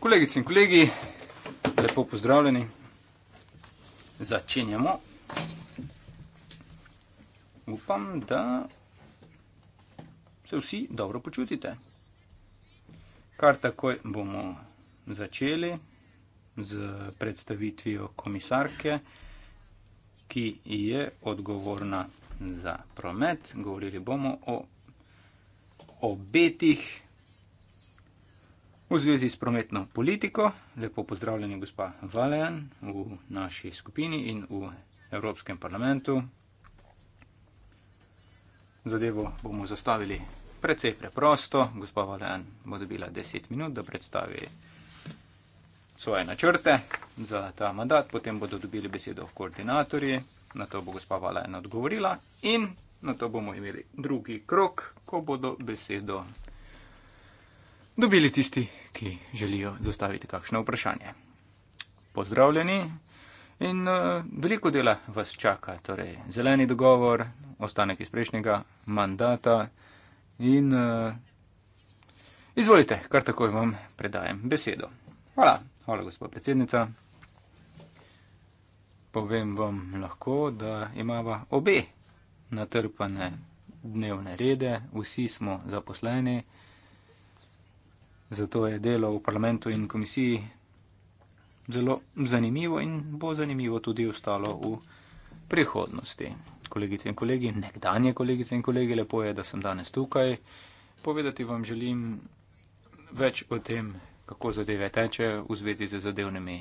Kolegice in kolegi, lepo pozdravljeni. Začenjamo. Upam, da se vsi dobro počutite. Kar takoj bomo začeli z predstavitvijo komisarke, ki je odgovorna za promet. Govorili bomo o obetih, v zvezi s prometno politiko. Lepo pozdravljeni, gospa Valen, v naši skupini in v Evropskem parlamentu. Zadevo bomo zastavili precej preprosto. Gospa Valen bo dobila 10 minut, da predstavi svoje načrte za ta mandat, potem bodo dobili besedo koordinatorji, na to bo gospa Valen odgovorila in na to bomo imeli drugi krok, ko bodo besedo dobili tisti, ki želijo zastaviti kakšno vprašanje. Pozdravljeni in uh, veliko dela vas čaka, torej zeleni dogovor, ostanek iz prejšnjega mandata in uh, izvolite, kar takoj vam predajem besedo. Hvala, hvala gospod predsednica. Povem vam lahko, da imava obe natrpane dnevne rede, vsi smo zaposleni. Zato je delo v parlamentu in komisiji zelo zanimivo in bo zanimivo tudi ostalo v prihodnosti. Kolegice in kolegi, nekdanje kolegice in kolegi, lepo je, da sem danes tukaj. Povedati vam želim več o tem, kako zadeve teče v zvezi z zadevnimi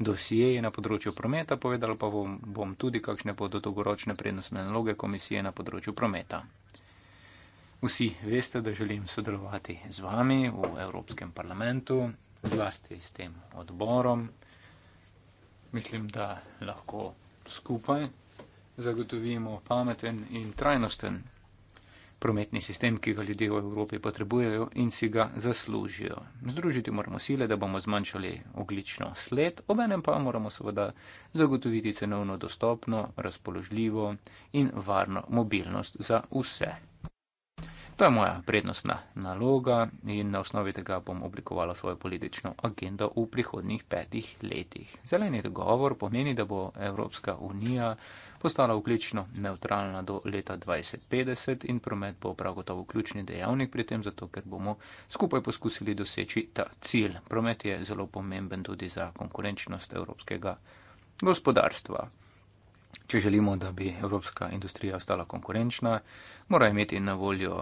dosijeji na področju prometa, povedal pa bom, bom tudi, kakšne bodo dolgoročne prednostne naloge komisije na področju prometa. Vsi veste, da želim sodelovati z vami v Evropskem parlamentu, zlasti s tem odborom. Mislim, da lahko skupaj zagotovimo pameten in trajnosten prometni sistem, ki ga ljudje v Evropi potrebujejo in si ga zaslužijo. Združiti moramo sile, da bomo zmanjšali oglično sled, obenem pa moramo seveda zagotoviti cenovno dostopno, razpoložljivo in varno mobilnost za vse. To je moja prednostna naloga in na osnovi tega bom oblikovala svojo politično agendo v prihodnih petih letih. Zeleni dogovor pomeni, da bo Evropska unija postala vključno neutralna do leta 2050 in promet bo prav gotovo ključni dejavnik pri tem, zato ker bomo skupaj poskusili doseči ta cilj. Promet je zelo pomemben tudi za konkurenčnost evropskega gospodarstva. Če želimo, da bi evropska industrija ostala konkurenčna, mora imeti na voljo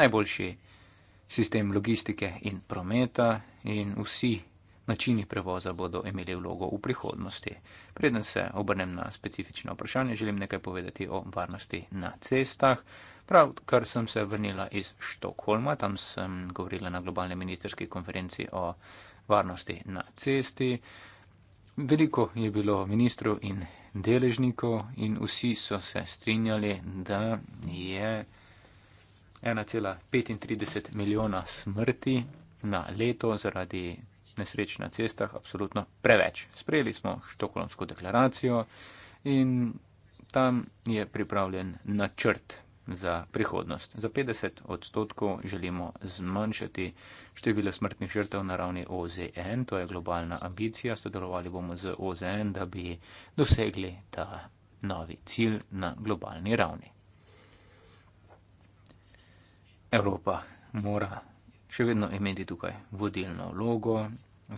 najboljši sistem logistike in prometa in vsi načini prevoza bodo imeli vlogo v prihodnosti. Preden se obrnem na specifično vprašanje, želim nekaj povedati o varnosti na cestah. Prav, kar sem se vrnila iz Štokholma, tam sem govorila na globalni ministerski konferenci o varnosti na cesti. Veliko je bilo ministrov in deležnikov in vsi so se strinjali, da je 1,35 milijona smrti na leto zaradi nesreč na cestah absolutno preveč. Sprejeli smo Štokolomsko deklaracijo in tam je pripravljen načrt za prihodnost. Za 50 odstotkov želimo zmanjšati število smrtnih žrtev na ravni OZN, to je globalna ambicija, sodelovali bomo z OZN, da bi dosegli ta novi cilj na globalni ravni. Evropa mora še vedno imeti tukaj vodilno vlogo,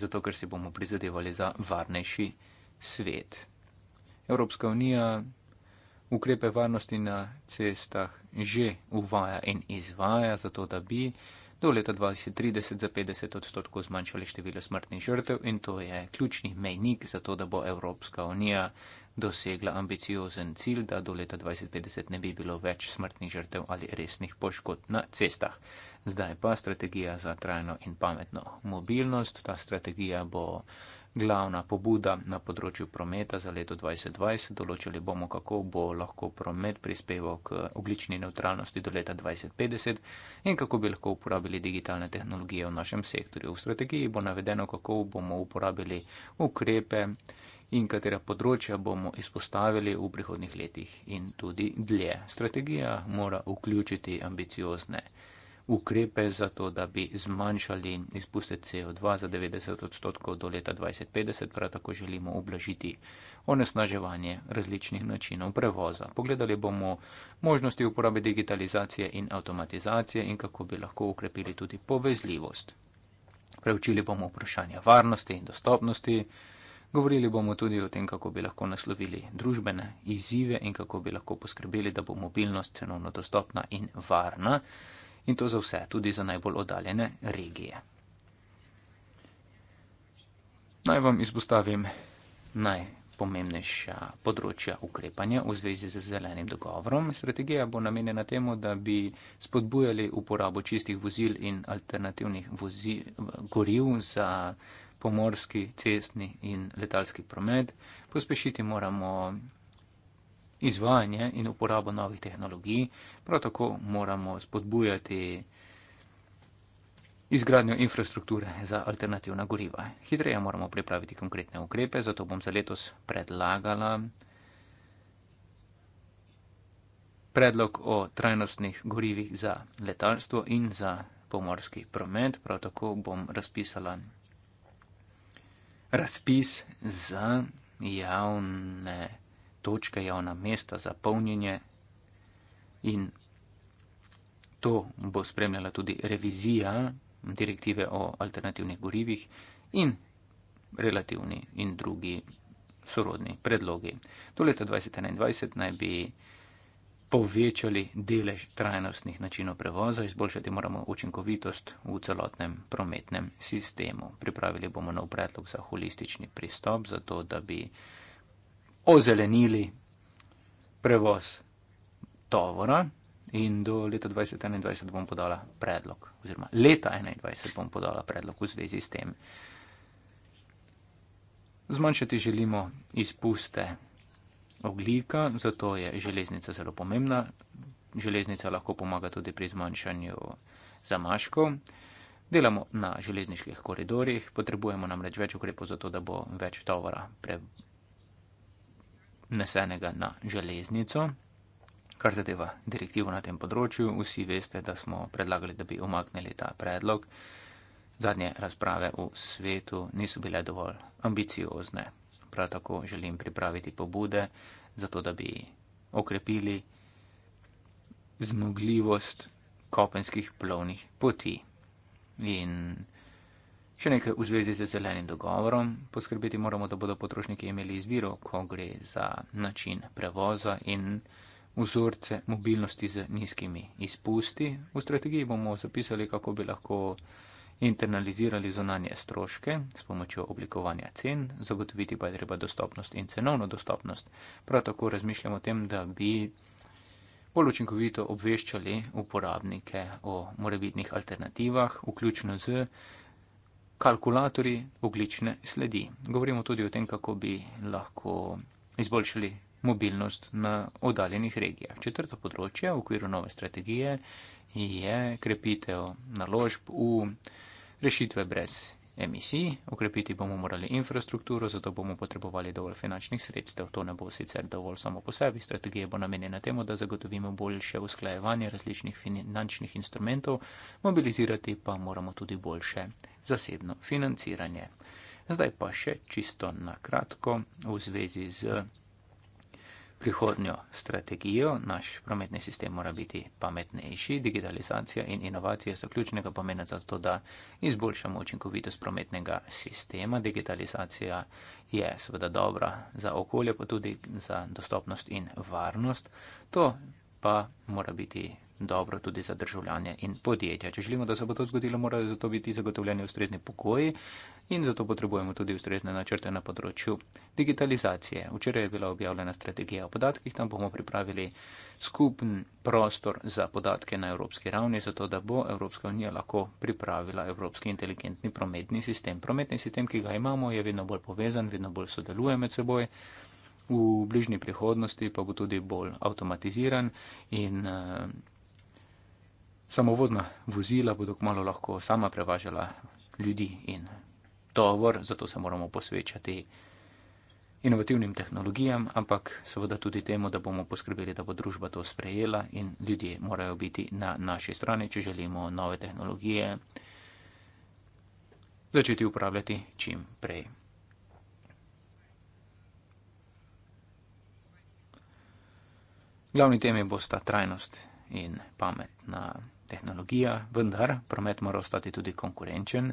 zato ker si bomo prizadevali za varnejši svet. Evropska unija ukrepe varnosti na cestah že uvaja in izvaja, zato da bi do leta 2030 za 50 odstotkov zmanjšali število smrtnih žrtev in to je ključni mejnik za to, da bo Evropska unija dosegla ambiciozen cilj, da do leta 2050 ne bi bilo več smrtnih žrtev ali resnih poškodb na cestah. Zdaj pa strategija za trajno in pametno mobilnost. Ta strategija bo glavna pobuda na področju prometa za leto 2020. Določili bomo, kako bo lahko promet prispeval k oglični neutralnosti do leta 2050 in kako bi lahko uporabili digitalne tehnologije v našem sektorju. V strategiji bo navedeno, kako bomo uporabili ukrepe in katera področja bomo izpostavili v prihodnih letih in tudi dlje. Strategija mora vključiti ambiciozne ukrepe za to, da bi zmanjšali izpuste CO2 za 90 odstotkov do leta 2050. Prav tako želimo oblažiti onesnaževanje različnih načinov prevoza. Pogledali bomo možnosti uporabe digitalizacije in avtomatizacije in kako bi lahko ukrepili tudi povezljivost. Preučili bomo vprašanja varnosti in dostopnosti. Govorili bomo tudi o tem, kako bi lahko naslovili družbene izzive in kako bi lahko poskrbeli, da bo mobilnost cenovno dostopna in varna in to za vse, tudi za najbolj oddaljene regije. Naj vam izpostavim najpomembnejša področja ukrepanja v zvezi z zelenim dogovorom. Strategija bo namenjena temu, da bi spodbujali uporabo čistih vozil in alternativnih vozil, goriv za pomorski, cestni in letalski promet. Pospešiti moramo izvajanje in uporabo novih tehnologij, prav tako moramo spodbujati izgradnjo infrastrukture za alternativna goriva. Hitreje moramo pripraviti konkretne ukrepe, zato bom za letos predlagala predlog o trajnostnih gorivih za letalstvo in za pomorski promet. Prav tako bom razpisala razpis za javne točke, javna mesta za polnjenje in to bo spremljala tudi revizija direktive o alternativnih gorivih in relativni in drugi sorodni predlogi. Do leta 2021 naj bi povečali delež trajnostnih načinov prevoza, izboljšati moramo učinkovitost v celotnem prometnem sistemu. Pripravili bomo nov predlog za holistični pristop, zato da bi ozelenili prevoz tovora in do leta 2021 bom podala predlog, oziroma leta 2021 bom podala predlog v zvezi s tem. Zmanjšati želimo izpuste oglika, zato je železnica zelo pomembna. Železnica lahko pomaga tudi pri zmanjšanju zamaškov. Delamo na železniških koridorjih, potrebujemo namreč več ukrepov za to, da bo več tovora prebrodilo nesenega na železnico. Kar zadeva direktivo na tem področju, vsi veste, da smo predlagali, da bi omaknili ta predlog. Zadnje razprave v svetu niso bile dovolj ambiciozne. Prav tako želim pripraviti pobude za to, da bi okrepili zmogljivost kopenskih plovnih poti. In Še nekaj v zvezi z zelenim dogovorom. Poskrbeti moramo, da bodo potrošniki imeli izbiro, ko gre za način prevoza in vzorce mobilnosti z nizkimi izpusti. V strategiji bomo zapisali, kako bi lahko internalizirali zonanje stroške s pomočjo oblikovanja cen, zagotoviti pa je treba dostopnost in cenovno dostopnost. Prav tako razmišljamo o tem, da bi bolj učinkovito obveščali uporabnike o morebitnih alternativah, vključno z kalkulatorji oglične sledi. Govorimo tudi o tem, kako bi lahko izboljšali mobilnost na oddaljenih regijah. Četrto področje v okviru nove strategije je krepitev naložb v rešitve brez emisij, ukrepiti bomo morali infrastrukturo, zato bomo potrebovali dovolj finančnih sredstev. To ne bo sicer dovolj samo po sebi. Strategija bo namenjena temu, da zagotovimo boljše usklajevanje različnih finančnih instrumentov, mobilizirati pa moramo tudi boljše zasebno financiranje. Zdaj pa še čisto na kratko v zvezi z prihodnjo strategijo. Naš prometni sistem mora biti pametnejši. Digitalizacija in inovacije so ključnega pomena za to, da izboljšamo učinkovitost prometnega sistema. Digitalizacija je seveda dobra za okolje, pa tudi za dostopnost in varnost. To pa mora biti dobro tudi za državljanje in podjetja. Če želimo, da se bo to zgodilo, morajo zato biti zagotovljeni ustrezni pokoji in zato potrebujemo tudi ustrezne načrte na področju digitalizacije. Včeraj je bila objavljena strategija o podatkih, tam bomo pripravili skupen prostor za podatke na evropski ravni, zato da bo Evropska unija lahko pripravila evropski inteligentni prometni sistem. Prometni sistem, ki ga imamo, je vedno bolj povezan, vedno bolj sodeluje med seboj. V bližnji prihodnosti pa bo tudi bolj avtomatiziran in uh, samovozna vozila bodo kmalo lahko sama prevažala ljudi in tovor, zato se moramo posvečati inovativnim tehnologijam, ampak seveda tudi temu, da bomo poskrbeli, da bo družba to sprejela in ljudje morajo biti na naši strani, če želimo nove tehnologije začeti uporabljati čim prej. Glavni temi bosta trajnost in pamet na tehnologija, vendar promet mora ostati tudi konkurenčen.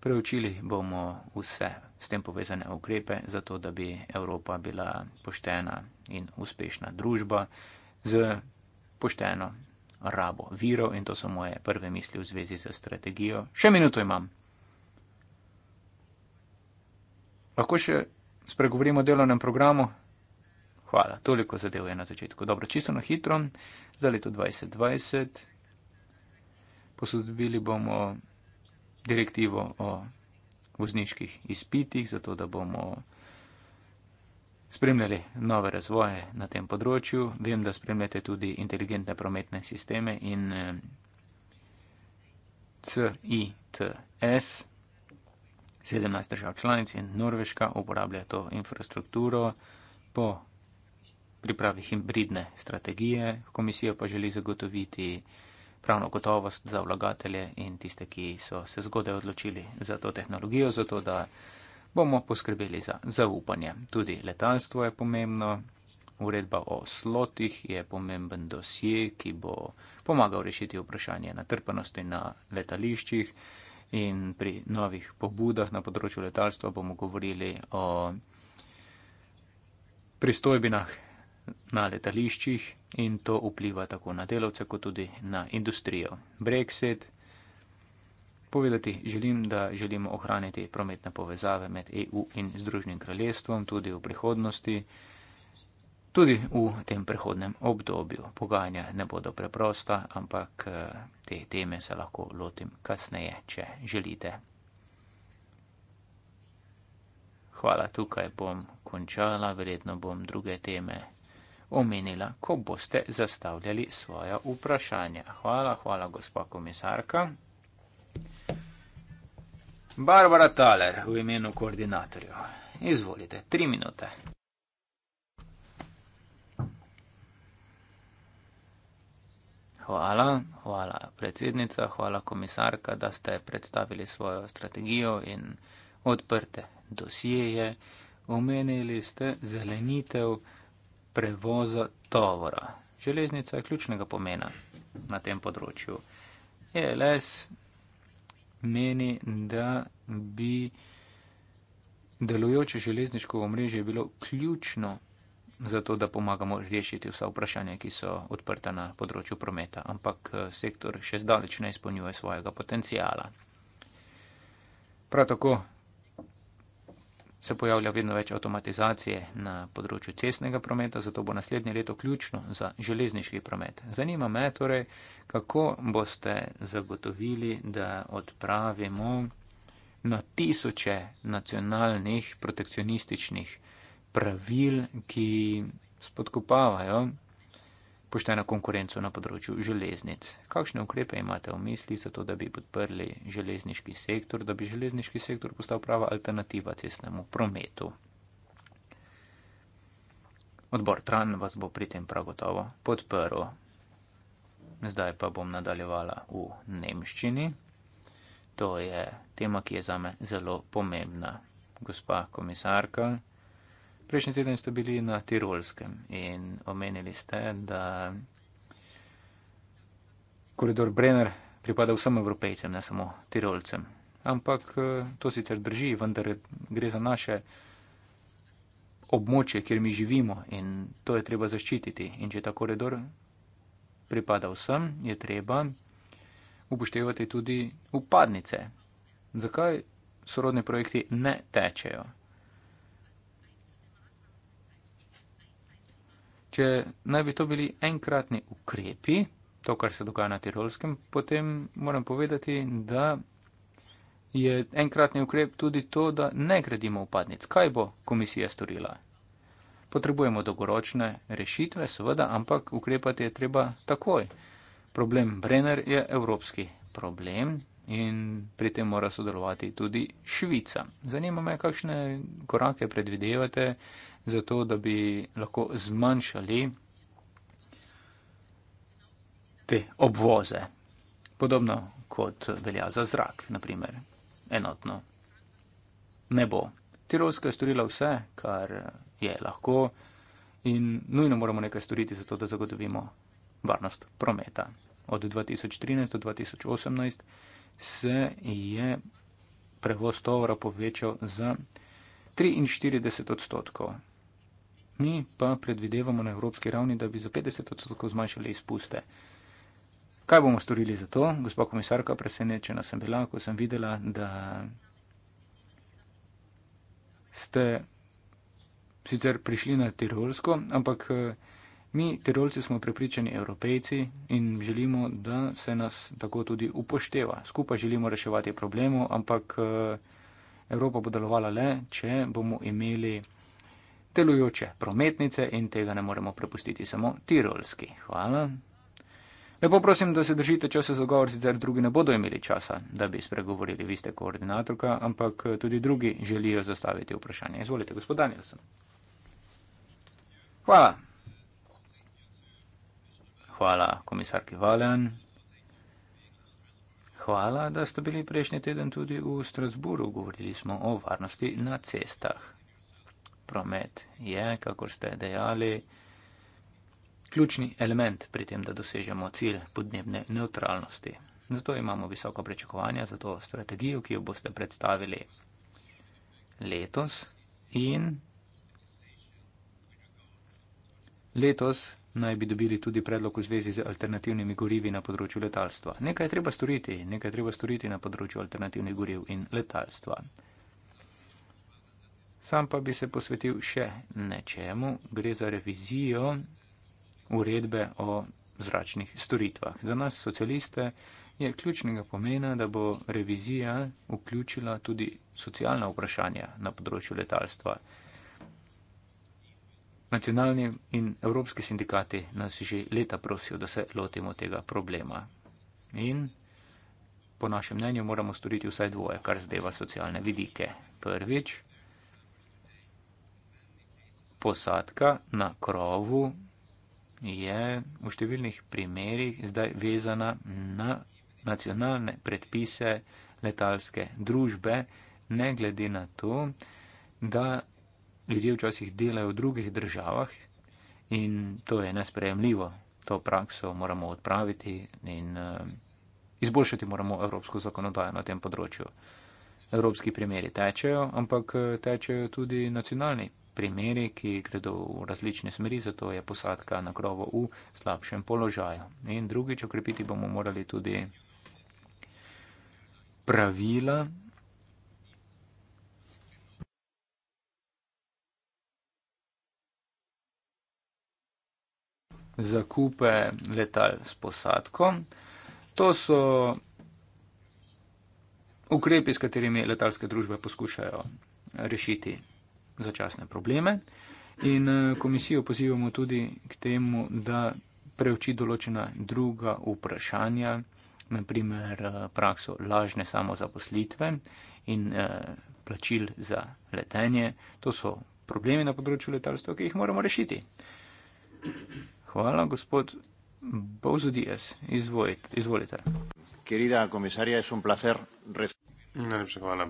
Preučili bomo vse s tem povezane ukrepe, zato da bi Evropa bila poštena in uspešna družba z pošteno rabo virov in to so moje prve misli v zvezi z strategijo. Še minuto imam. Lahko še spregovorimo o delovnem programu? Hvala, toliko zadev je na začetku. Dobro, čisto na hitro, za leto 2020 posodobili bomo direktivo o vozniških izpitih, zato da bomo spremljali nove razvoje na tem področju. Vem, da spremljate tudi inteligentne prometne sisteme in eh, CITS, 17 držav članic in Norveška uporablja to infrastrukturo po pripravi hibridne strategije. Komisija pa želi zagotoviti pravno gotovost za vlagatelje in tiste, ki so se zgodaj odločili za to tehnologijo, zato da bomo poskrbeli za zaupanje. Tudi letalstvo je pomembno, uredba o slotih je pomemben dosje, ki bo pomagal rešiti vprašanje natrpanosti na letališčih in pri novih pobudah na področju letalstva bomo govorili o pristojbinah na letališčih in to vpliva tako na delavce, kot tudi na industrijo. Brexit. Povedati želim, da želimo ohraniti prometne povezave med EU in Združenim kraljestvom tudi v prihodnosti, tudi v tem prehodnem obdobju. Pogajanja ne bodo preprosta, ampak te teme se lahko lotim kasneje, če želite. Hvala, tukaj bom končala, verjetno bom druge teme omenila, ko boste zastavljali svoja vprašanja. Hvala, hvala, gospa komisarka. Barbara Thaler v imenu koordinatorja. Izvolite, tri minute. Hvala, hvala predsednica, hvala komisarka, da ste predstavili svojo strategijo in odprte dosjeje. Omenili ste zelenitev, prevoza tovora. Železnica je ključnega pomena na tem področju. ELS meni, da bi delujoče železniško omrežje bilo ključno za to, da pomagamo rešiti vsa vprašanja, ki so odprta na področju prometa, ampak eh, sektor še zdaleč ne izpolnjuje svojega potencijala. Prav tako se pojavlja vedno več avtomatizacije na področju cestnega prometa, zato bo naslednje leto ključno za železniški promet. Zanima me torej, kako boste zagotovili, da odpravimo na tisoče nacionalnih protekcionističnih pravil, ki spodkopavajo pošteno konkurenco na področju železnic. Kakšne ukrepe imate v misli za to, da bi podprli železniški sektor, da bi železniški sektor postal prava alternativa cestnemu prometu? Odbor Tran vas bo pri tem prav gotovo podprl. Zdaj pa bom nadaljevala v nemščini. To je tema, ki je zame zelo pomembna. Gospa komisarka, Prejšnji teden ste bili na Tirolskem in omenili ste, da koridor Brenner pripada vsem evropejcem, ne samo Tirolcem. Ampak eh, to sicer drži, vendar gre za naše območje, kjer mi živimo in to je treba zaščititi. In če ta koridor pripada vsem, je treba upoštevati tudi upadnice. Zakaj sorodni projekti ne tečejo? Če naj bi to bili enkratni ukrepi, to, kar se dogaja na Tirolskem, potem moram povedati, da je enkratni ukrep tudi to, da ne gradimo upadnic. Kaj bo komisija storila? Potrebujemo dolgoročne rešitve, seveda, ampak ukrepati je treba takoj. Problem Brenner je evropski problem in pri tem mora sodelovati tudi Švica. Zanima me, kakšne korake predvidevate zato da bi lahko zmanjšali te obvoze. Podobno kot velja za zrak, naprimer, enotno. Ne bo. Tirolska je storila vse, kar je lahko in nujno moramo nekaj storiti, zato da zagotovimo varnost prometa. Od 2013 do 2018 se je prevoz tovora povečal za 43 odstotkov. Mi pa predvidevamo na evropski ravni, da bi za 50 odstotkov zmanjšali izpuste. Kaj bomo storili za to? Gospa komisarka, presenečena sem bila, ko sem videla, da ste sicer prišli na Tirolsko, ampak mi, Tirolci, smo prepričani evropejci in želimo, da se nas tako tudi upošteva. Skupaj želimo reševati problemu, ampak Evropa bo delovala le, če bomo imeli delujoče prometnice in tega ne moremo prepustiti samo tirolski. Hvala. Lepo prosim, da se držite časa za govor, sicer drugi ne bodo imeli časa, da bi spregovorili. Vi ste koordinatorka, ampak eh, tudi drugi želijo zastaviti vprašanje. Izvolite, gospod Danielson. Hvala. Hvala, komisarki Valen. Hvala, da ste bili prejšnji teden tudi v Strasburu. Govorili smo o varnosti na cestah promet je, kakor ste dejali, ključni element pri tem, da dosežemo cilj podnebne neutralnosti. Zato imamo visoko prečakovanje za to strategijo, ki jo boste predstavili letos in letos naj bi dobili tudi predlog v zvezi z alternativnimi gorivi na področju letalstva. Nekaj je treba storiti, nekaj je treba storiti na področju alternativnih goriv in letalstva sam pa bi se posvetil še nečemu, gre za revizijo uredbe o zračnih storitvah. Za nas socialiste je ključnega pomena, da bo revizija vključila tudi socialna vprašanja na področju letalstva. Nacionalni in evropski sindikati nas že leta prosijo, da se lotimo tega problema. In po našem mnenju moramo storiti vsaj dvoje, kar zdeva socialne vidike. Prvič, posadka na krovu je v številnih primerjih zdaj vezana na nacionalne predpise letalske družbe, ne glede na to, da ljudje včasih delajo v drugih državah in to je nesprejemljivo. To prakso moramo odpraviti in eh, izboljšati moramo evropsko zakonodajo na tem področju. Evropski primeri tečejo, ampak eh, tečejo tudi nacionalni primeri, ki gredo v različne smeri, zato je posadka na krovo v slabšem položaju. In drugič, okrepiti bomo morali tudi pravila. Zakupe letal s posadko. To so ukrepi, s katerimi letalske družbe poskušajo rešiti začasne probleme. In eh, komisijo pozivamo tudi k temu, da preuči določena druga vprašanja, naprimer eh, prakso lažne samozaposlitve in eh, plačil za letenje. To so problemi na področju letalstva, ki jih moramo rešiti. Hvala, gospod Bozo Díaz. Izvolite. Querida komisarja, je un placer. Najlepša hvala.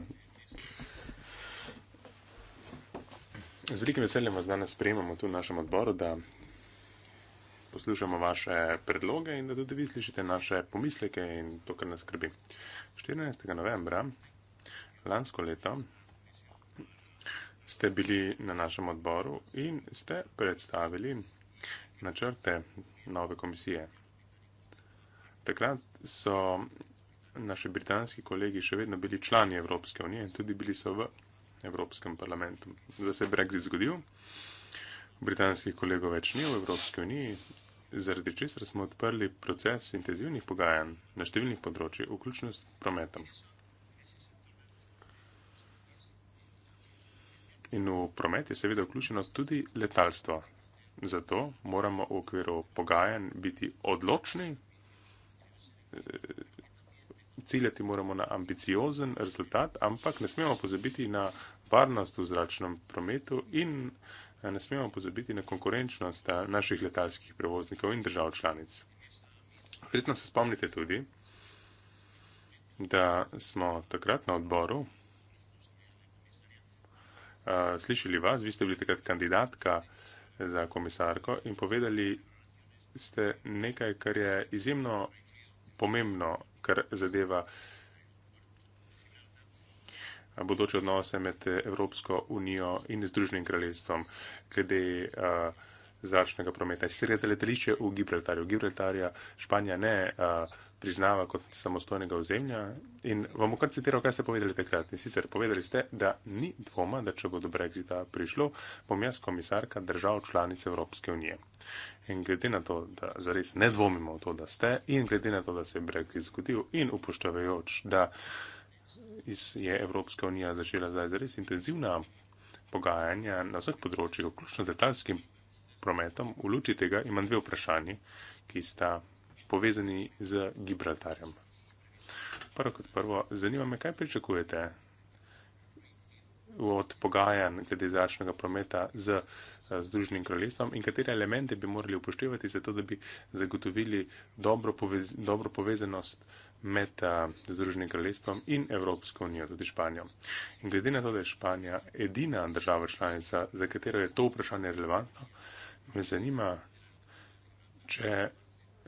Z velikim veseljem vas danes sprejemamo tu v našem odboru, da poslušamo vaše predloge in da tudi vi slišite naše pomisleke in to, kar nas skrbi. 14. novembra lansko leto ste bili na našem odboru in ste predstavili načrte nove komisije. Takrat so naši britanski kolegi še vedno bili člani Evropske unije in tudi bili so v Evropskem parlamentu. Zdaj se je Brexit zgodil, britanskih kolegov več ni v Evropski uniji, zaradi česar smo odprli proces intenzivnih pogajanj na številnih področjih, vključno s prometom. In v promet je seveda vključeno tudi letalstvo. Zato moramo v okviru pogajanj biti odločni, eh, ciljati moramo na ambiciozen rezultat, ampak ne smemo pozabiti na varnost v zračnem prometu in eh, ne smemo pozabiti na konkurenčnost eh, naših letalskih prevoznikov in držav članic. Verjetno se spomnite tudi, da smo takrat na odboru eh, slišali vas, vi ste bili takrat kandidatka za komisarko in povedali ste nekaj, kar je izjemno pomembno kar zadeva bodoče odnose med Evropsko unijo in Združenim kraljestvom, glede uh, zračnega prometa. Sicer je za letališče v Gibraltarju. Gibraltarja Španija ne. Uh, priznava kot samostojnega ozemlja. In vam bom kar citiral, kaj ste povedali takrat. In sicer povedali ste, da ni dvoma, da če bo do brexita prišlo, bom jaz komisarka držav članice Evropske unije. In glede na to, da zares ne dvomimo v to, da ste, in glede na to, da se je brexit zgodil, in upoštevajoč, da je Evropska unija začela zdaj zares intenzivna pogajanja na vseh področjih, vključno z letalskim prometom, v luči tega imam dve vprašanje, ki sta povezani z Gibraltarjem. Prvo kot prvo, zanima me, kaj pričakujete od pogajanj glede zračnega prometa z eh, Združenim kraljestvom in katere elemente bi morali upoštevati, zato da bi zagotovili dobro, povez dobro povezanost med eh, Združenim kraljestvom in Evropsko unijo, tudi Španijo. In glede na to, da je Španija edina država članica, za katero je to vprašanje relevantno, me zanima, če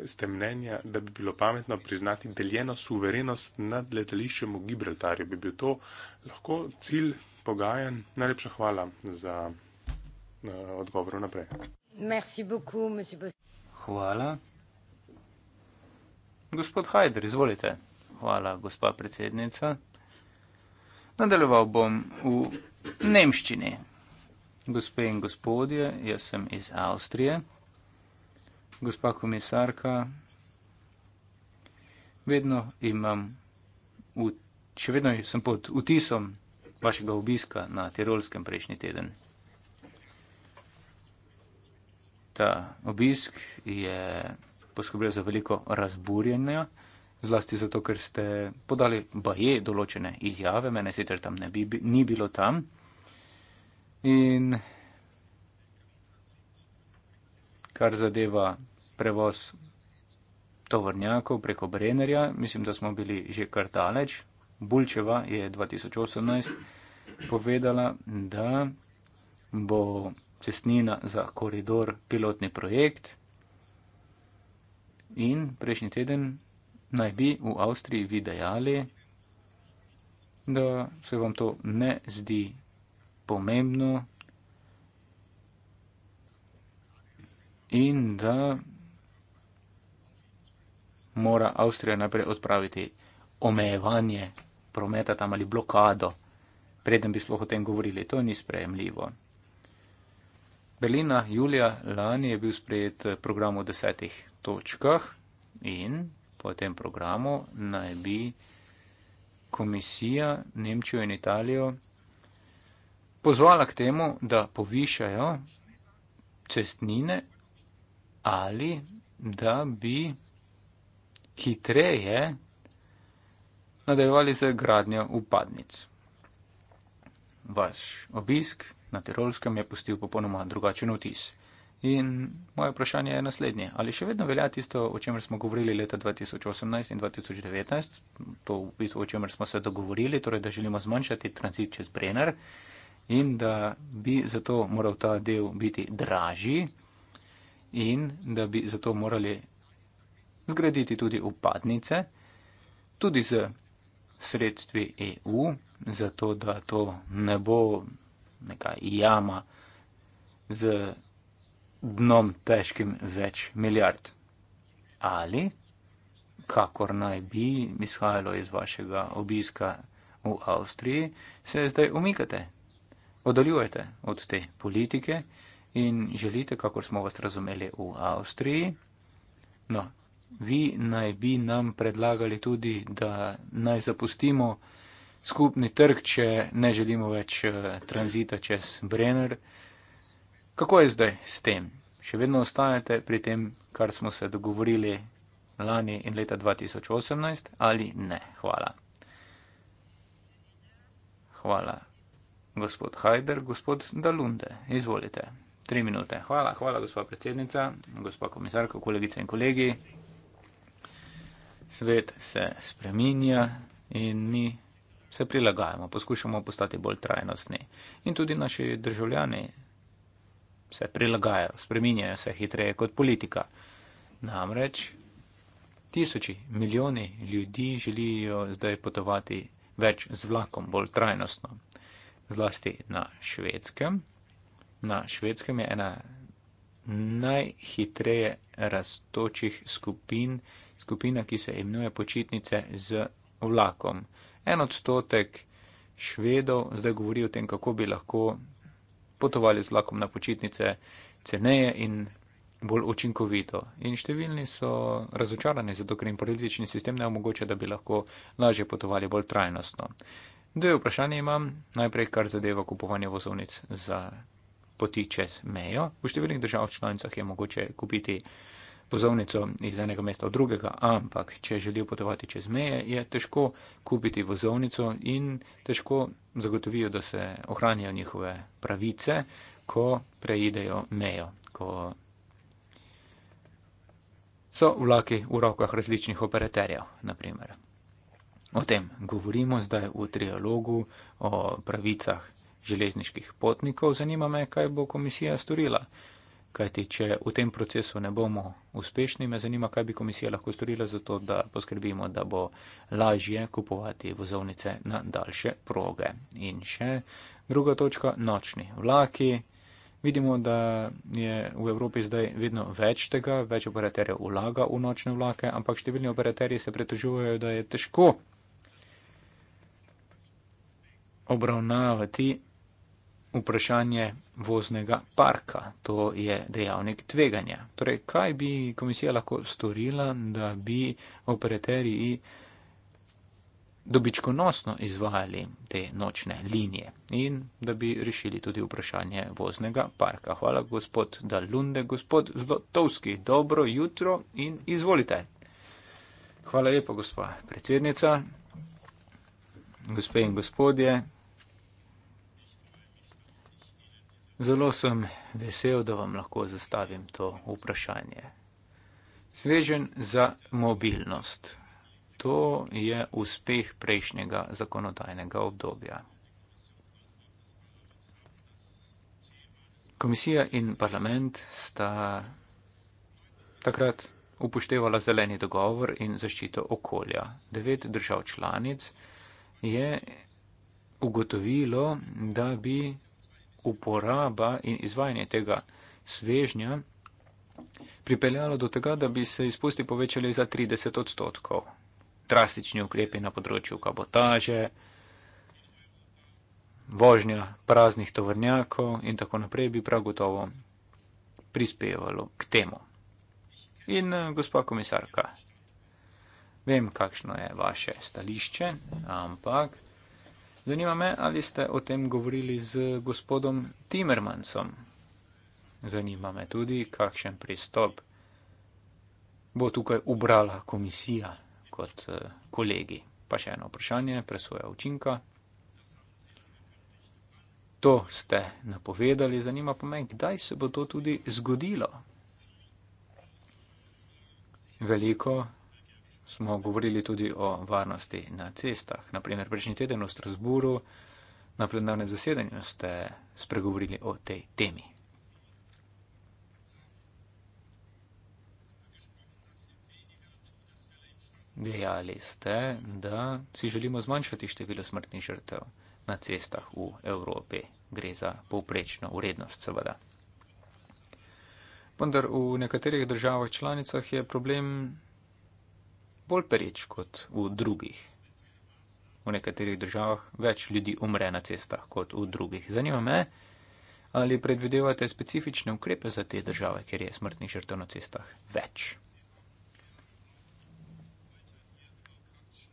ste mnenja, da bi bilo pametno priznati deljeno suverenost nad letališčem v Gibraltarju. Bi bil to lahko cilj pogajanj? Najlepša hvala za uh, odgovor naprej. Beaucoup, hvala. Gospod Hajder, izvolite. Hvala, gospa predsednica. Nadaljeval bom v Nemščini. Gospe in gospodje, jaz sem iz Avstrije gospa komisarka, vedno imam, še vedno sem pod vtisom vašega obiska na Tirolskem prejšnji teden. Ta obisk je poskrbel za veliko razburjenja, zlasti zato, ker ste podali baje določene izjave, mene sicer tam ne bi, ni bilo tam. In kar zadeva prevoz tovornjakov preko Brenerja. Mislim, da smo bili že kar daleč. Bulčeva je 2018 povedala, da bo cestnina za koridor pilotni projekt in prejšnji teden naj bi v Avstriji vi dejali, da se vam to ne zdi pomembno, in da mora Avstrija najprej odpraviti omejevanje prometa tam ali blokado, preden bi sploh o tem govorili. To ni sprejemljivo. Berlina julija lani je bil sprejet program v desetih točkah in po tem programu naj bi komisija Nemčijo in Italijo pozvala k temu, da povišajo cestnine ali da bi hitreje nadaljevali z gradnjo upadnic. Vaš obisk na Tirolskem je pustil popolnoma drugačen vtis. In moje vprašanje je naslednje. Ali še vedno velja tisto, o čemer smo govorili leta 2018 in 2019, to v bistvu, o čemer smo se dogovorili, torej da želimo zmanjšati tranzit čez Brenner in da bi zato moral ta del biti dražji, in da bi zato morali zgraditi tudi upadnice, tudi z sredstvi EU, zato da to ne bo neka jama z dnom težkim več milijard. Ali, kakor naj bi, izhajalo iz vašega obiska v Avstriji, se zdaj umikate, oddaljujete od te politike, in želite, kakor smo vas razumeli v Avstriji. No, vi naj bi nam predlagali tudi, da naj zapustimo skupni trg, če ne želimo več eh, tranzita čez Brenner. Kako je zdaj s tem? Še vedno ostajate pri tem, kar smo se dogovorili lani in leta 2018 ali ne? Hvala. Hvala. Gospod Hajder, gospod Dalunde, izvolite. Tri minute. Hvala, hvala, gospod predsednica, gospod komisarko, kolegice in kolegi. Svet se spreminja in mi se prilagajamo, poskušamo postati bolj trajnostni. In tudi naši državljani se prilagajajo, spreminjajo se hitreje kot politika. Namreč tisoči, milijoni ljudi želijo zdaj potovati več z vlakom, bolj trajnostno. Zlasti na švedskem, na švedskem je ena najhitreje rastočih skupin, skupina, ki se imenuje počitnice z vlakom. En odstotek švedov zdaj govori o tem, kako bi lahko potovali z vlakom na počitnice ceneje in bolj učinkovito. In številni so razočarani, zato ker jim politični sistem ne omogoča, da bi lahko lažje potovali bolj trajnostno. Dve vprašanje imam, najprej kar zadeva kupovanje vozovnic za poti čez mejo. V številnih državah članicah je mogoče kupiti vozovnico iz enega mesta v drugega, ampak če želijo potovati čez meje, je težko kupiti vozovnico in težko zagotovijo, da se ohranijo njihove pravice, ko preidejo mejo, ko so vlaki v rokah različnih operaterjev, naprimer. O tem govorimo zdaj v trialogu o pravicah železniških potnikov, zanima me, kaj bo komisija storila. Kajti, če v tem procesu ne bomo uspešni, me zanima, kaj bi komisija lahko storila za to, da poskrbimo, da bo lažje kupovati vozovnice na daljše proge. In še druga točka, nočni vlaki. Vidimo, da je v Evropi zdaj vedno več tega, več operaterjev vlaga v nočne vlake, ampak številni operaterji se pretožujejo, da je težko obravnavati vprašanje voznega parka. To je dejavnik tveganja. Torej, kaj bi komisija lahko storila, da bi operaterji dobičkonosno izvajali te nočne linije in da bi rešili tudi vprašanje voznega parka. Hvala, gospod Dalunde, gospod Zlotovski. Dobro jutro in izvolite. Hvala lepa, gospa predsednica, gospe in gospodje, Zelo sem vesel, da vam lahko zastavim to vprašanje. Svežen za mobilnost. To je uspeh prejšnjega zakonodajnega obdobja. Komisija in parlament sta takrat upoštevala zeleni dogovor in zaščito okolja. Devet držav članic je ugotovilo, da bi uporaba in izvajanje tega svežnja pripeljalo do tega, da bi se izpusti povečali za 30 odstotkov. Drastični ukrepi na področju kabotaže, vožnja praznih tovrnjakov in tako naprej bi prav gotovo prispevalo k temu. In eh, gospa komisarka, vem, kakšno je vaše stališče, ampak Zanima me, ali ste o tem govorili z gospodom Timmermansom. Zanima me tudi, kakšen pristop bo tukaj ubrala komisija kot eh, kolegi. Pa še eno vprašanje, presoja učinka. To ste napovedali, zanima pa me, kdaj se bo to tudi zgodilo. Veliko smo govorili tudi o varnosti na cestah. Naprimer, prejšnji teden v Strasburu na plenarnem zasedanju ste spregovorili o tej temi. Dejali ste, da si želimo zmanjšati število smrtnih žrtev na cestah v Evropi. Gre za povprečno urednost, seveda. Vendar v nekaterih državah članicah je problem bolj pereč kot v drugih. V nekaterih državah več ljudi umre na cestah kot v drugih. Zanima me, ali predvidevate specifične ukrepe za te države, kjer je smrtnih žrtev na cestah več.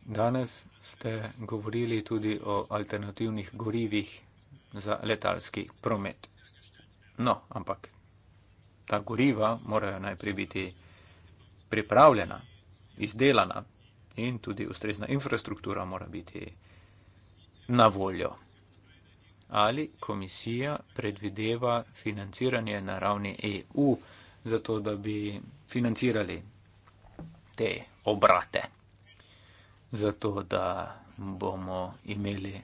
Danes ste govorili tudi o alternativnih gorivih za letalski promet. No, ampak ta goriva morajo najprej biti pripravljena, izdelana in tudi ustrezna infrastruktura mora biti na voljo. Ali komisija predvideva financiranje na ravni EU, zato da bi financirali te obrate, zato da bomo imeli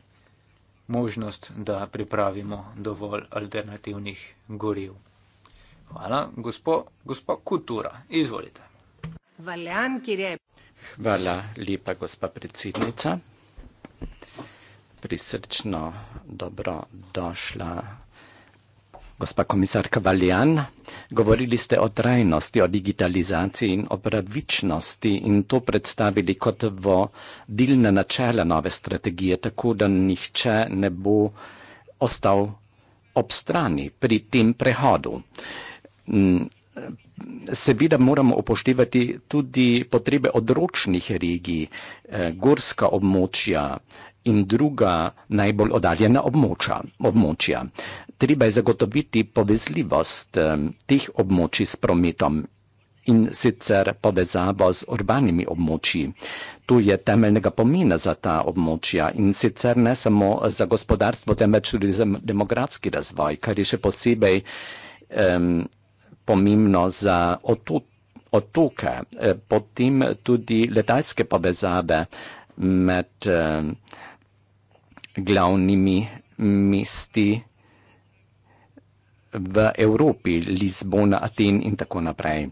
možnost, da pripravimo dovolj alternativnih goriv. Hvala, gospod Kultura. Izvolite. Valjan Kire. Hvala lepa, gospa predsednica. Prisrčno dobro došla gospa komisarka Valjan. Govorili ste o trajnosti, o digitalizaciji in o pravičnosti in to predstavili kot v delne načele nove strategije, tako da nihče ne bo ostal ob strani pri tem prehodu. Seveda moramo upoštevati tudi potrebe odročnih regij, eh, gorska območja in druga najbolj odaljena območja. območja. Treba je zagotoviti povezljivost eh, teh območij s prometom in sicer povezavo z urbanimi območji. To je temeljnega pomena za ta območja in sicer ne samo za gospodarstvo, temveč tudi za demografski razvoj, kar je še posebej. Um, pomembno za otoke, eh, potem tudi letalske povezave med eh, glavnimi mesti v Evropi, Lizbona, Aten in tako naprej.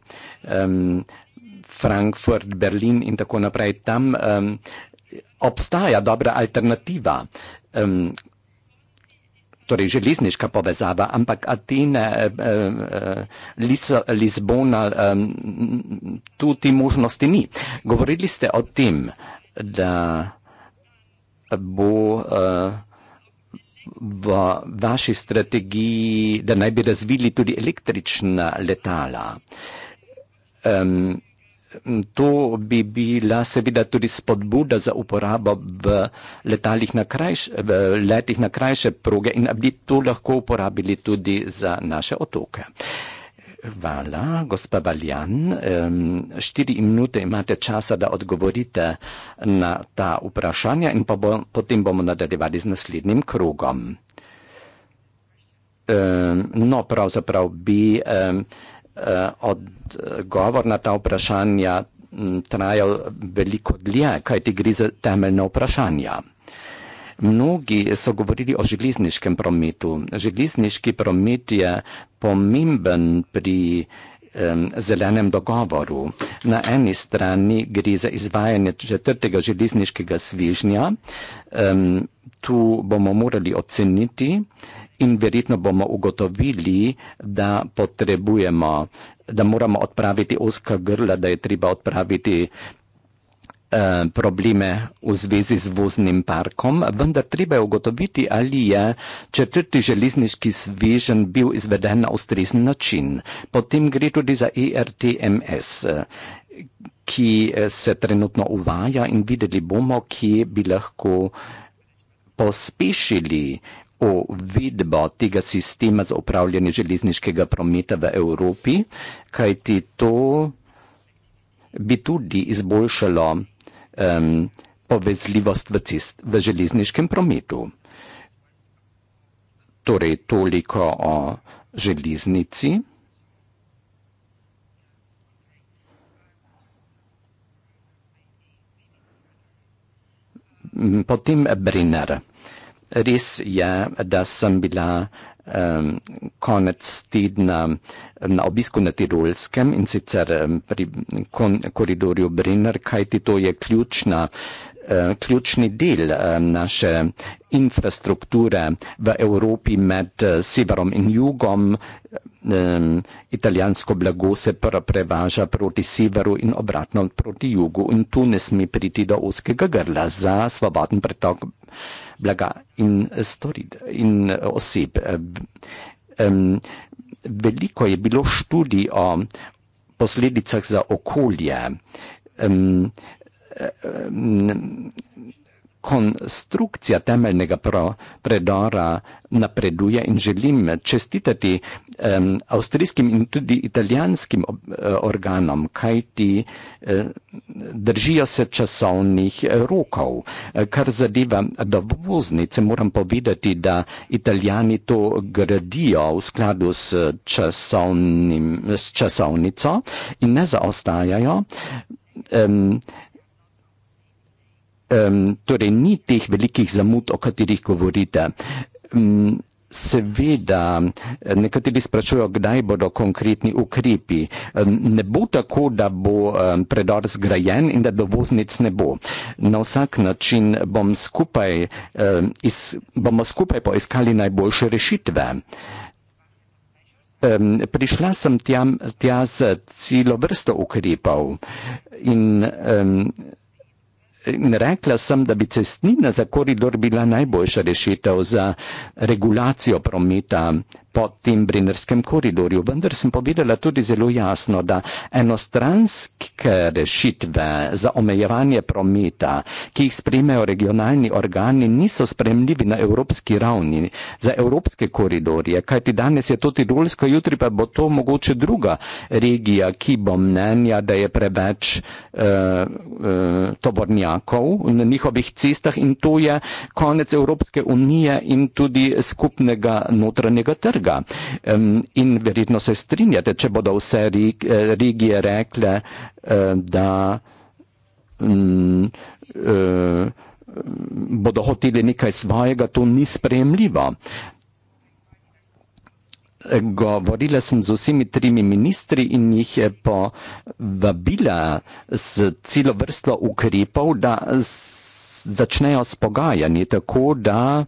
Frankfurt, Berlin in tako naprej, tam um, obstaja dobra alternativa. Um, torej železniška povezava, ampak Atene, eh, eh, eh, Lis Lisbona, tu ti možnosti ni. Govorili ste o tem, da bo v vaši strategiji, da naj bi razvili tudi električna letala to bi bila seveda tudi spodbuda za uporabo v, na krajš, v letih na krajše proge in bi to lahko uporabili tudi za naše otoke. Hvala, gospa Valjan. Štiri minute imate časa, da odgovorite na ta vprašanja in bo, potem bomo nadaljevali z naslednjim krogom. No, pravzaprav bi eh, odgovor eh, na ta vprašanja mm, trajal veliko dlje, kaj ti gre za temeljna vprašanja. Mnogi so govorili o železniškem prometu. Železniški promet je pomemben pri zelenem dogovoru. Na eni strani gre za izvajanje četrtega železniškega svižnja. Tu bomo morali oceniti, in verjetno bomo ugotovili, da potrebujemo, da moramo odpraviti oska grla, da je treba odpraviti eh, probleme v zvezi z voznim parkom, vendar treba je ugotoviti, ali je četrti železniški svežen bil izveden na ustrezen način. Potem gre tudi za ERTMS, ki eh, se trenutno uvaja in videli bomo, kje bi lahko pospešili uvidbo tega sistema za upravljanje železniškega prometa v Evropi, kajti to bi tudi izboljšalo um, povezljivost v, cest, v železniškem prometu. Torej, toliko o železnici. Potem Brinner. Res je, da sem bila um, konec tedna na obisku na Tirolskem in sicer pri kon koridorju Brenner, kajti to je ključna, uh, ključni del um, naše infrastrukture v Evropi med uh, severom in jugom. Um, italijansko blago se prevaža proti severu in obratno proti jugu in tu ne sme priti do oskega grla za svoboden pretok blaga in eh, storit in eh, oseb. Um, veliko je bilo študij o posledicah za okolje. Um, um, konstrukcija temeljnega predora napreduje in želim čestitati um, avstrijskim in tudi italijanskim ob, uh, organom, kaj ti uh, e, držijo se časovnih e, rokov. Uh, kar zadeva dovoznice, moram povedati, da italijani to gradijo v skladu s, časovnim, s časovnico in ne zaostajajo. Um, um, torej ni teh velikih zamud, o katerih govorite. Um, seveda, nekateri sprašujejo, kdaj bodo konkretni ukrepi. Um, ne bo tako, da bo um, predor zgrajen in da dovoznic ne bo. Na vsak način bom skupaj, um, iz, bomo skupaj poiskali najboljše rešitve. Um, prišla sem tja, tja z celo vrsto ukrepov in um, In rekla sem, da bi cestnina za koridor bila najboljša rešitev za regulacijo prometa po tem brinerskem koridorju. Vendar sem povedala tudi zelo jasno, da enostranske rešitve za omejevanje prometa, ki jih spremejo regionalni organi, niso spremljivi na evropski ravni za evropske koridorje, kajti danes je to Tirolska, jutri pa bo to mogoče druga regija, ki bo mnenja, da je preveč uh, eh, uh, eh, tovornja vojakov na njihovih cestah in to je konec Evropske unije in tudi skupnega notranjega trga. In verjetno se strinjate, če bodo vse eh, regije rekle, eh, da mm, eh, bodo hoteli nekaj svojega, to ni spremljivo govorila sem z vsemi trimi ministri in jih je povabila z celo vrsto ukrepov, da začnejo s pogajanji, tako da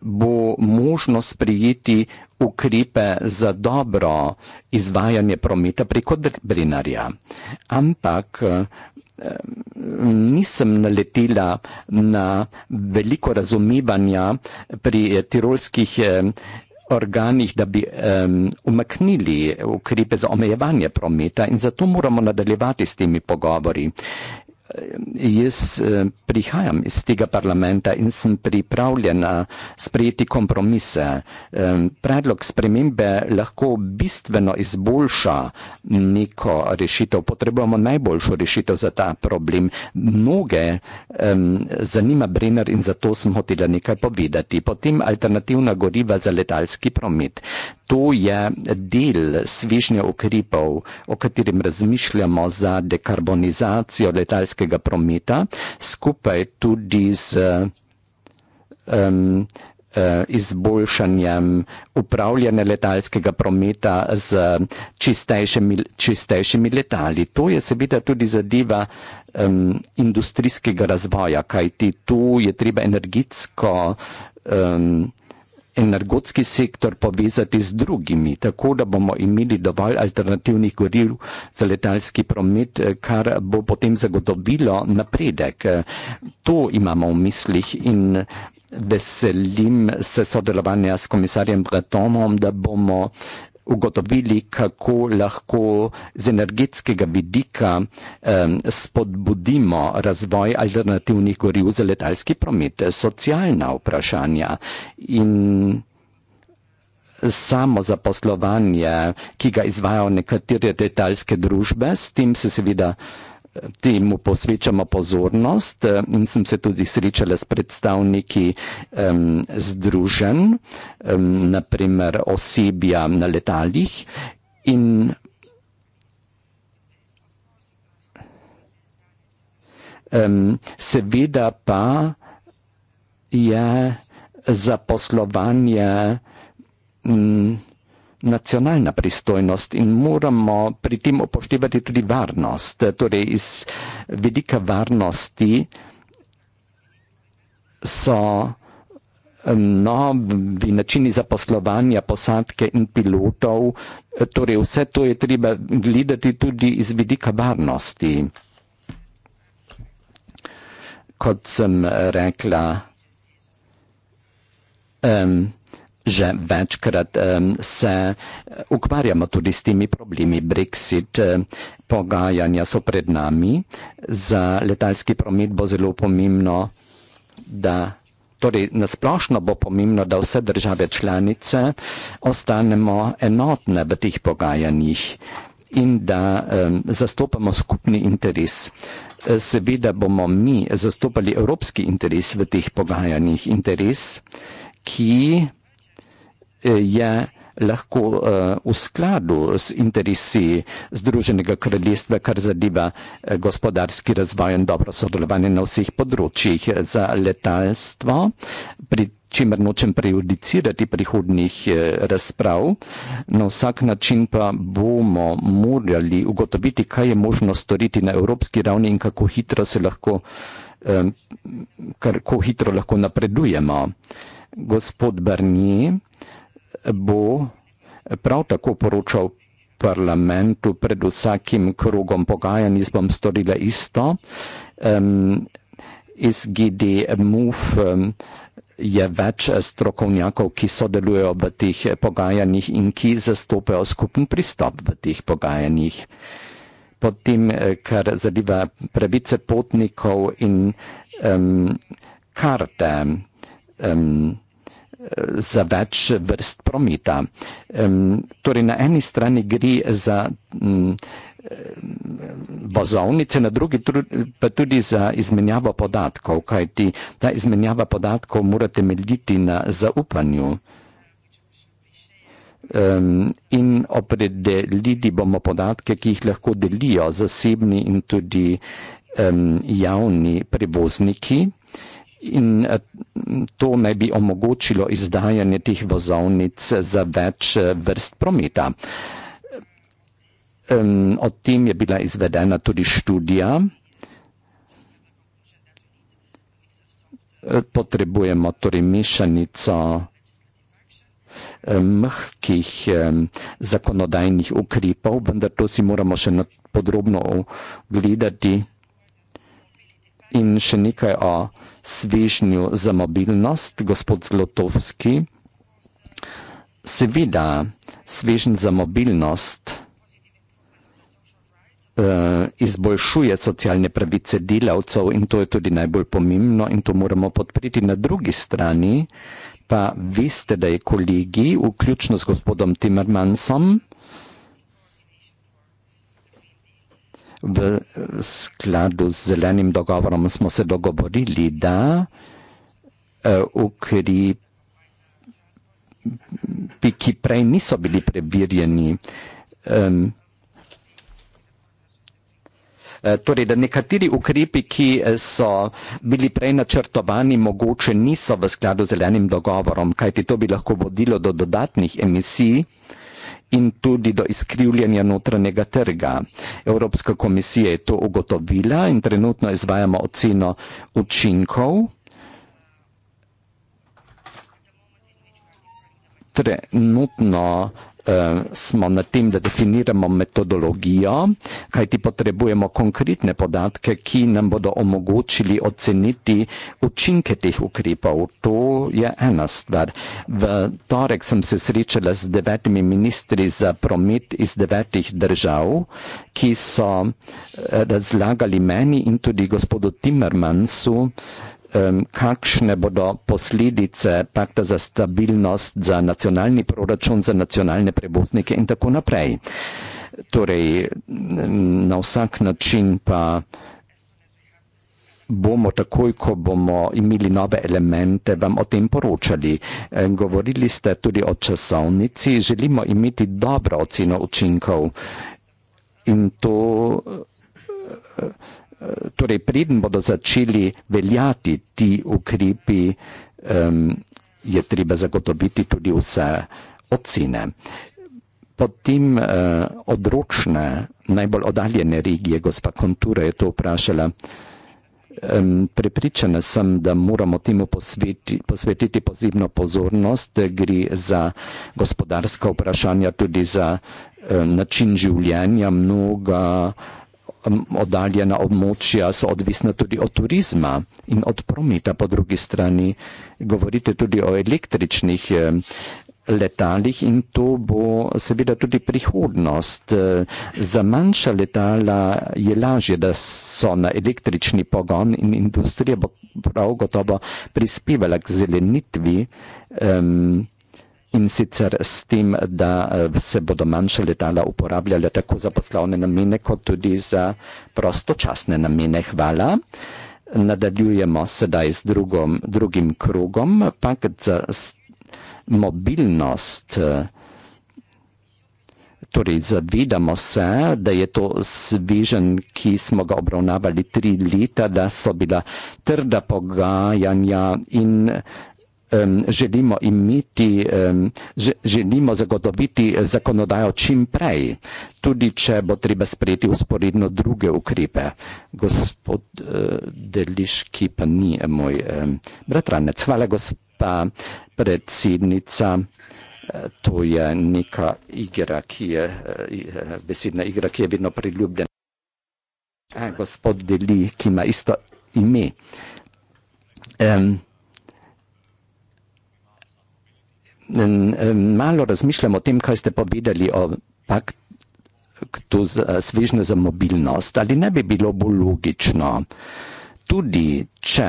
bo možno sprijeti ukrepe za dobro izvajanje prometa preko Drinarja. Ampak eh, nisem naletela na veliko razumevanja pri tirolskih eh, organih, da bi um, umaknili ukrepe za omejevanje prometa in zato moramo nadaljevati s temi pogovori jaz eh, prihajam iz tega parlamenta in sem pripravljen sprejeti kompromise. Eh, predlog spremembe lahko bistveno izboljša neko rešitev. Potrebujemo najboljšo rešitev za ta problem. Mnoge zanima Brenner in zato sem hotela nekaj povedati. Potem alternativna goriva za letalski promet. To je del svežnja ukrepov, o katerem razmišljamo za dekarbonizacijo letalskih slovenskega prometa, skupaj tudi z um, izboljšanjem upravljanja letalskega prometa z čistejšimi, čistejšimi letali. To je seveda tudi zadeva um, industrijskega razvoja, kajti tu je treba energetsko. Um, energetski sektor povezati z drugimi, tako da bomo imeli dovolj alternativnih goril za letalski promet, eh, kar bo potem zagotovilo napredek. Eh, to imamo v mislih in veselim se sodelovanja s komisarjem Bretonom, da bomo ugotovili, kako lahko z energetskega vidika um, spodbudimo razvoj alternativnih goriv za letalski promet, socialna vprašanja in samo zaposlovanje, ki ga izvajo nekatere letalske družbe, s tem se seveda temu posvečamo pozornost eh, in sem se tudi srečala s predstavniki um, združen, um, naprimer osebja na letalih in um, seveda pa je zaposlovanje um, mm, nacionalna pristojnost in moramo pri tem upoštevati tudi varnost. Torej, iz vidika varnosti so eh, novi načini zaposlovanja posadke in pilotov, eh, torej vse to je treba gledati tudi iz vidika varnosti. Kot sem rekla, um, že večkrat se eh, ukvarjamo tudi s temi problemi. Brexit, eh, pogajanja so pred nami. Za letalski promet bo zelo pomembno, da. Torej, nasplošno bo pomembno, da vse države članice ostanemo enotne v teh pogajanjih in da um, zastopamo skupni interes. Eh, seveda bomo mi zastopali evropski interes v teh pogajanjih, interes, ki je lahko eh, v skladu z interesi Združenega kraljestva, kar zadeva eh, gospodarski razvoj in dobro sodelovanje na vseh področjih za letalstvo, pri čemer nočem prejudicirati prihodnih eh, razprav. Na vsak način pa bomo morali ugotoviti, kaj je možno storiti na evropski ravni in kako hitro se lahko, kako hitro lahko napredujemo. Gospod Barnier, bo eh, prav tako poročal parlamentu pred vsakim krogom pogajanj. Jaz bom storila isto. Um, SGD MUF um, je več eh, strokovnjakov, ki sodelujejo v teh eh, pogajanjih in ki zastopajo skupen pristop v teh pogajanjih. Potem, kar zadeva pravice potnikov in um, karte. Um, za več vrst prometa. Um, torej, na eni strani gre za um, vozovnice, na drugi tru, pa tudi za izmenjavo podatkov, kajti ta izmenjava podatkov mora temeljiti na zaupanju. Um, in opredeliti bomo podatke, ki jih lahko delijo zasebni in tudi um, javni prevozniki in eh, to naj bi omogočilo izdajanje teh vozovnic za več eh, vrst prometa. O tem je bila izvedena tudi študija. Eh, potrebujemo torej mešanico mhkih zakonodajnih ukrepov, vendar to si moramo še podrobno ogledati. In še nekaj o tem, svežnju za mobilnost, gospod Zlotovski. Seveda, svežen za mobilnost eh, izboljšuje socialne pravice delavcev in to je tudi najbolj pomembno in to moramo podpreti. Na drugi strani pa veste, da je kolegi, vključno s gospodom Timmermansom, v skladu z zelenim dogovorom smo se dogovorili, da e, ukrepi, ki prej niso bili prebirjeni, e, torej, da nekateri ukrepi, ki e, so bili prej načrtovani, mogoče niso v skladu z zelenim dogovorom, kajti to bi lahko vodilo do dodatnih emisij, in tudi do izkrivljanja notranjega trga. Evropska komisija je to ugotovila in trenutno izvajamo oceno učinkov. Trenutno Eh, smo na tem, da definiramo metodologijo, kajti potrebujemo konkretne podatke, ki nam bodo omogočili oceniti učinke teh ukrepov. To je ena stvar. V torek sem se srečala z devetimi ministri za promet iz devetih držav, ki so eh, razlagali meni in tudi gospodu Timmermansu, kakšne bodo posledice pakta za stabilnost, za nacionalni proračun, za nacionalne prevoznike in tako naprej. Torej, na vsak način pa bomo takoj, ko bomo imeli nove elemente, vam o tem poročali. Govorili ste tudi o časovnici, želimo imeti dobro oceno učinkov in to torej preden bodo začeli veljati ti ukrepi, um, je treba zagotoviti tudi vse ocene. Potem uh, odročne, najbolj oddaljene regije, gospa Kontura je to vprašala. Um, prepričana sem, da moramo temu posveti, posvetiti posebno pozornost, gre za gospodarska vprašanja, tudi za um, način življenja mnoga oddaljena območja so odvisna tudi od turizma in od prometa. Po drugi strani govorite tudi o električnih eh, letalih in to bo seveda tudi prihodnost. Eh, za manjša letala je lažje, da so na električni pogon in industrija bo prav gotovo prispevala k zelenitvi. Um, in sicer s tem, da eh, se bodo manjše letala uporabljale tako za poslovne namene, kot tudi za prostočasne namene. Hvala. Nadaljujemo sedaj z drugom, drugim krogom, pak za mobilnost. Eh, torej, zavedamo se, da je to svežen, ki smo ga obravnavali tri leta, da so bila trda pogajanja in um, želimo imeti, um, želimo zagotoviti zakonodajo čim prej, tudi če bo treba sprejeti usporedno druge ukrepe. Gospod uh, Deliški pa ni eh, moj um, bratranec. Hvala, gospa predsednica. Eh, to je neka igra, ki je besedna igra, ki je vedno priljubljena. A, gospod Deli, ki ima isto ime. Um, malo razmišljam o tem, kaj ste povedali o paktu eh, svežne za mobilnost. Ali ne bi bilo bolj logično, tudi če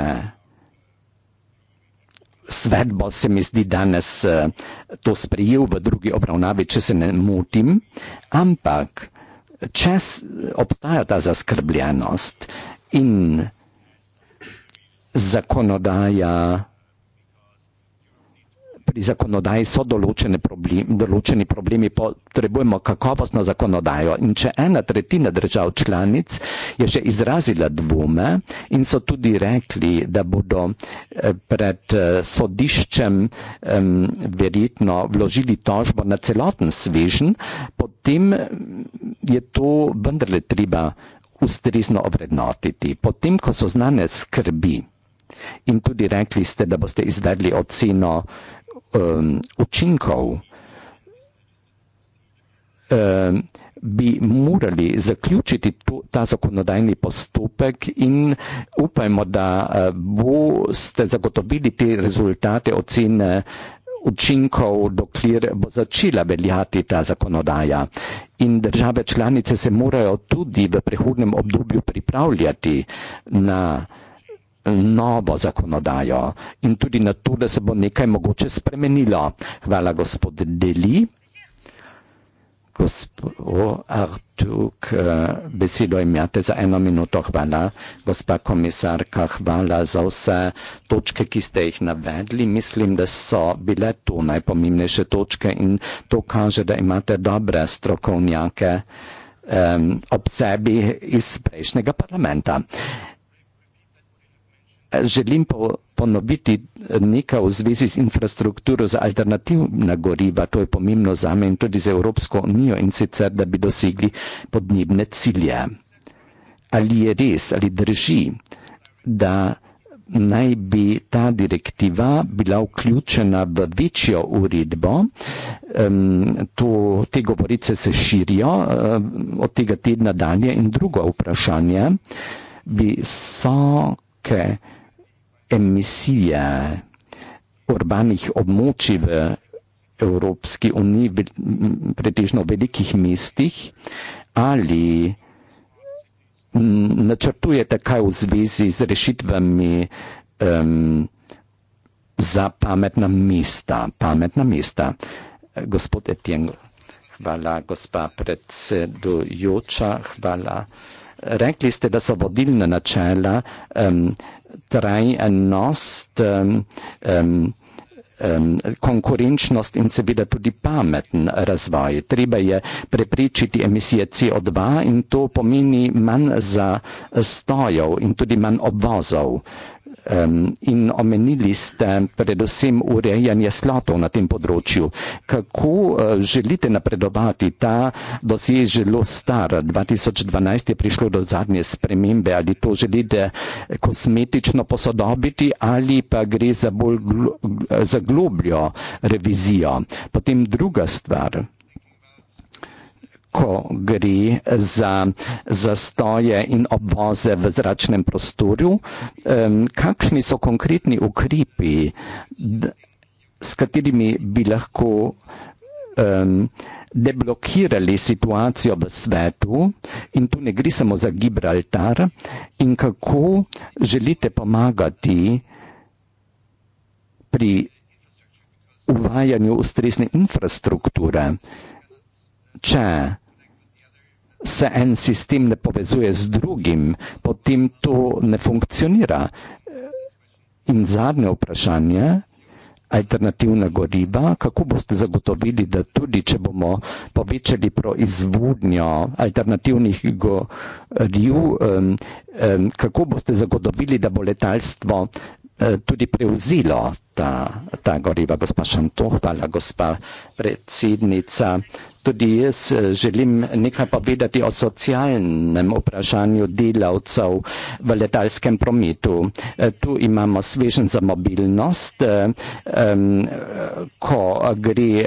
svet bo se mi zdi danes eh, to sprejel v drugi obravnavi, če se ne motim, ampak če obstaja ta zaskrbljenost in zakonodaja, pri zakonodaji so določeni, problem, določeni problemi, potrebujemo kakovostno zakonodajo. In če ena tretjina držav članic je že izrazila dvome in so tudi rekli, da bodo eh, pred eh, sodiščem um, verjetno vložili tožbo na celoten svežen, potem eh, je to vendarle treba ustrezno ovrednotiti. Potem, ko so znane skrbi. In tudi rekli ste, da boste izvedli oceno um, učinkov, um, bi morali zaključiti to, ta zakonodajni postopek in upajmo, da uh, boste zagotovili te rezultate ocene učinkov, dokler bo začela veljati ta zakonodaja. In države članice se morajo tudi v prihodnem obdobju pripravljati na novo zakonodajo in tudi na to, da se bo nekaj mogoče spremenilo. Hvala, gospod Deli. Gospod Artuk, eh, besedo imate za eno minuto. Hvala, gospa komisarka, hvala za vse točke, ki ste jih navedli. Mislim, da so bile to najpomembnejše točke in to kaže, da imate dobre strokovnjake um, ob sebi iz prejšnjega parlamenta. Želim po, ponoviti nekaj v zvezi z infrastrukturo za alternativna goriva, to je pomembno za me in tudi za Evropsko unijo in sicer, da bi dosegli podnebne cilje. Ali je res, ali drži, da naj bi ta direktiva bila vključena v večjo uredbo, um, to, te govorice se širijo um, od tega tedna dalje in drugo vprašanje, visoke okay emisije urbanih območij v Evropski uniji, pretežno v velikih mestih, ali načrtujete kaj v zvezi z rešitvami um, za pametna mesta, pametna mesta. Gospod Etjen, hvala, gospa predsedujoča, hvala. Rekli ste, da so vodilna načela um, drei enost um, um, um, konkurenčnost in seveda tudi pameten razvoj. Treba je prepričiti emisije CO2 in to pomeni manj zastojev in tudi manj obvozov in omenili ste predvsem urejanje slotov na tem področju. Kako eh, želite napredovati ta dosež zelo star? 2012 je prišlo do zadnje spremembe, ali to želite eh, kosmetično posodobiti ali pa gre za bolj zagloblju revizijo. Potem druga stvar ko gre za zastoje in obvoze v zračnem prostoru. Kakšni so konkretni ukrepi, s katerimi bi lahko deblokirali situacijo v svetu in tu ne gre samo za Gibraltar in kako želite pomagati pri uvajanju ustrezne infrastrukture če se en sistem ne povezuje z drugim, potem to ne funkcionira. In zadnje vprašanje, alternativna goriva, kako boste zagotovili, da tudi če bomo povečali proizvodnjo alternativnih goriv, kako boste zagotovili, da bo letalstvo eh, tudi prevzelo ta, ta goriva, gospa Šantoh, hvala, gospa predsednica. Tudi jaz eh, želim nekaj povedati o socialnem vprašanju delavcev v letalskem prometu. Eh, tu imamo svežen za mobilnost, eh, ko gre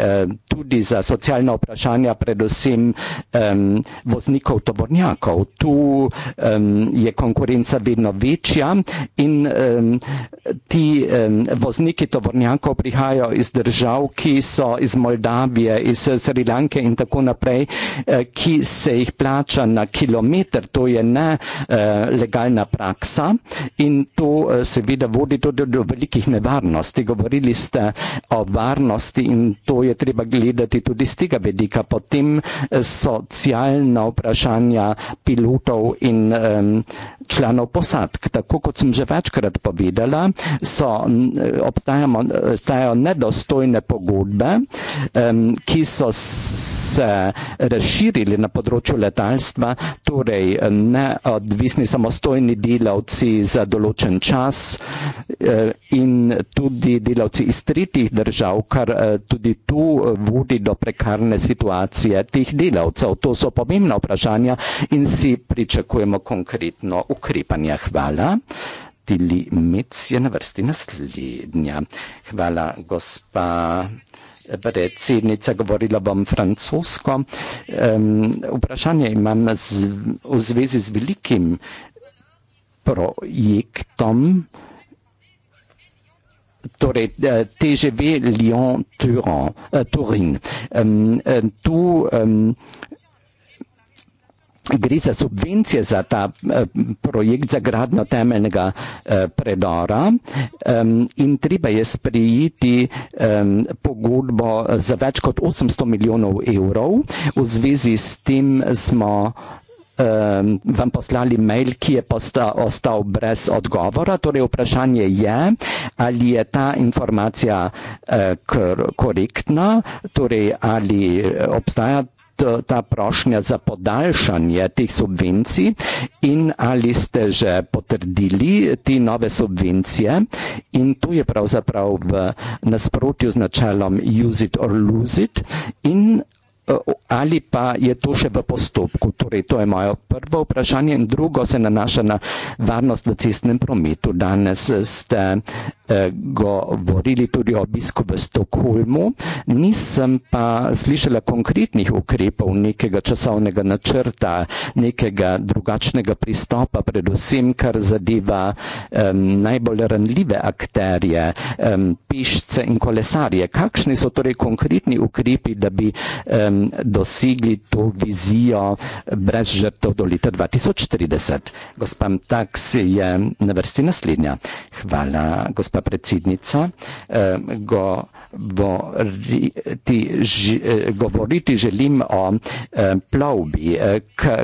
tudi za socialna vprašanja, predvsem voznikov tovornjakov. Tu je konkurenca vedno večja in ti vozniki tovornjakov prihajajo iz držav, ki so iz Moldavije, iz Sri Lanke in tako naprej, eh, ki se jih plača na kilometr, to je ne eh, legalna praksa in to eh, seveda vodi tudi do velikih nevarnosti. Govorili ste o varnosti in to je treba gledati tudi z tega vedika. Potem socialna vprašanja pilotov in članov posadk. Tako kot sem že večkrat povedala, so, obstajajo nedostojne pogodbe, ki so se razširili na področju letalstva, torej eh, neodvisni samostojni delavci za določen čas eh, in tudi delavci iz tretjih držav, kar eh, tudi tu vodi do prekarne situacije teh delavcev. To so pomembna vprašanja in si pričakujemo konkretno ukrepanje. Hvala. Tili Mec je na vrsti naslednja. Hvala, gospa predsednica govorila bom francosko. Um, vprašanje imam z, v zvezi z velikim projektom, torej eh, TGV Lyon-Turin. Um, eh, tu um, gre za subvencije za ta eh, projekt za gradno temeljnega eh, predora in treba je sprijeti pogodbo za več kot 800 milijonov evrov. V zvezi s tem smo vam poslali mail, ki je ostal brez odgovora. Torej vprašanje je, ali je ta informacija eh, korektna, torej ali obstaja ta prošnja za podaljšanje teh subvencij in ali ste že potrdili te nove subvencije in to je pravzaprav v nasprotju z načelom use it or lose it in Eh, ali pa je to še v postopku? Torej, to je moje prvo vprašanje in drugo se nanaša na varnost v cestnem prometu. Danes ste eh, govorili tudi o obisku v Stokholmu, nisem pa slišala konkretnih ukrepov nekega časovnega načrta, nekega drugačnega pristopa, predvsem kar zadeva um, najbolj ranljive akterje, um, pišce in kolesarje. Kakšni so torej konkretni ukrepi, da bi um, um, dosegli to vizijo brez žrtev do leta 2040. Gospa Mtak se je na vrsti naslednja. Hvala, gospa predsednica. Um, go, govoriti, eh, govoriti želim o eh, plovbi, eh,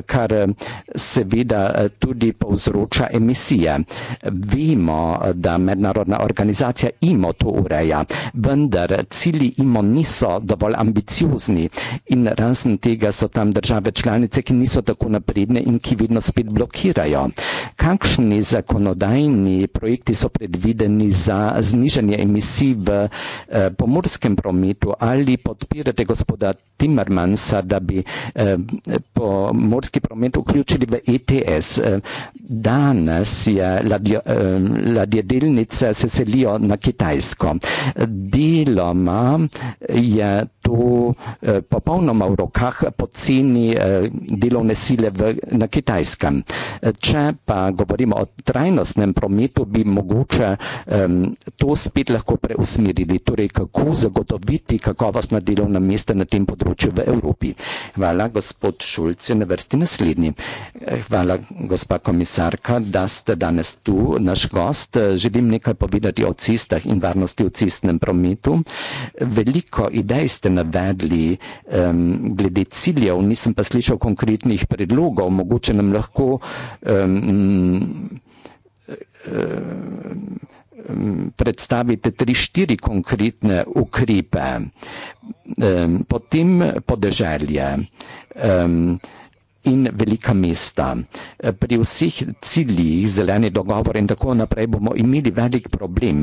kar seveda tudi povzroča emisije. Vemo, da mednarodna organizacija IMO to ureja, vendar cilji IMO niso dovolj ambiciozni in razen tega so tam države članice, ki niso tako napredne in ki vedno spet blokirajo. Kakšni zakonodajni projekti so predvideni za znižanje emisij v pomorskem prometu ali podpirate gospodarstvo. Timmermansa, da bi eh, pomorski promet vključili v ETS. Eh, danes je eh, ladjedelnice se selijo na Kitajsko. Deloma je to popolnoma v rokah poceni delovne sile na Kitajskem. Če pa govorimo o trajnostnem prometu, bi mogoče to spet lahko preusmerili. Torej, kako zagotoviti kakovostna delovna mesta na tem področju? področju v Evropi. Hvala, gospod Šulc, je na vrsti naslednji. Eh, hvala, gospa komisarka, da ste danes tu, naš gost. Eh, želim nekaj povedati o cestah in varnosti v cestnem prometu. Veliko idej ste navedli um, glede ciljev, nisem pa slišal konkretnih predlogov, mogoče nam lahko. Um, um, predstavite tri, štiri konkretne ukrepe, potem podeželje in velika mesta. Pri vseh ciljih, zeleni dogovor in tako naprej bomo imeli velik problem,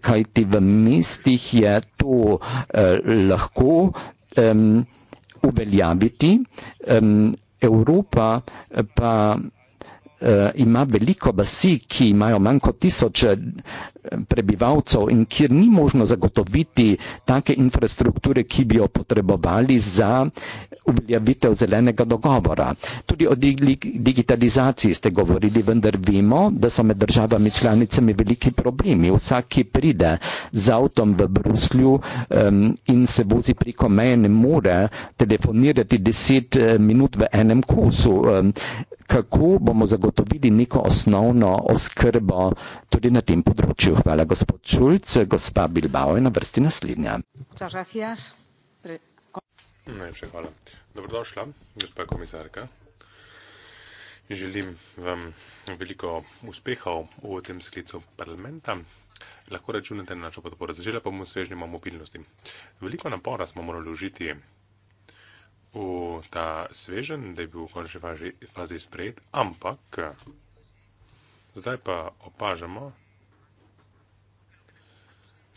kajti v mestih je to eh, lahko uveljaviti, Evropa pa uh, ima veliko vasi, ki imajo manj kot tisoč eh, prebivalcev in kjer ni možno zagotoviti take infrastrukture, ki bi jo potrebovali za uveljavitev zelenega dogovora. Tudi o digitalizaciji ste govorili, vendar vemo, da so med državami članicami veliki problemi. Vsak, ki pride z avtom v Bruslju um, in se vozi preko meje, ne more telefonirati deset eh, minut v enem kosu. Um, kako bomo zagotovili? zagotovili neko osnovno oskrbo tudi na tem področju. Hvala, gospod Šulc. Gospa Bilbao je na vrsti naslednja. Najlepša hvala. Dobrodošla, gospa komisarka. Želim vam veliko uspehov v tem sklicu parlamenta. Lahko računate na našo podporo. Začela bom s svežnjem o mobilnosti. Veliko napora smo morali vložiti v ta svežen, da je bil v končni fazi, fazi sprejet, ampak zdaj pa opažamo,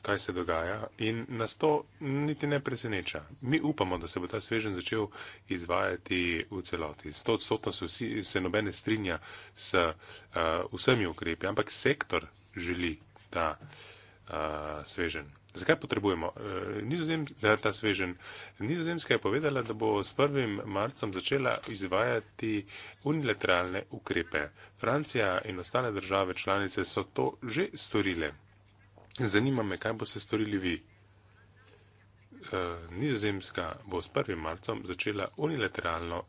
kaj se dogaja in nas to niti ne preseneča. Mi upamo, da se bo ta svežen začel izvajati v celoti. Sto odstotno se, se nobene strinja s uh, vsemi ukrepi, ampak sektor želi ta uh, eh, svežen. Zakaj potrebujemo? Da, e, ta svežen. Nizozemska je povedala, da bo s 1. marcem začela izvajati unilateralne ukrepe. Francija in ostale države članice so to že storile. Zanima me, kaj boste storili vi. Eh, nizozemska bo s 1. marcem začela unilateralno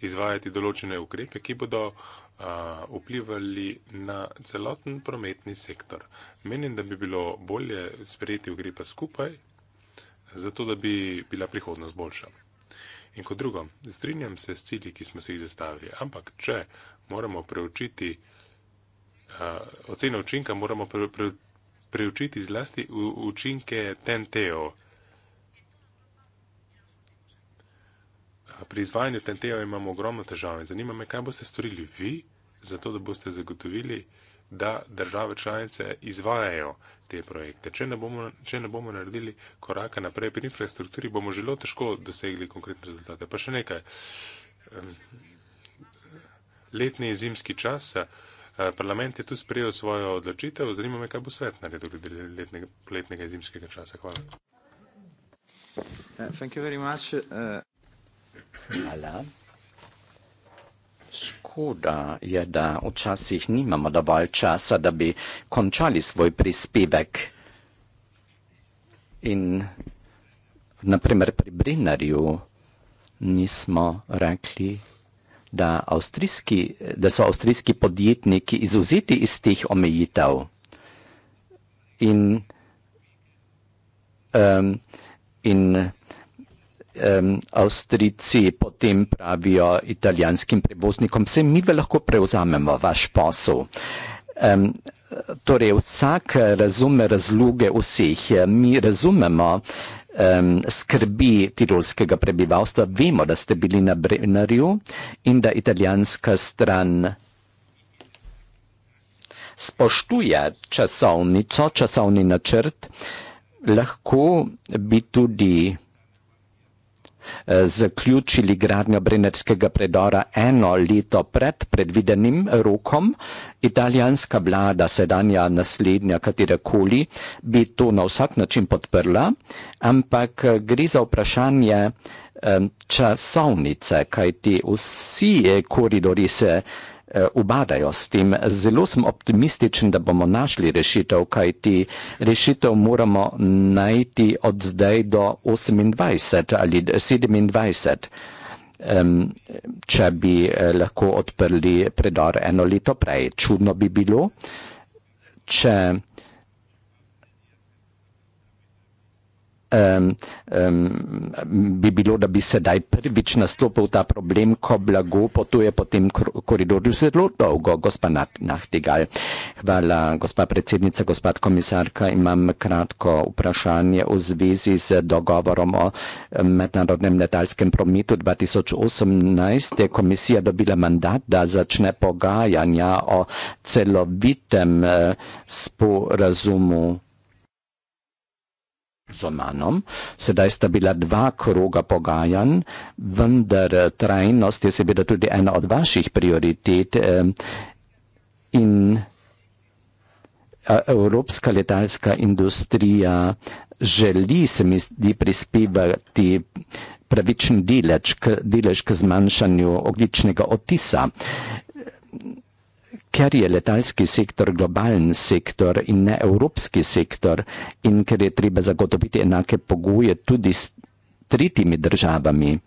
izvajati določene ukrepe, ki bodo eh, vplivali na celoten prometni sektor. Menim, da bi bilo bolje sprejeti ukrepe skupaj, zato da bi bila prihodnost boljša. In kot drugo, strinjam se s cilji, ki smo se jih zastavili, ampak če moramo preučiti eh, oceno učinka, moramo preučiti zlasti učinke TNT-o. pri izvajanju TNT-ja imamo ogromno težave. Zanima me, kaj boste storili vi, zato da boste zagotovili, da države članice izvajajo te projekte. Če ne bomo, če ne bomo naredili koraka naprej pri infrastrukturi, bomo zelo težko dosegli konkretne rezultate. Pa še nekaj. Letni in zimski čas. Eh, parlament je tu sprejel svojo odločitev. Zanima me, kaj bo svet naredil glede letnega, letnega in zimskega časa. Hvala. Uh, thank you very much. Uh... Hvala. Škoda je, da včasih nimamo dovolj časa, da bi končali svoj prispevek. In naprimer pri Brinarju nismo rekli, da, da so avstrijski podjetniki izuzeti iz teh omejitev. In, um, in um, Avstrici potem pravijo italijanskim prevoznikom, se mi lahko prevzamemo vaš posel. Um, torej, vsak razume razloge vseh. Mi razumemo um, skrbi tirolskega prebivalstva, vemo, da ste bili na Brenarju in da italijanska stran spoštuje časovnico, časovni načrt, lahko bi tudi Eh, zaključili gradnjo Brenerskega predora eno leto pred predvidenim rokom, italijanska vlada, sedanja naslednja, katerakoli, bi to na vsak način podprla, ampak eh, gre za vprašanje eh, časovnice, kajti vsi koridori se Eh, ubadajo s tem. Zelo sem optimističen, da bomo našli rešitev, kaj ti rešitev moramo najti od zdaj do 28 ali 27, če bi eh, lahko odprli predor eno leto prej. Čudno bi bilo, če um, um, bi bilo, da bi sedaj prvič nastopil ta problem, ko blago potuje po tem koridorju zelo dolgo, gospa Nahtigal. Hvala, gospa predsednica, gospa komisarka. Imam kratko vprašanje v zvezi z dogovorom o mednarodnem letalskem prometu 2018. Je komisija dobila mandat, da začne pogajanja o celovitem eh, sporazumu z Omanom. Sedaj sta bila dva kroga pogajanj, vendar eh, trajnost je seveda tudi ena od vaših prioritet in evropska letalska industrija želi, se mi zdi, prispevati pravičen delež k zmanjšanju ogličnega otisa. Ker je letalski sektor globalen sektor in ne evropski sektor in ker je treba zagotoviti enake pogoje tudi s tretjimi državami eh,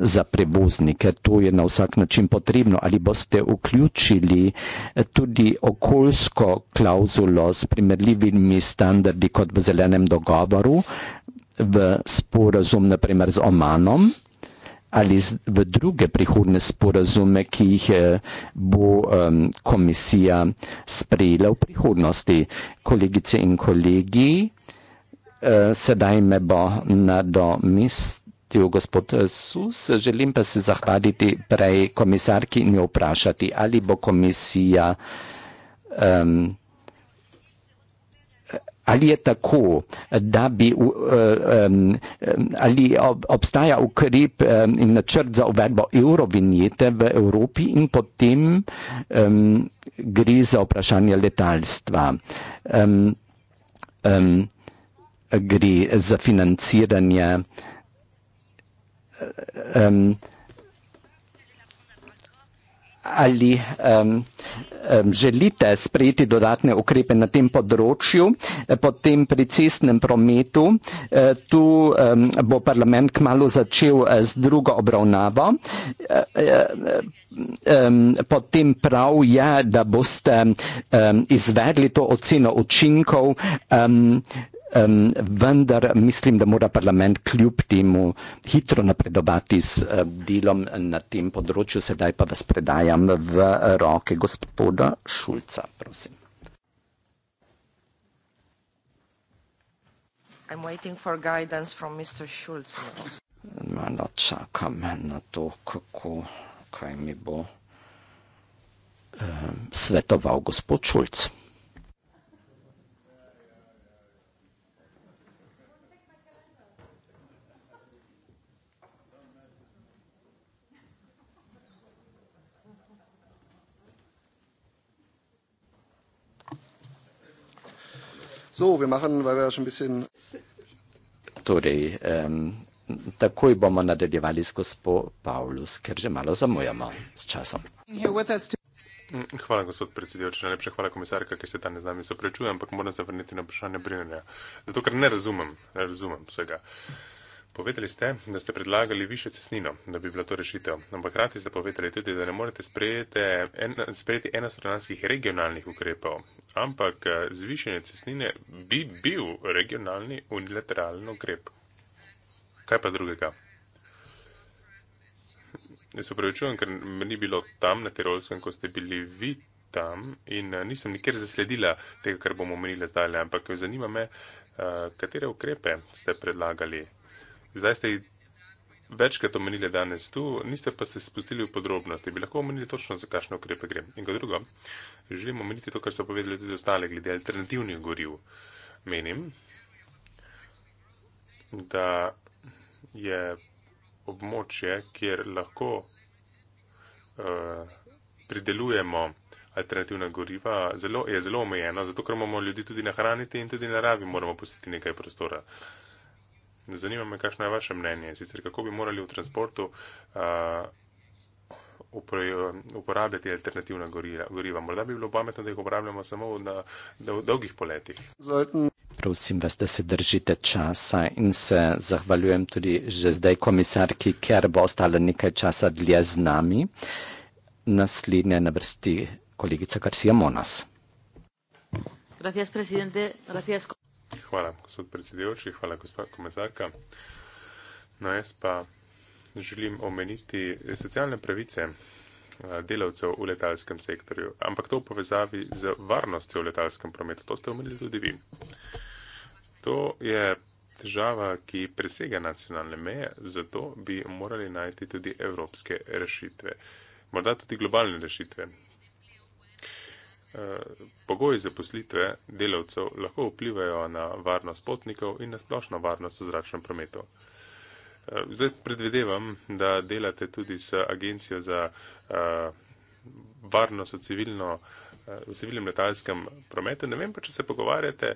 za prevoznike, to je na vsak način potrebno. Ali boste vključili eh, tudi okoljsko klauzulo s primerljivimi standardi kot v zelenem dogovoru v sporazum, naprimer z Omanom? ali v druge prihodne sporazume, ki jih eh, bo um, komisija sprejela v prihodnosti. Kolegice in kolegi, uh, sedaj me bo nadomestil gospod eh, Sus, želim pa se zahvaliti prej komisarki in jo vprašati, ali bo komisija um, ali je tako, da bi, uh, um, ali ob, obstaja ukrep um, in načrt za uvedbo eurovinjete v Evropi in potem um, gre za vprašanje letalstva. Um, um, gre za financiranje. Um, ali um, um, želite sprejeti dodatne ukrepe na tem področju, e, potem pri cestnem prometu. E, tu um, bo parlament kmalo začel e, z drugo obravnavo. Um, potem prav je, da boste um, izvedli to oceno učinkov. Um, Um, vendar mislim, da mora parlament kljub temu hitro napredovati s uh, eh, delom na tem področju. Sedaj pa vas predajam v roke gospoda Šulca. Prosim. Malo no, no, čakam na to, kako, kaj mi bo um, svetoval gospod Šulc. So, wir machen, weil wir ja schon ein bisschen. Torej, um, takoj bomo nadaljevali s gospod Paulus, ker že malo zamujamo s časom. Hvala, gospod predsedujoči. Najlepša hvala, komisarka, ki se danes z nami soprečuje, ampak moram se vrniti na vprašanje Brinerja. Zato, ker ne razumem, ne razumem vsega. Uh, Povedali ste, da ste predlagali više cestnino, da bi bila to rešitev, ampak hkrati ste povedali tudi, da ne morete en, sprejeti enostranskih regionalnih ukrepov, ampak eh, zvišanje cestnine bi bil regionalni unilateralen ukrep. Kaj pa drugega? Jaz se upravičujem, ker me ni bilo tam na Tirolskem, ko ste bili vi tam in eh, nisem nikjer zasledila tega, kar bomo omenili zdaj, ampak zanima me, eh, katere ukrepe ste predlagali Zdaj ste večkrat omenili danes tu, niste pa se spustili v podrobnosti. Bi lahko omenili točno, za kakšne ukrepe gre. In kot drugo, želim omeniti to, kar so povedali tudi ostale glede alternativnih goriv. Menim, da je območje, kjer lahko uh, pridelujemo alternativna goriva, zelo, je zelo omejeno, zato ker moramo ljudi tudi nahraniti in tudi naravi moramo pustiti nekaj prostora. Uh, Zanima me, kakšno je vaše mnenje, sicer kako bi morali v transportu uh, uporabljati alternativna goriva. Morda bi bilo pametno, da jih uporabljamo samo v, na, na, v dolgih poletih. Prosim vas, da se držite časa in se zahvaljujem tudi že zdaj komisarki, ker bo ostala nekaj časa dlje z nami. Naslednja na vrsti kolegica Karsija Monas. Gracias, Hvala, gospod predsedevoči, hvala, gospod komentarka. No, jaz pa želim omeniti socialne pravice eh, delavcev v letalskem sektorju, ampak to v povezavi z varnostjo v letalskem prometu. To ste omenili tudi vi. To je težava, ki presega nacionalne meje, zato bi morali najti tudi evropske rešitve. Morda tudi globalne rešitve. Eh, pogoji zaposlitve delavcev lahko vplivajo na varnost potnikov in na splošno varnost v zračnem prometu. Eh, zdaj predvidevam, da delate tudi s Agencijo za eh, varnost v, civilno, v civilnem letalskem prometu. Ne vem pa, če se pogovarjate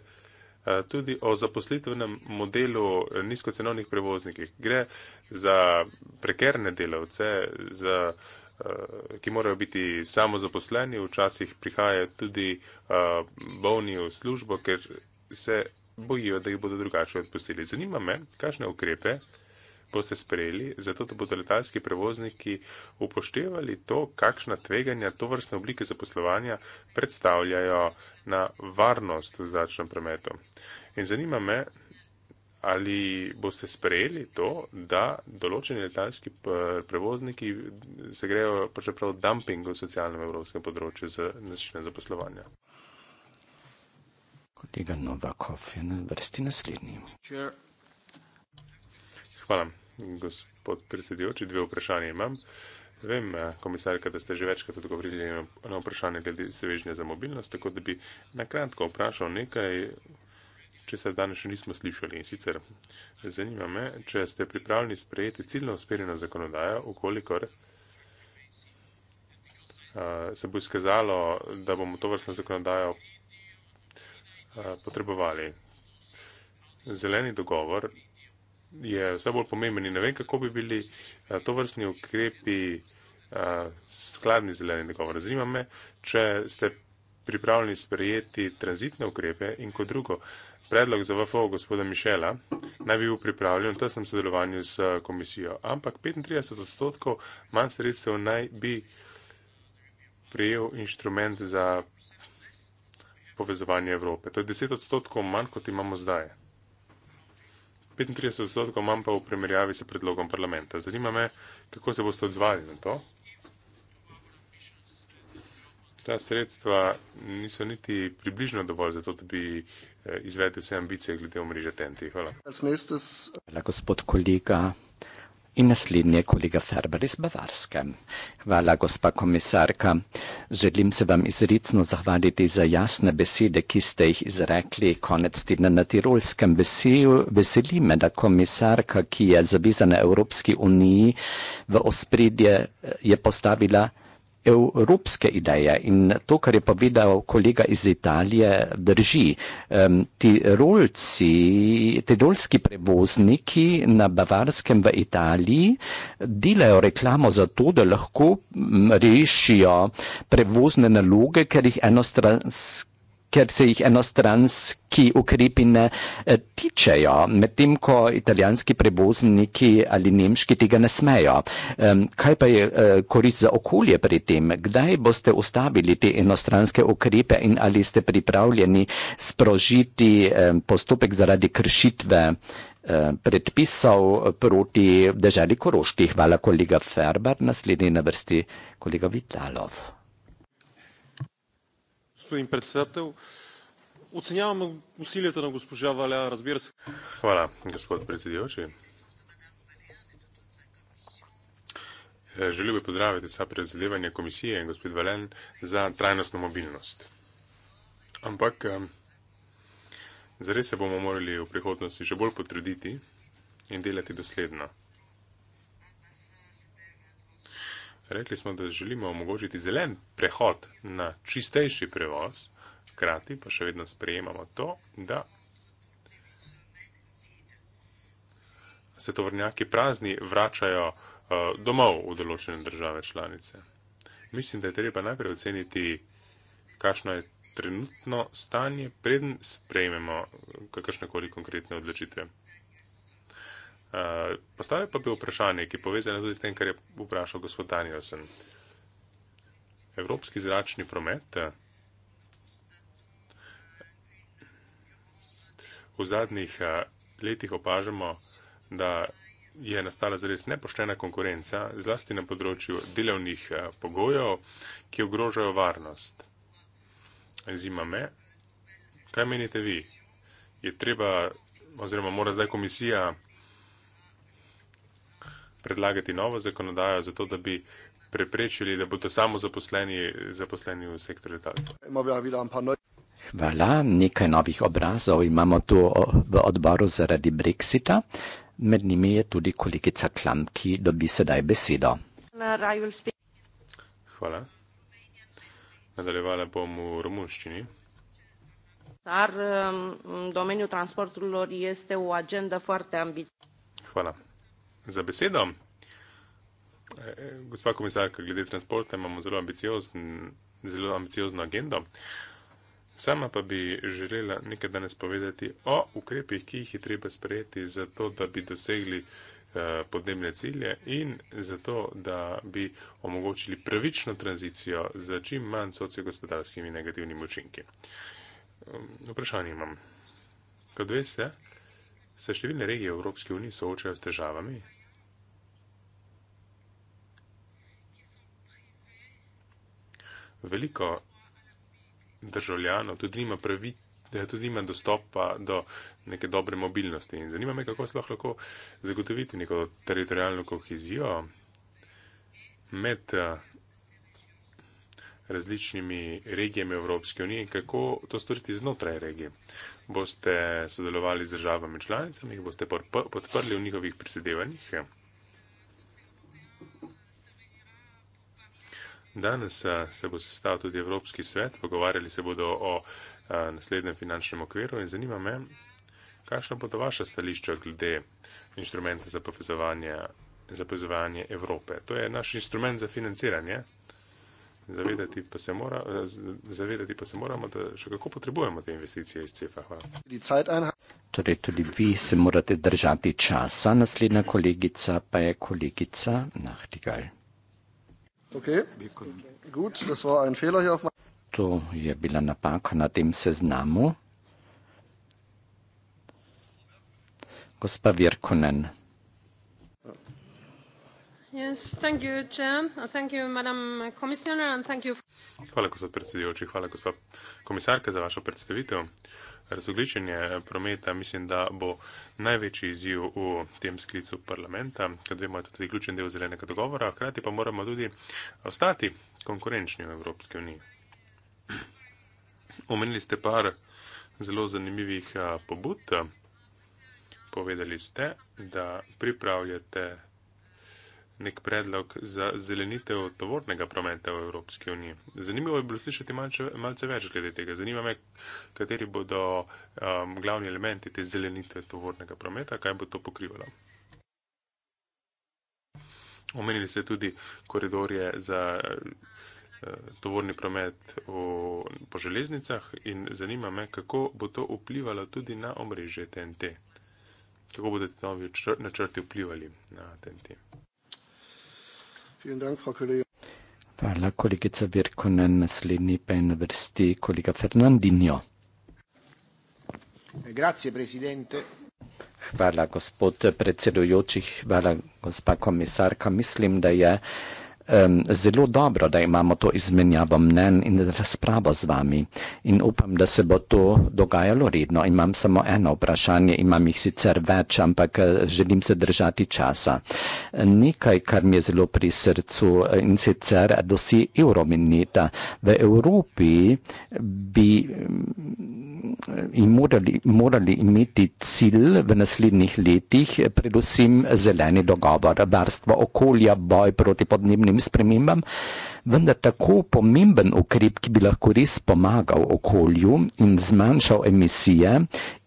tudi o zaposlitvenem modelu nizkocenovnih prevoznikih. Gre za prekerne delavce, za uh, Eh, ki morajo biti samozaposleni, včasih prihajajo tudi eh, bolni v službo, ker se bojijo, da jih bodo drugače odpustili. Zanima me, kakšne ukrepe boste sprejeli, zato da bodo letalski prevozniki upoštevali to, kakšna tveganja to vrstne oblike zaposlovanja predstavljajo na varnost v zračnem prometu. In zanima me, ali boste sprejeli to, da določeni letalski prevozniki se grejo počeprav dumping v socialnem evropskem področju z načinem zaposlovanja. Kolega Novakov je na vrsti naslednji. Hvala, gospod predsedujoči. Dve vprašanje imam. Vem, eh, komisarka, da ste že večkrat odgovorili na vprašanje glede svežnja za mobilnost, tako da bi nakratko vprašal nekaj če se danes še nismo slišali. In sicer zanima me, če ste pripravljeni sprejeti ciljno usmerjeno zakonodajo, ukolikor uh, eh, se bo izkazalo, da bomo to vrstno zakonodajo uh, potrebovali. Zeleni dogovor je vse bolj pomemben in ne vem, kako bi bili eh, to vrstni ukrepi uh, skladni zeleni dogovor. Zanima me, če ste pripravljeni sprejeti tranzitne ukrepe in kot drugo, uh, Predlog za VFO gospoda Mišela naj bi bil pripravljen v tesnem sodelovanju s eh, komisijo, ampak 35 odstotkov manj sredstev naj bi prejel inštrument za povezovanje Evrope. To je 10 odstotkov manj, kot imamo zdaj. 35 odstotkov manj pa v primerjavi s predlogom parlamenta. Zanima me, kako se boste odzvali na to. Ta sredstva niso niti približno dovolj za to, da bi Eh, izvedete vse ambicije glede omrežja TNT. Hvala. Hvala, gospod kolega. In naslednji je kolega Ferber iz Bavarske. Hvala, gospa komisarka. Želim se vam izrecno zahvaliti za jasne besede, ki ste jih izrekli konec tedna na Tirolskem. Veseli me, da komisarka, ki je zavezana Evropski uniji, v ospredje eh, je postavila evropske ideje in to, kar je povedal kolega iz Italije, drži. Um, tirolci, tirolski prevozniki na Bavarskem v Italiji delajo reklamo za to, da lahko rešijo prevozne naloge, ker jih enostranski ker se jih enostranski ukrepi ne eh, tičejo, medtem ko italijanski prevozniki ali nemški tega ne smejo. Kaj pa je eh, korist za okolje pri tem? Kdaj boste ustavili te enostranske ukrepe in ali ste pripravljeni sprožiti postopek zaradi kršitve eh, predpisov proti državi Koroški? Hvala, kolega Ferber. Naslednji na vrsti kolega Vitalov gospodin predsedatelj. Ocenjavam usiljeta na gospođa Valja, razbira se. Hvala, gospod predsedujoči. Želim bi pozdraviti sa predsedevanje komisije in gospod Valen za trajnostno mobilnost. Ampak zares se bomo morali v prihodnosti še bolj potruditi in delati dosledno. Rekli smo, da želimo omogočiti zelen prehod na čistejši prevoz, krati pa še vedno sprejemamo to, da se tovrnjaki prazni vračajo eh, domov v določene države članice. Mislim, da je treba najprej oceniti, kakšno je trenutno stanje, preden sprejmemo kakršnekoli konkretne odločitve. Eh, postavil pa bi vprašanje, ki je povezano tudi s tem, kar je vprašal gospod Danielsen. Evropski zračni promet eh, v zadnjih eh, letih opažamo, da je nastala zares nepoštena konkurenca, zlasti na področju delovnih pogojev, ki ogrožajo varnost. Zima me. Kaj menite vi? Je treba, oziroma mora zdaj komisija predlagati novo zakonodajo, zato da bi preprečili, da bodo samo zaposleni, zaposleni v sektorju letalstva. Hvala, nekaj novih obrazov imamo tu v odboru zaradi Brexita. Med njimi je tudi kolegica Klam, ki dobi sedaj besedo. Hvala. Nadaljevala bom v romunščini. Hvala za besedo. E, e, gospa komisarka, glede transporta imamo zelo, ambiciozn, zelo ambiciozno agendo. Sama pa bi želela nekaj danes povedati o ukrepih, ki jih je treba sprejeti za to, da bi dosegli e, podnebne cilje in zato, da bi omogočili pravično tranzicijo za čim manj sociogospodarskimi negativnimi učinki. Vprašanje imam. Kot veste, se številne regije Evropske unije soočajo s težavami, veliko državljanov tudi nima pravit. Da tudi ima dostopa do neke dobre mobilnosti. In zanima me, kako sploh lahko zagotoviti neko teritorijalno kohezijo med eh, različnimi regijami Evropske unije in kako to storiti znotraj regije. Boste sodelovali z državami članicami, boste podprli v njihovih prisedevanjih. Danes se bo sestavil tudi Evropski svet, pogovarjali se bodo o naslednjem finančnem okviru in zanima me, kakšno bodo vaše stališče glede inštrumenta za povezovanje, za povezovanje Evrope. To je naš inštrument za financiranje. Zavedati pa, mora, zavedati pa se moramo, da še kako potrebujemo te investicije iz CEFA. Torej, tudi vi se morate držati časa, naslednja kolegica pa je kolegica Nahtigal. Okay. Gut, das war ein Fehler hier auf To je bila napaka na tem seznamu. Gospa Virkonen. Yes, thank you, uh, thank you, thank you. Hvala, gospod predsedujoči, hvala, gospa komisarka, za vašo predstavitev. Razogličenje prometa mislim, da bo največji izziv v tem sklicu parlamenta, ker vemo, da je to tudi ključen del zelenega dogovora, hkrati pa moramo tudi ostati konkurenčni v Evropski uniji. Omenili ste par zelo zanimivih pobud. Povedali ste, da pripravljate nek predlog za zelenitev tovornega prometa v Evropski uniji. Zanimivo je bilo slišati malce, malce več glede tega. Zanima me, kateri bodo um, glavni elementi te zelenitve tovornega prometa, kaj bo to pokrivalo. Omenili ste tudi koridorje za eh, tovorni promet v, po železnicah in zanima me, kako bo to vplivalo tudi na omrežje TNT. Kako bodo ti novi načrti vplivali na TNT? Hvala, kolegica Virkonen. Naslednji pa je na vrsti kolega Fernandinjo. Hvala, gospod predsedujoči, hvala, gospa komisarka. Mislim, da je um, zelo dobro, da imamo to izmenjavo mnen in razpravo z vami. In upam, da se bo to dogajalo redno. Imam samo eno vprašanje, imam jih sicer več, ampak eh, želim se držati časa. Nekaj, kar mi je zelo pri srcu eh, in sicer, da si eurominita. V Evropi bi mm, morali, morali imeti cilj v naslednjih letih, predvsem zeleni dogovor, varstvo okolja, boj proti podnebnim tem spremembam, vendar tako pomemben ukrep, ki bi lahko res pomagal okolju in zmanjšal emisije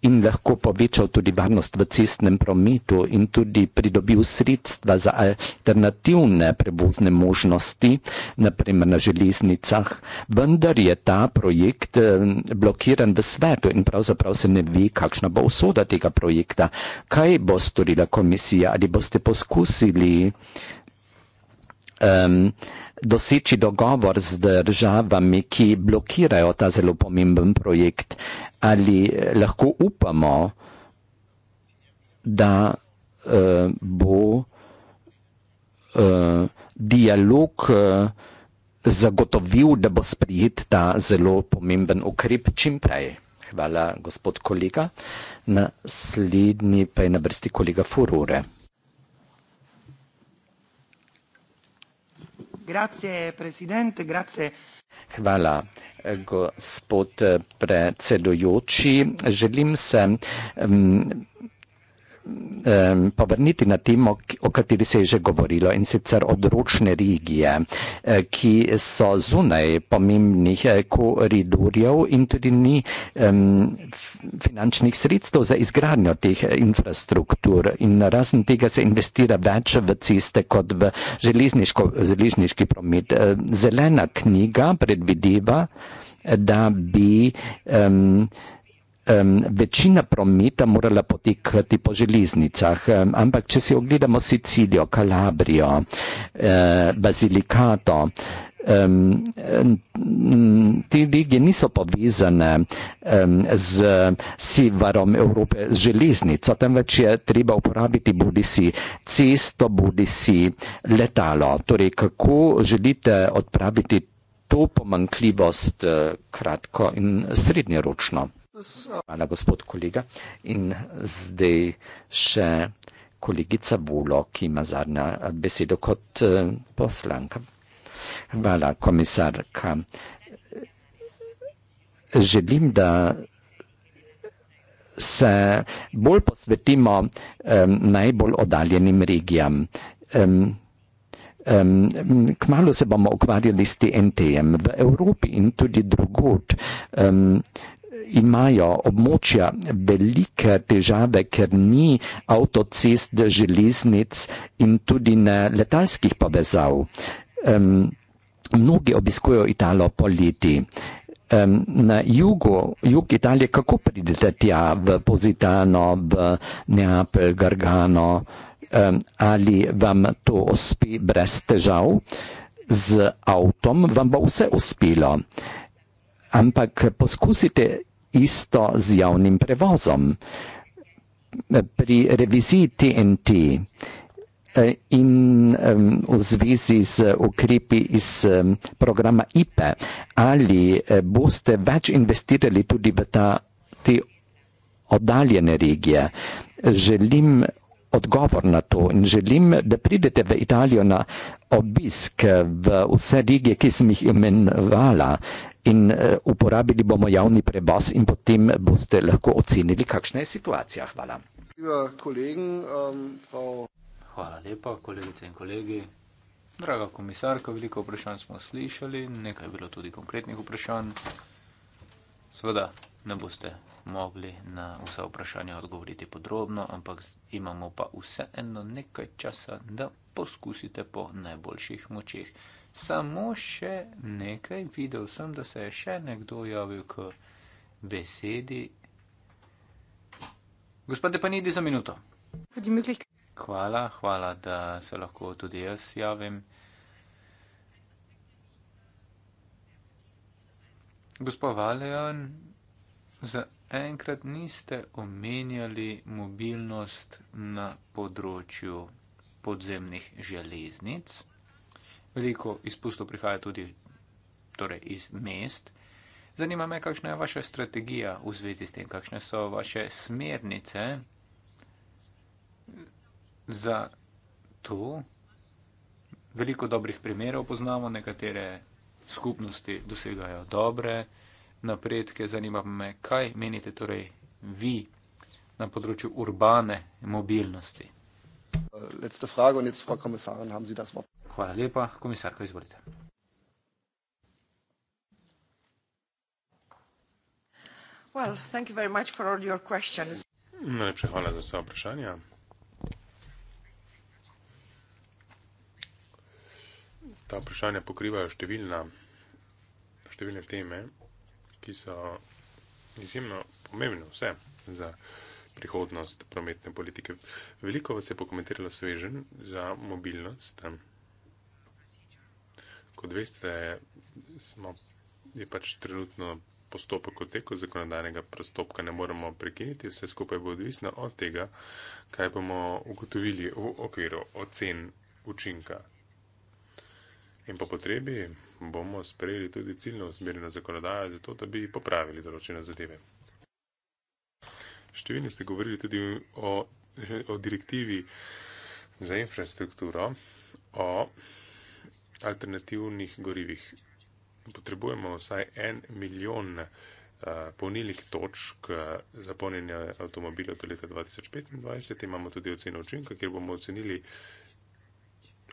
in lahko povečal tudi varnost v cestnem prometu in tudi pridobil sredstva za alternativne prevozne možnosti, naprimer na železnicah, vendar je ta projekt eh, blokiran v svetu in pravzaprav se ne ve, kakšna bo usoda tega projekta. Kaj bo storila komisija? Ali boste poskusili? um, doseči dogovor z državami, ki blokirajo ta zelo pomemben projekt, ali eh, lahko upamo, da uh, bo uh, dialog uh, zagotovil, da bo sprijet ta zelo pomemben ukrep čimprej. Hvala, gospod kolega. Naslednji pa je na vrsti kolega Furore. Hvala, gospod predsedujoči. Želim se mm, um, povrniti na temo, o kateri se je že govorilo in sicer odročne regije, e, ki so zunaj pomembnih e, koridorjev in tudi ni um, finančnih sredstev za izgradnjo teh e, infrastruktur in razen tega se investira več v ceste kot v železniški promet. Zelena knjiga predvideva, da bi um, um, večina prometa morala potekati po železnicah, um, ampak če si ogledamo Sicilijo, Kalabrijo, uh, eh, Bazilikato, um, te regije niso povezane um, z severom Evrope z železnico, temveč je treba uporabiti bodi si cesto, bodi si letalo. Torej, kako želite odpraviti? To pomankljivost eh, kratko in srednjeročno. Hvala, gospod kolega. In zdaj še kolegica Bulo, ki ima zadnjo besedo kot eh, poslanka. Hvala, komisarka. Želim, da se bolj posvetimo um, najbolj oddaljenim regijam. Um, Um, kmalo se bomo ukvarjali s TNT-jem v Evropi in tudi drugod. Um, imajo območja velike težave, ker ni avtocest, železnic in tudi ne letalskih povezav. Um, mnogi obiskujejo Italijo poleti. Um, na jugu, jug Italije, kako pridete tja v Pozitano, v Neapel, Gargano, um, ali vam to uspe brez težav? Z avtom vam bo vse uspelo. Ampak poskusite isto z javnim prevozom pri reviziji TNT eh, in v zvezi z ukrepi iz programa IPE, ali eh, boste več investirali tudi v ta, te oddaljene regije? Želim odgovor na to in želim, da pridete v Italijo na obisk v vse regije, ki sem jih imenovala in eh, uporabili bomo javni prebos in potem boste lahko ocenili, kakšna je situacija. Hvala. Ähm, Hvala lepa, kolegice in kolegi. Draga komisarka, veliko vprašanj smo slišali, nekaj je bilo tudi konkretnih vprašanj. Sveda ne boste mogli na vsa vprašanja odgovoriti podrobno, ampak imamo pa vseeno nekaj časa, da poskusite po najboljših močeh samo še nekaj, videl sem, da se je še nekdo javil k besedi. Gospod Depanidi za minuto. Hvala, hvala, da se lahko tudi jaz javim. Gospod Valejan, zaenkrat niste omenjali mobilnost na področju podzemnih železnic veliko izpustov prihaja tudi torej iz mest. Zanima me, kakšna je vaša strategija v zvezi s tem, kakšne so vaše smernice za to. Veliko dobrih primerov poznamo, nekatere skupnosti dosegajo dobre napredke. Zanima me, kaj menite torej vi na področju urbane mobilnosti. Letzte frage in jetzt, Frau Komisarin, haben Sie das Wort. Hvala lepa, komisarko, izvolite. Well, thank you very much for all your questions. Najlepša hvala za vse vprašanja. Ta vprašanja pokrivajo številna, številne teme, ki so izjemno pomembne vse za prihodnost prometne politike. Veliko vas je pokomentiralo svežen za mobilnost. Tam kot veste, smo, je pač trenutno postopek v teku zakonodajnega prostopka, ne moremo prekiniti, vse skupaj bo odvisno od tega, kaj bomo ugotovili v okviru ocen učinka. In po potrebi bomo sprejeli tudi ciljno usmerjeno zakonodajo, zato da bi popravili določene zadeve. Številni ste govorili tudi o, o direktivi za infrastrukturo, o alternativnih gorivih. Potrebujemo vsaj en milijon eh, polnilnih točk eh, za polnjenje avtomobilov do leta 2025. Imamo tudi oceno učinka, kjer bomo ocenili,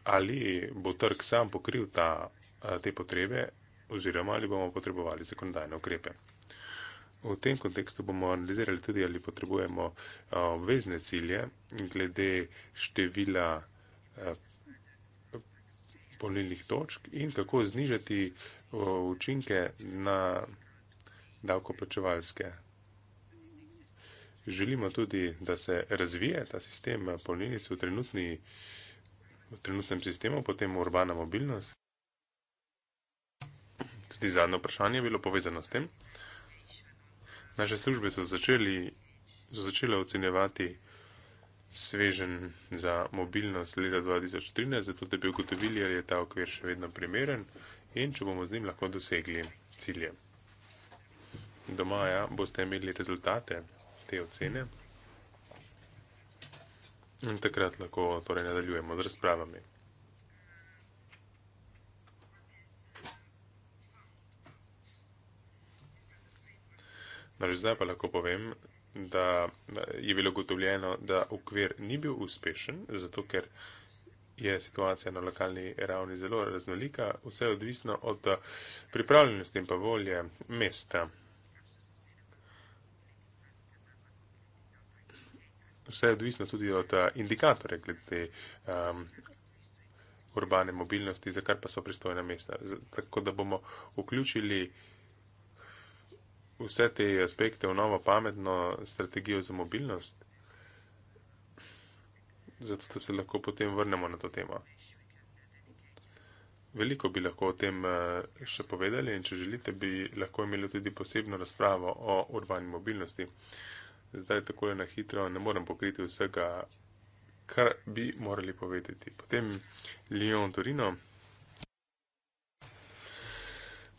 ali bo trg sam pokril ta, eh, te potrebe oziroma ali bomo potrebovali zakonodajne ukrepe. V tem kontekstu bomo analizirali tudi, ali potrebujemo obvezne cilje glede števila polnilnih točk in kako znižati učinke na davkoplačevalske. Želimo tudi, da se razvije ta sistem polnilnic v, trenutni, v trenutnem sistemu, potem urbana mobilnost. Tudi zadnje vprašanje je bilo povezano s tem. Naše službe so začele ocenjevati svežen za mobilnost leta 2013, zato da bi ugotovili, ali je ta okvir še vedno primeren in če bomo z njim lahko dosegli cilje. Do maja boste imeli rezultate te ocene in takrat lahko torej nadaljujemo z razpravami. No, že zdaj pa lahko povem, da je bilo gotovljeno, da okvir ni bil uspešen, zato ker je situacija na lokalni ravni zelo raznolika, vse odvisno od eh, pripravljenosti in pa volje mesta. Vse je odvisno tudi od eh, indikatorja glede um, urbane mobilnosti, za kar pa so pristojna mesta. Tako da bomo vključili uh, vse te aspekte v novo pametno strategijo za mobilnost. Zato, da se lahko potem vrnemo na to temo. Veliko bi lahko o tem eh, še povedali in če želite, bi lahko imeli tudi posebno razpravo o urbani mobilnosti. Zdaj tako je na hitro, ne morem pokriti vsega, kar bi morali povedati. Potem Lyon Torino.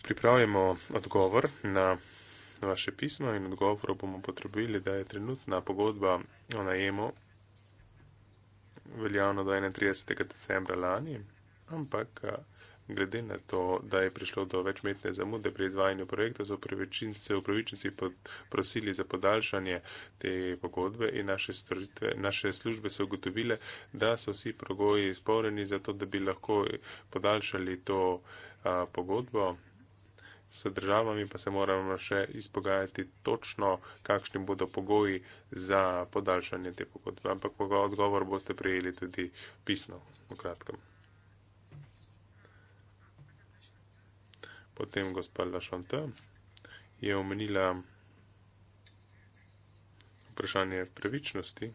Pripravimo odgovor na vaše pismo in odgovor bomo potrebili, da je trenutna pogodba o najemu veljavna do 31. decembra lani, ampak glede na to, da je prišlo do večmetne zamude pri izvajanju projekta, so se upravičenci prosili za podaljšanje te pogodbe in naše, storitve, naše službe so ugotovile, da so vsi progoji izporeni za to, da bi lahko podaljšali to a, pogodbo s državami, pa se moramo še izpogajati točno, kakšni bodo pogoji za podaljšanje te pogodbe. Ampak odgovor boste prijeli tudi pisno, v kratkem. Potem gospa Lašante je omenila vprašanje pravičnosti.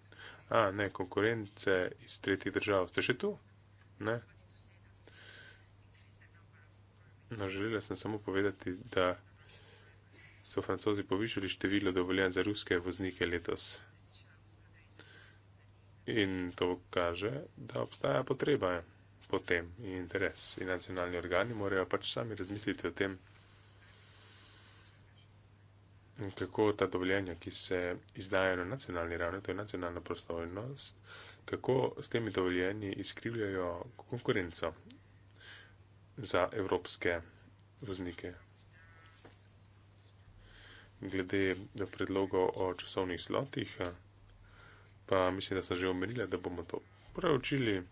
A, ne, konkurence iz tretjih držav. Ste še tu? Ne, No, želela sem samo povedati, da so francozi povišali število dovoljen za ruske voznike letos. In to kaže, da obstaja potreba po tem in interes. In nacionalni organi morajo pač sami razmisliti o tem, kako ta dovoljenja, ki se izdajo na nacionalni ravni, to je nacionalna prostovoljnost, kako s temi dovoljenji izkrivljajo konkurenco za evropske voznike. Glede predlogov o časovnih slotih, eh, pa mislim, da so že omenili, da bomo to preučili.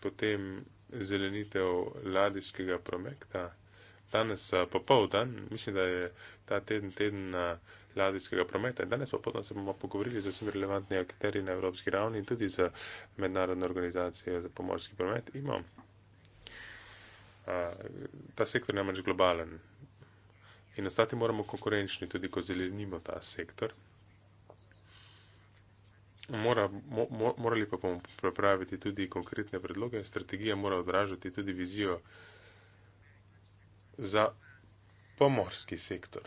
Potem zelenitev ladijskega prometa. Danes eh, popoldan, mislim, da je ta teden teden eh, ladijskega prometa. Danes popoldan se bomo pogovorili z vsemi relevantnimi akterji na evropski ravni in tudi z mednarodno organizacijo za pomorski promet. Imamo ta sektor namreč globalen. In nastati moramo konkurenčni, tudi ko zelenimo ta sektor. Mora, mo, morali pa bomo pripraviti tudi konkretne predloge. Strategija mora odražati tudi vizijo za pomorski sektor.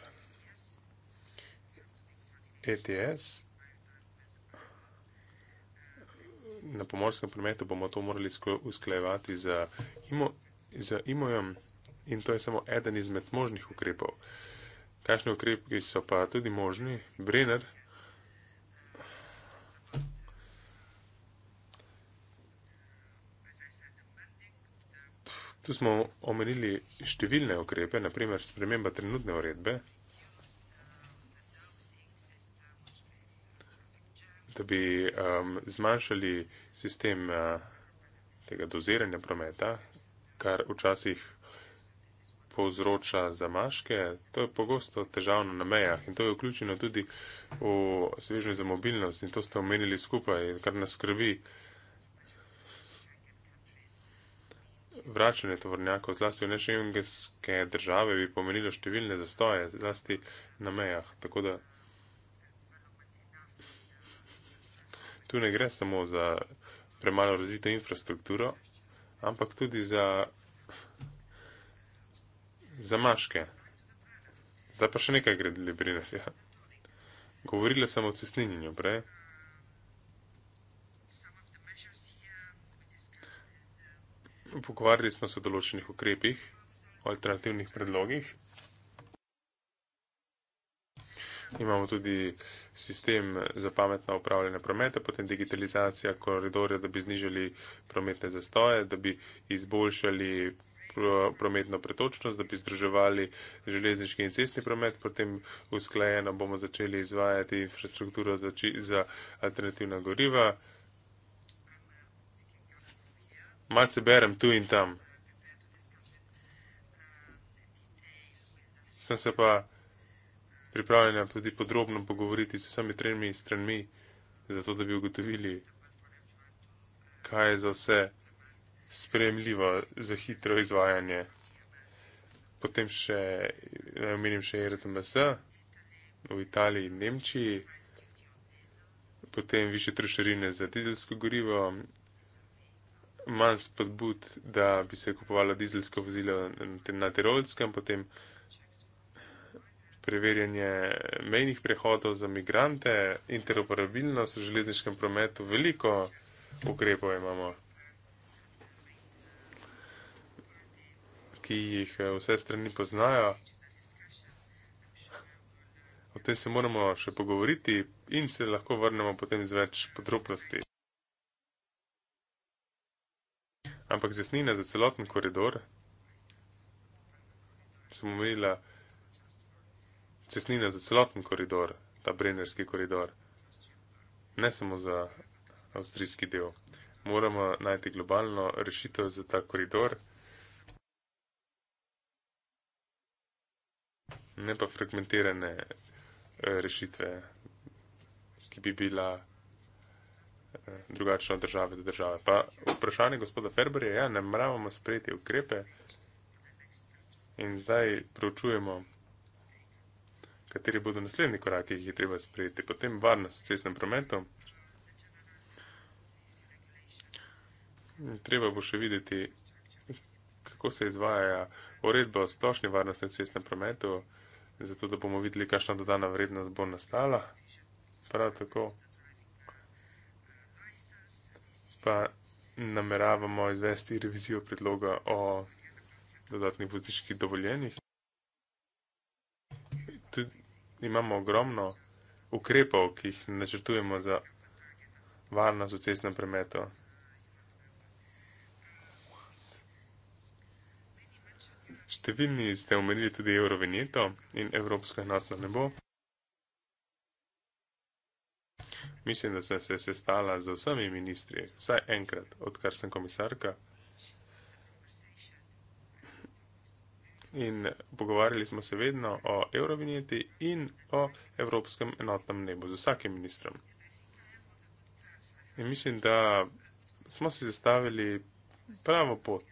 ETS. Na pomorskem prometu bomo to morali usklajevati z z imojem in to je samo eden izmed možnih ukrepov. Kakšni ukrepi so pa tudi možni? Brenner. Tu smo omenili številne ukrepe, naprimer sprememba trenutne uredbe, da bi um, zmanjšali sistem uh, tega doziranja prometa, kar včasih povzroča zamaške, to je pogosto težavno na mejah in to je vključeno tudi v svežnje za mobilnost in to ste omenili skupaj, kar nas skrbi. Vračanje tovornjakov, zlasti v nešengenske države, bi pomenilo številne zastoje, zlasti na mejah. Tako da tu ne gre samo za premalo razvito infrastrukturo, ampak tudi za, za maške. Zdaj pa še nekaj gre, Librinar. Ja. Govorila sem o cesninjenju prej. Pogovarjali smo se o določenih ukrepih, o alternativnih predlogih. imamo tudi sistem za pametno upravljanje prometa, potem digitalizacija koridorja, da bi znižali prometne zastoje, da bi izboljšali prometno pretočnost, da bi združevali železniški in cestni promet, potem usklajeno bomo začeli izvajati infrastrukturo za, či, za alternativna goriva. Malce berem tu in tam. Sem se pa pripravljena tudi podrobno pogovoriti s vsemi tremi stranmi, zato da bi ugotovili, kaj je za vse spremljivo za hitro izvajanje. Potem še, naj eh, omenim še RTMS v Italiji in Nemčiji, potem više trošarine za dizelsko gorivo, manj spodbud, da bi se kupovala dizelsko vozilo na Tirolskem, potem preverjanje mejnih prehodov za migrante, interoperabilnost v železniškem prometu, veliko ukrepov imamo, ki jih eh, vse strani poznajo. O tem se moramo še pogovoriti in se lahko vrnemo potem z več podrobnosti. Ampak zesnina za celoten koridor, sem omenila, cestnina za celoten koridor, ta Brennerski koridor, ne samo za avstrijski del. Moramo najti globalno rešitev za ta koridor, ne pa fragmentirane eh, rešitve, ki bi bila eh, drugačna od države do države. Pa vprašanje gospoda Ferberja, ja, ne moramo sprejeti ukrepe in zdaj preučujemo kateri bodo naslednji koraki, ki jih je treba sprejeti. Potem varnost v cestnem prometu. Treba bo še videti, kako se izvaja uredba o splošni varnosti v cestnem prometu, zato da bomo videli, kakšna dodana vrednost bo nastala. Prav tako pa nameravamo izvesti revizijo predloga o dodatnih vozniških dovoljenjih imamo ogromno ukrepov, ki jih načrtujemo za varnost v cestnem prometu. Številni ste omenili tudi Eurovinjeto in Evropsko enotno nebo. Mislim, da sem se sestala z vsemi ministri, vsaj enkrat, odkar sem komisarka. in pogovarjali smo se vedno o eurovinjeti in o evropskem enotnem nebu z vsakim ministrom. In mislim, da smo si zastavili pravo pot.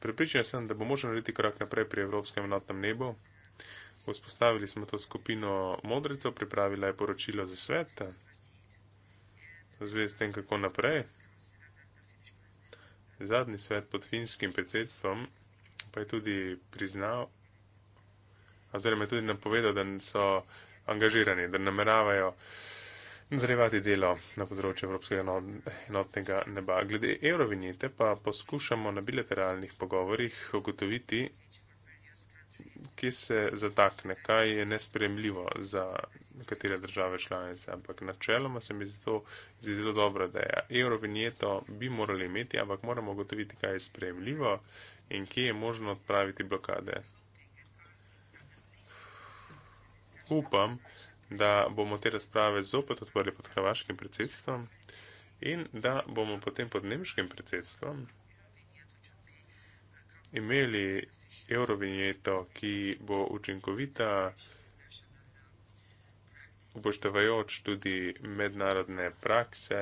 Pripričan sem, da bo možno narediti korak naprej pri evropskem enotnem nebu. Vzpostavili smo to skupino modricev, pripravila je poročilo za svet. Zvezd tem, kako naprej. Zadnji svet pod finskim predsedstvom pa je tudi priznal, oziroma je tudi napovedal, da so angažirani, da nameravajo nadaljevati delo na področju Evropskega enotnega neba. Glede eurovinjete pa poskušamo na bilateralnih pogovorjih ugotoviti, kje se zatakne, kaj je nespremljivo za nekatere države članice, ampak načeloma se mi zdi to zdi zelo dobro, da je eurovinjeto bi morali imeti, ampak moramo gotoviti, kaj je spremljivo in kje je možno odpraviti blokade. Upam, da bomo te razprave zopet odprli pod hrvaškim predsedstvom in da bomo potem pod nemškim predsedstvom imeli eurovinjeto, ki bo učinkovita, upoštevajoč tudi mednarodne prakse,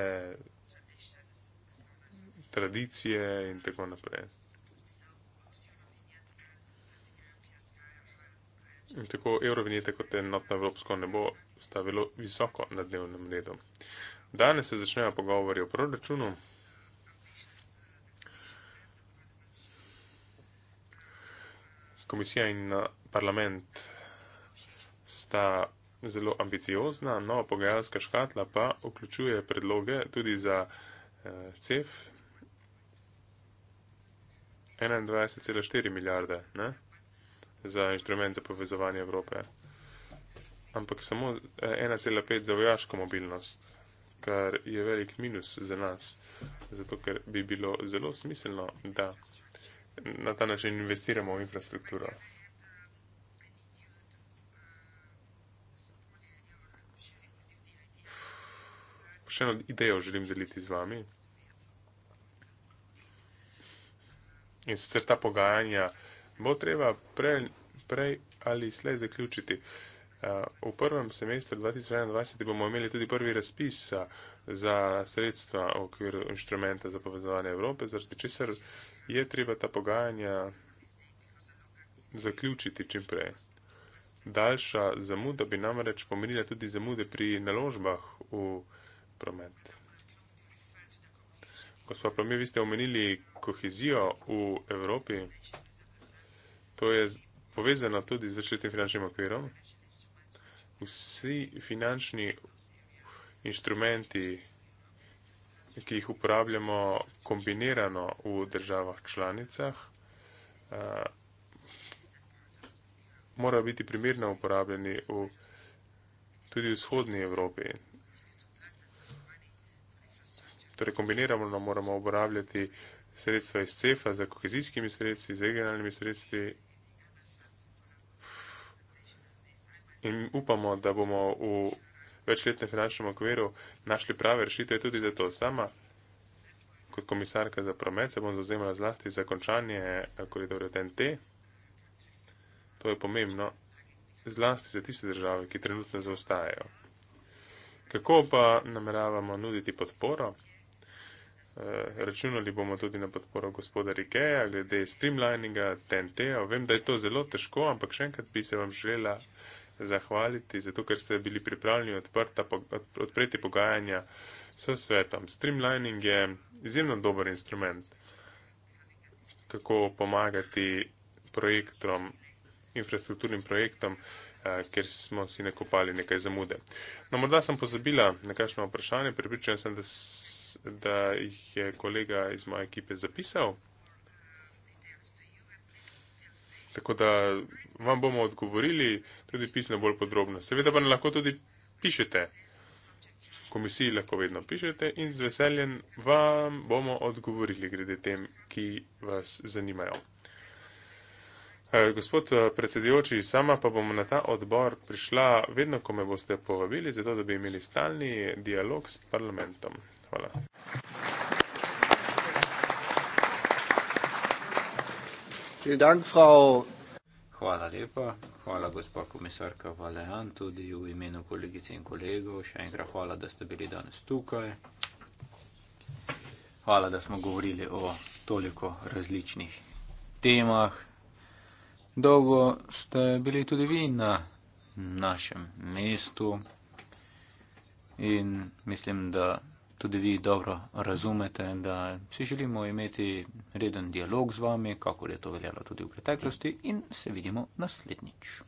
tradicije in tako naprej. In tako eurovinjeta kot enotna evropsko ne bo stavilo visoko na dnevnem redu. Danes se začnejo pogovori o proračunu. komisija in eh, parlament sta zelo ambiciozna, no pogajalska škatla pa vključuje predloge tudi za eh, CEF 21,4 milijarde ne? za inštrument za povezovanje Evrope, ampak samo 1,5 eh, za vojaško mobilnost, kar je velik minus za nas, zato ker bi bilo zelo smiselno, da na ta način investiramo v infrastrukturo. Še eno idejo želim deliti z vami. In sicer ta pogajanja bo treba pre, prej ali slej zaključiti. Eh, v prvem semestru 2021 bomo imeli tudi prvi razpis eh, za sredstva v okviru inštrumenta za povezovanje Evrope, zaradi česar je treba ta pogajanja zaključiti čim prej. Daljša zamuda bi namreč pomenila tudi zamude pri naložbah v promet. Gospod Plomi, vi ste omenili kohezijo v Evropi. To je povezano tudi z večletnim finančnim okvirom. Vsi finančni inštrumenti ki jih uporabljamo kombinirano v državah članicah, eh, morajo biti primerno uporabljeni v tudi v vzhodni Evropi. Torej kombinirano moramo uporabljati sredstva iz CEF-a za kohezijskimi sredstvi, z regionalnimi sredstvi in upamo, da bomo v večletnem finančnem okviru našli prave rešitve tudi za to. Sama kot komisarka za promet se bom zauzemala zlasti za končanje eh, koridorja TNT. To je pomembno, zlasti za tiste države, ki trenutno zaostajajo. Kako pa nameravamo nuditi podporo? E, računali bomo tudi na podporo gospoda Rikeja, glede streamlininga TNT-ja. Vem, da je to zelo težko, ampak še enkrat bi se vam želela zahvaliti, zato ker ste bili pripravljeni odprta, odpreti pogajanja s svetom. Streamlining je izjemno dober instrument, kako pomagati projektom, infrastrukturnim projektom, eh, ker smo si nekopali nekaj zamude. No, morda sem pozabila na kakšno vprašanje, pripričana sem, da, s, da jih je kolega iz moje ekipe zapisal. Tako da vam bomo odgovorili tudi pisno bolj podrobno. Seveda pa lahko tudi pišete. Komisiji lahko vedno pišete in z veseljem vam bomo odgovorili glede tem, ki vas zanimajo. E, gospod e, predsedujoči, sama pa bom na ta odbor prišla vedno, ko me boste povabili, zato da bi imeli stalni dialog s parlamentom. Hvala. Vielen Dank, Frau. Hvala lepa. Hvala, gospa komisarka Valean, tudi v imenu kolegice in kolegov. Še enkrat hvala, da ste bili danes tukaj. Hvala, da smo govorili o toliko različnih temah. Dolgo ste bili tudi vi na našem mestu in mislim, da tudi vi dobro razumete in da si želimo imeti reden dialog z vami, kako je to veljalo tudi v preteklosti in se vidimo naslednjič.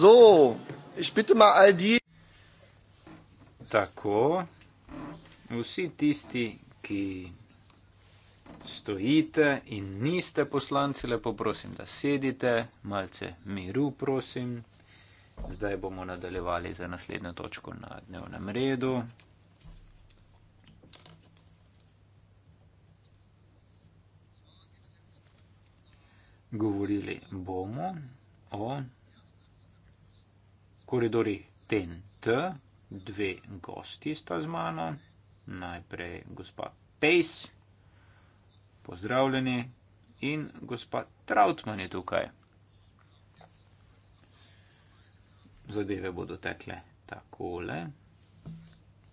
So, ich bitte mal all die. Tako, vsi tisti, ki stojite in niste poslanci, lepo prosim, da sedite, malce miru prosim. Zdaj bomo nadaljevali za naslednjo točko na dnevnem redu. Govorili bomo o koridori TNT, dve gosti sta z mano, najprej gospa Pace, pozdravljeni in gospa Trautman je tukaj. Zadeve bodo tekle takole.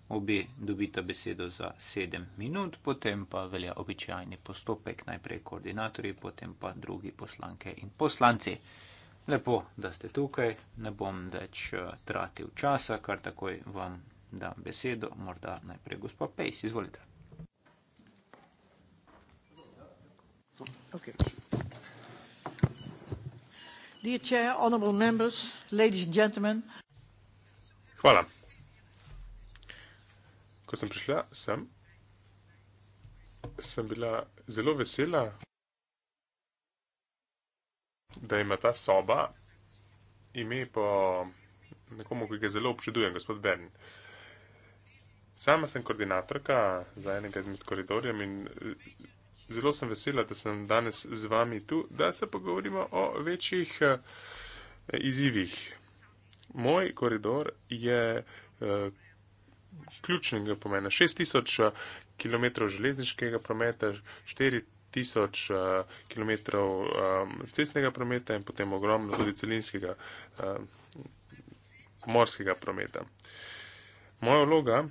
Obi dobita besedo za 7 minut, potem pa velja običajni postopek, najprej koordinatorji, potem pa drugi poslanke in poslanci. Lepo, da ste tukaj, ne bom več eh, tratil časa, kar takoj vam dam besedo, morda najprej gospa Pejs, izvolite. Okay. Dear chair, honorable members, ladies and gentlemen. Hvala. Ko sem prišla sem, sem bila zelo vesela, da ima ta soba ime po nekomu, ki ga zelo občudujem, gospod Bern. Sama sem koordinatorka za enega izmed koridorjev in eh, zelo sem vesela, da sem danes z vami tu, da se pogovorimo o večjih eh, izzivih. Moj koridor je eh, ključnega pomena. 6000 km železniškega prometa, 4000 tisoč uh, km um, cestnega prometa in potem ogromno tudi celinskega uh, morskega prometa. Moja vloga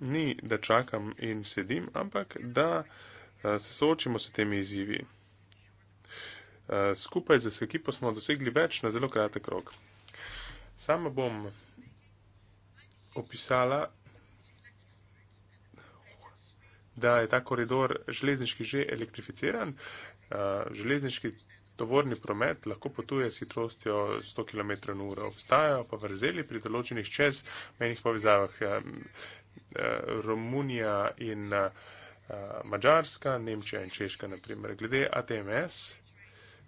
ni, da čakam in sedim, ampak da uh, se soočimo s temi izzivi. Uh, skupaj z ekipo smo dosegli več na zelo kratek rok. Sama bom opisala da je ta koridor železniški že elektrificiran. Eh, železniški tovorni promet lahko potuje s hitrostjo 100 km na uro. Obstajajo pa vrzeli pri določenih čez menih povezavah eh, eh, Romunija in Mačarska, Nemčija in Češka naprimer. Glede ATMS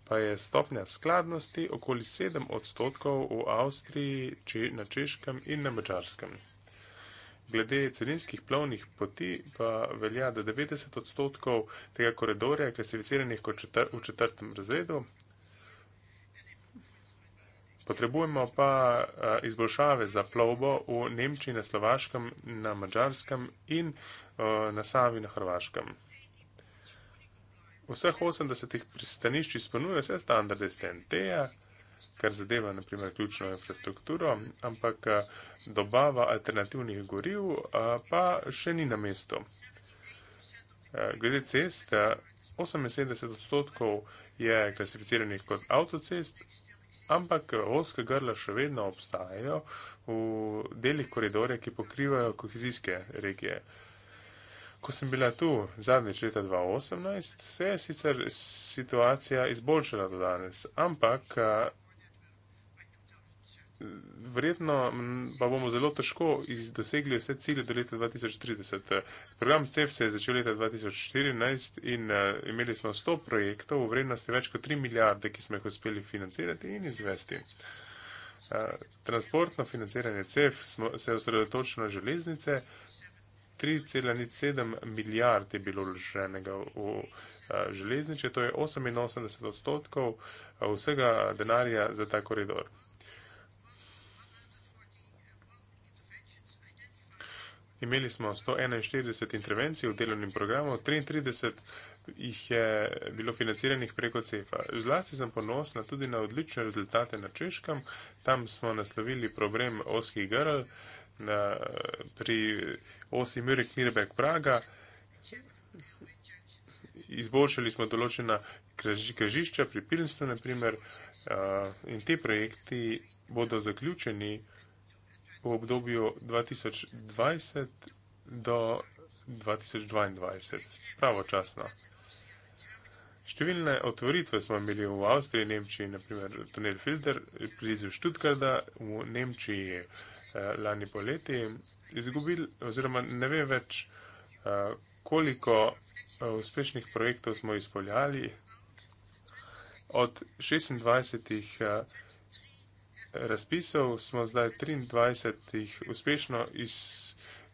pa je stopnja skladnosti okoli 7 odstotkov v Avstriji, če, na Češkem in na Mačarskem glede celinskih plovnih poti pa velja, da 90 odstotkov tega koridorja je klasificiranih kot četr v četrtem razredu. Potrebujemo pa izboljšave za plovbo v Nemčiji, na Slovaškem, na Mačarskem in na Savi na Hrvaškem. Vseh 80 pristanišč izpolnjuje vse standarde STNT-ja kar zadeva naprimer ključno infrastrukturo, ampak eh, dobava alternativnih goriv eh, pa še ni na mestu. Eh, glede cest, 78 odstotkov je klasificiranih kot avtocest, ampak oska grla še vedno obstajajo v delih koridorja, ki pokrivajo kohezijske regije. Ko sem bila tu zadnjič leta 2018, se je sicer situacija izboljšala do danes, ampak verjetno pa bomo zelo težko dosegli vse cilje do leta 2030. Program CEF se je začel leta 2014 in uh, imeli smo 100 projektov v vrednosti več kot 3 milijarde, ki smo jih uspeli financirati in izvesti. Eh, transportno financiranje CEF se je osredotočilo na železnice. 3,7 milijard je bilo vloženega v eh, železnice, to je 88 odstotkov vsega denarja za ta koridor. Imeli smo 141 intervencij v delovnem programu, 33 jih je bilo financiranih preko CEFA. Zlasti sem ponosna tudi na odlične rezultate na Češkem. Tam smo naslovili problem oskih grl na, pri osi Mirek Mirbek Praga. Izboljšali smo določena križišča pri Pilnstvu, naprimer, in ti projekti bodo zaključeni v obdobju 2020 do 2022, pravočasno. Številne otvoritve smo imeli v Avstriji, Nemčiji, naprimer tunel Filter, blizu Študkarda, v Nemčiji eh, lani poleti. Izgubili, oziroma ne vem več, eh, koliko eh, uspešnih projektov smo izpeljali. Od 26 razpisov smo zdaj 23 jih uspešno iz,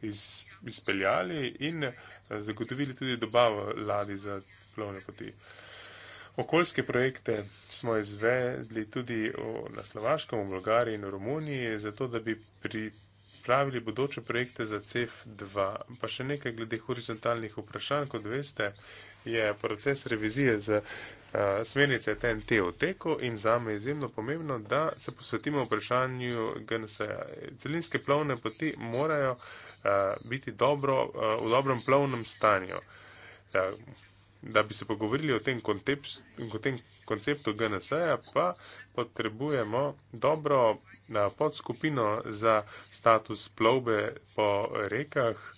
iz, izpeljali in eh, zagotovili tudi dobavo ladi za plovne poti. Okoljske projekte smo izvedli tudi na Slovaškem, v Bolgariji in v Romuniji, zato da bi pri, pripravili bodoče projekte za CEF2. Pa še nekaj glede horizontalnih vprašanj. Kot veste, je proces revizije za eh, smernice TNT v teku in zame je izjemno pomembno, da se posvetimo vprašanju GNS. Celinske plovne poti morajo a, eh, biti dobro, a, eh, v dobrem plovnem stanju. A, da bi se pogovorili o tem kontekstu. Konceptu GNS-a pa potrebujemo dobro podskupino za status plovbe po rekah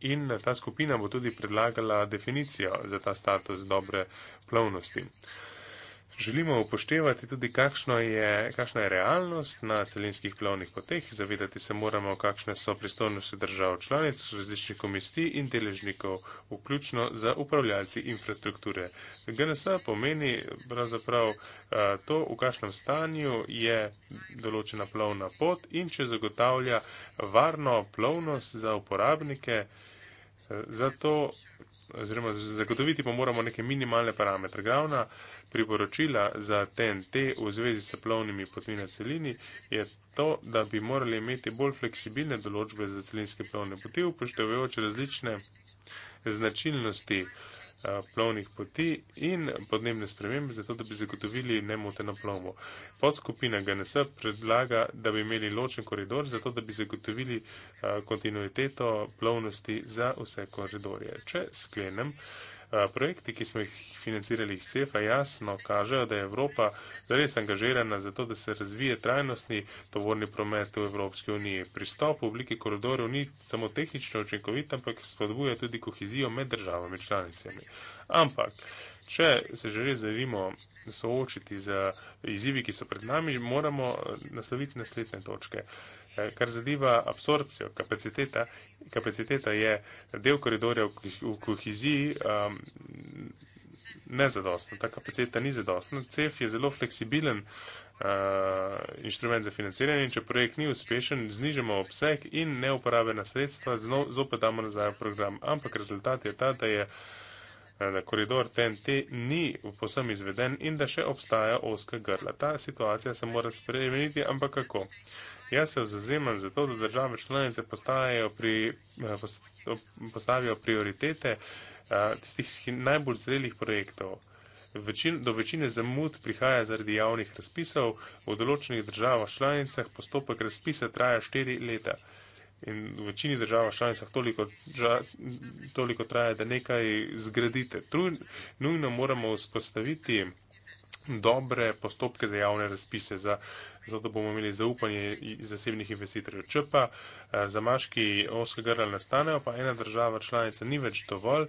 in ta skupina bo tudi predlagala definicijo za ta status dobre plovnosti. Želimo upoštevati tudi, je, kakšna je realnost na celinskih plovnih poteh. Zavedati se moramo, kakšne so pristojnosti držav članic, različnih komisij in deležnikov, vključno z upravljalci infrastrukture. GNS pomeni pravzaprav eh, to, v kakšnem stanju je določena plovna pot in če zagotavlja varno plovnost za uporabnike. Eh, Zato oziroma zagotoviti pa moramo neke minimalne parametre. Glavna priporočila za TNT v zvezi s plovnimi potmi na celini je to, da bi morali imeti bolj fleksibilne določbe za celinske plovne poti, upoštevajoče različne značilnosti uh, Eh, plovnih poti in podnebne spremembe, zato da bi zagotovili nemoteno plovbo. Podskupina GNS predlaga, da bi imeli ločen koridor, zato da bi zagotovili eh, kontinuiteto plovnosti za vse koridorje. Če sklenem, Eh, projekti, ki smo jih financirali iz CEFA, jasno kažejo, da je Evropa zares angažirana za to, da se razvije trajnostni tovorni promet v Evropski uniji. Pristop v obliki koridorjev ni samo tehnično učinkovit, ampak spodbuja tudi kohezijo med državami članicami. Ampak, če se že res želimo soočiti z izzivi, ki so pred nami, moramo eh, nasloviti naslednje točke. Kar zadeva absorpcijo kapaciteta, kapaciteta je del koridorja v koheziji um, nezadostna. Ta kapaciteta ni zadostna. CEF je zelo fleksibilen uh, inštrument za financiranje in če projekt ni uspešen, znižamo obseg in neuporabena sredstva, zopet damo nazaj v program. Ampak rezultat je ta, da je eh, da koridor TNT ni posem izveden in da še obstaja oska grla. Ta situacija se mora spremeniti, ampak kako? Uh, Jaz se zazemam za to, da države članice pri, eh, postavijo prioritete eh, tistih najbolj zrelih projektov. Večin, do večine zamud prihaja zaradi javnih razpisov, v določenih državah članicah postopek razpisa traja štiri leta. In v večini držav članicah toliko, toliko traja, da nekaj zgradite. Tru, nujno moramo vzpostaviti dobre postopke za javne razpise, zato bomo imeli zaupanje zasebnih investitorjev. Če pa eh, zamaški oske grla nastanejo, pa ena država članica ni več dovolj,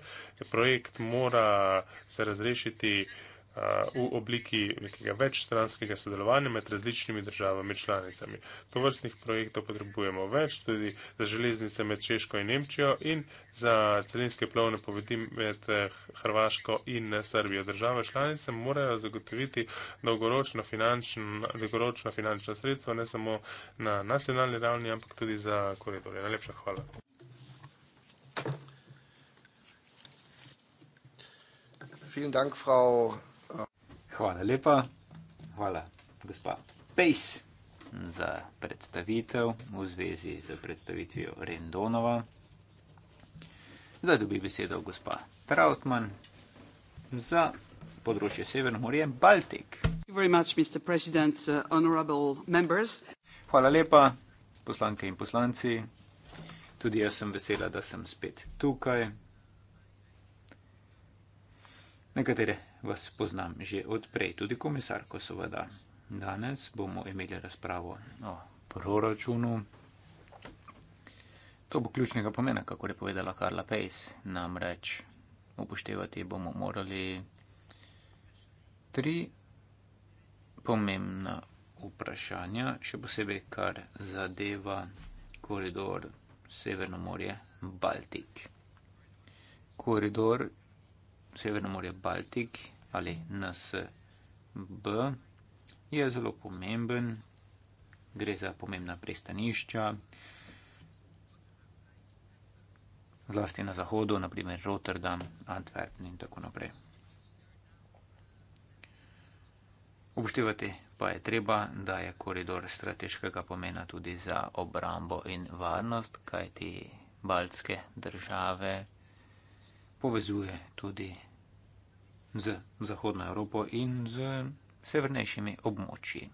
projekt mora se razrešiti v obliki nekega večstranskega sodelovanja med različnimi državami članicami. To vrstnih projektov potrebujemo več, tudi za železnice med Češko in Nemčijo in za celinske plovne povedi med eh, Hrvaško in eh, Srbijo. Države članice morajo zagotoviti dolgoročno finančno, dolgoročno finančno sredstvo, ne samo na nacionalni ravni, ampak tudi za koridore. Najlepša hvala. Vielen Dank, Frau Hvala lepa, hvala gospa Pejs za predstavitev v zvezi z predstavitvijo Rendonova. Zdaj dobi besedo gospa Trautmann za področje Severno morje Baltik. Uh, hvala lepa, poslanke in poslanci. Tudi jaz sem vesela, da sem spet tukaj. Nekatere vas poznam že odprej, tudi komisarko seveda. Danes bomo imeli razpravo o proračunu. To bo ključnega pomena, kako je povedala Karla Pejs, namreč upoštevati bomo morali tri pomembna vprašanja, še posebej kar zadeva koridor Severno morje-Baltik. Koridor Severno morje-Baltik ali NSB, je zelo pomemben. Gre za pomembna pristanišča, zlasti na zahodu, naprimer Rotterdam, Antwerpen in tako naprej. Upoštevati pa je treba, da je koridor strateškega pomena tudi za obrambo in varnost, kajti baltske države povezuje tudi z Zahodno Evropo in z severnejšimi območji.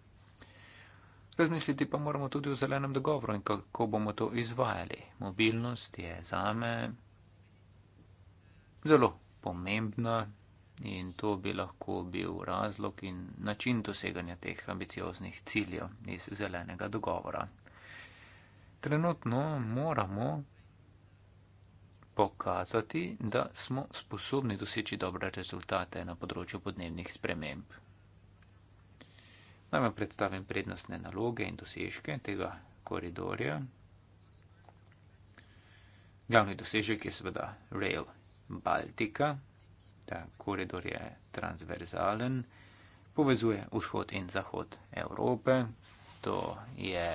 Razmisliti pa moramo tudi o zelenem dogovoru in kako bomo to izvajali. Mobilnost je zame zelo pomembna in to bi lahko bil razlog in način doseganja teh ambicioznih ciljev iz zelenega dogovora. Trenutno moramo pokazati, da smo sposobni doseči dobre rezultate na področju podnebnih sprememb. Naj vam predstavim prednostne naloge in dosežke tega koridorja. Glavni dosežek je seveda Rail Baltica. Ta koridor je transverzalen, povezuje vzhod in zahod Evrope. To je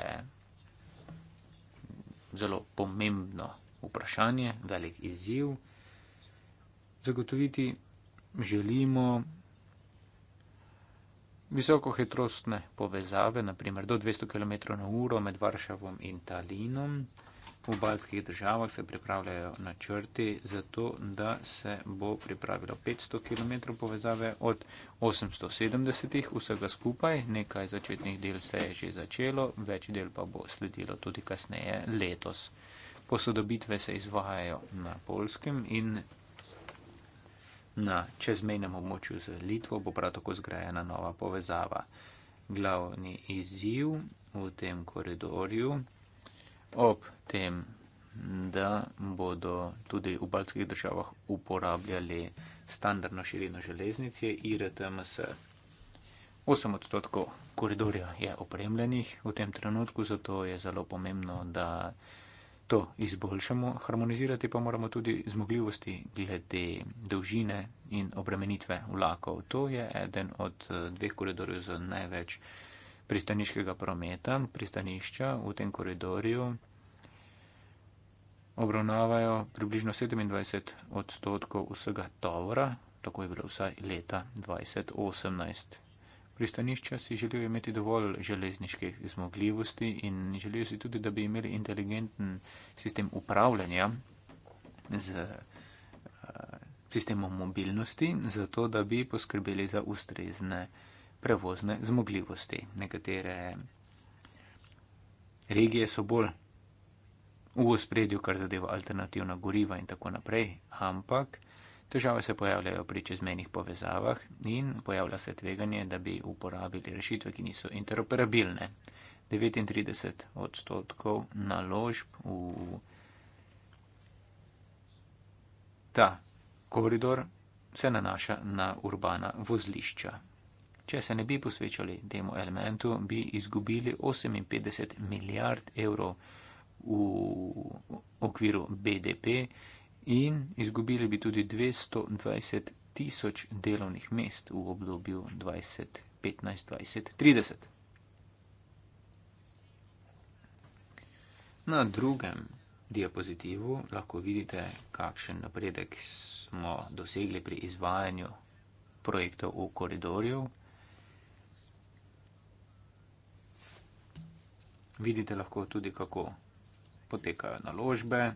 zelo pomembno vprašanje, velik izziv. Zagotoviti želimo visokohitrostne povezave, naprimer do 200 km na uro med Varšavom in Talinom. V baltskih državah se pripravljajo načrti za to, da se bo pripravilo 500 km povezave od 870 vsega skupaj. Nekaj začetnih del se je že začelo, več del pa bo sledilo tudi kasneje letos posodobitve se izvajajo na polskem in na čezmejnem območju z Litvo bo prav tako zgrajena nova povezava. Glavni izziv v tem koridorju ob tem, da bodo tudi v baltskih državah uporabljali standardno širino železnice IRTMS. 8 odstotkov koridorja je opremljenih v tem trenutku, zato je zelo pomembno, da to izboljšamo, harmonizirati pa moramo tudi zmogljivosti glede dolžine in obremenitve vlakov. To je eden od eh, dveh koridorjev z največ pristaniškega prometa. Pristanišča v tem koridorju obravnavajo približno 27 odstotkov vsega tovora, tako je bilo vsaj leta 2018. Pristanišča si želijo imeti dovolj železniških zmogljivosti in želijo si tudi, da bi imeli inteligenten sistem upravljanja z eh, sistemom mobilnosti, zato da bi poskrbeli za ustrezne prevozne zmogljivosti. Nekatere regije so bolj v ospredju, kar zadeva alternativna goriva in tako naprej, ampak Težave se pojavljajo pri čezmenih povezavah in pojavlja se tveganje, da bi uporabili rešitve, ki niso interoperabilne. 39 odstotkov naložb v ta koridor se nanaša na urbana vozlišča. Če se ne bi posvečali temu elementu, bi izgubili 58 milijard evrov v okviru BDP in izgubili bi tudi 220 tisoč delovnih mest v obdobju 2015-2030. Na drugem diapozitivu lahko vidite, kakšen napredek smo dosegli pri izvajanju projektov v koridorju. Vidite lahko tudi, kako potekajo naložbe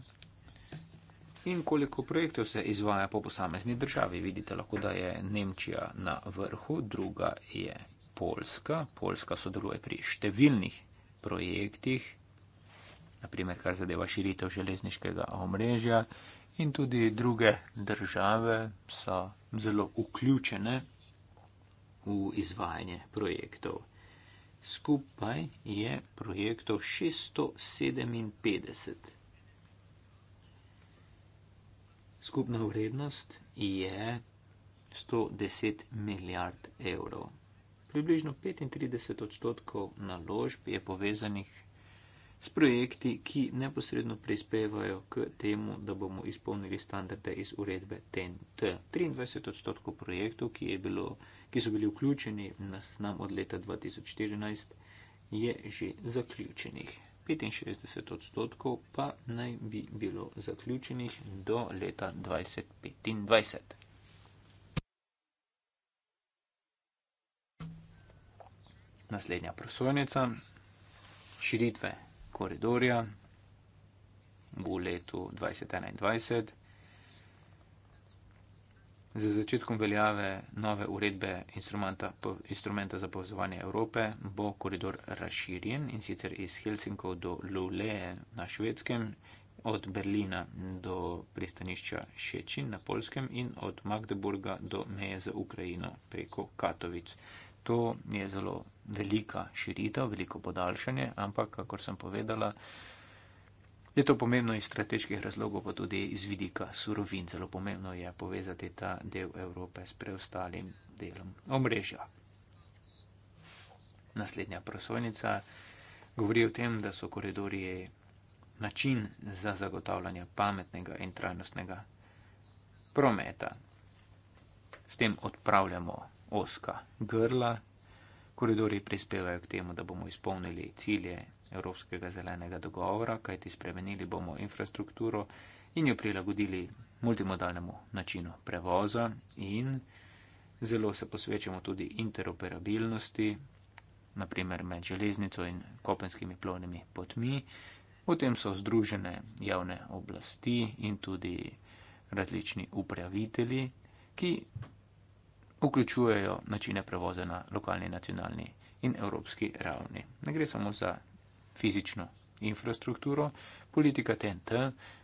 in koliko projektov se izvaja po posamezni državi. Vidite lahko, da je Nemčija na vrhu, druga je Poljska. Poljska sodeluje pri številnih projektih, naprimer kar zadeva širitev železniškega omrežja in tudi druge države so zelo vključene v izvajanje projektov. Skupaj je projektov 657. Skupna vrednost je 110 milijard evrov. Približno 35 odstotkov naložb je povezanih s projekti, ki neposredno prispevajo k temu, da bomo izpolnili standarde iz uredbe TNT. 23 odstotkov projektov, ki, bilo, ki so bili vključeni na seznam od leta 2014, je že zaključenih. 65 odstotkov pa naj bi bilo zaključenih do leta 2025. Naslednja prosojnica, širitve koridorja v letu 2021. Z začetkom veljave nove uredbe instrumenta, instrumenta za povezovanje Evrope bo koridor razširjen in sicer iz Helsinkov do Luleje na švedskem, od Berlina do pristanišča Šečin na polskem in od Magdeburga do meje za Ukrajino preko Katovic. To je zelo velika širitev, veliko podaljšanje, ampak, kakor sem povedala, Je to pomembno iz strateških razlogov, pa tudi iz vidika surovin. Zelo pomembno je povezati ta del Evrope s preostalim delom omrežja. Naslednja prosojnica govori o tem, da so koridori način za zagotavljanje pametnega in trajnostnega prometa. S tem odpravljamo oska grla. Koridori prispevajo k temu, da bomo izpolnili cilje Evropskega zelenega dogovora, kajti spremenili bomo infrastrukturo in jo prilagodili multimodalnemu načinu prevoza in zelo se posvečamo tudi interoperabilnosti, naprimer med železnico in kopenskimi plovnimi potmi. V tem so združene javne oblasti in tudi različni upravitelji, ki vključujejo načine prevoza na lokalni, nacionalni in evropski ravni. Ne gre samo za fizično infrastrukturo, politika TNT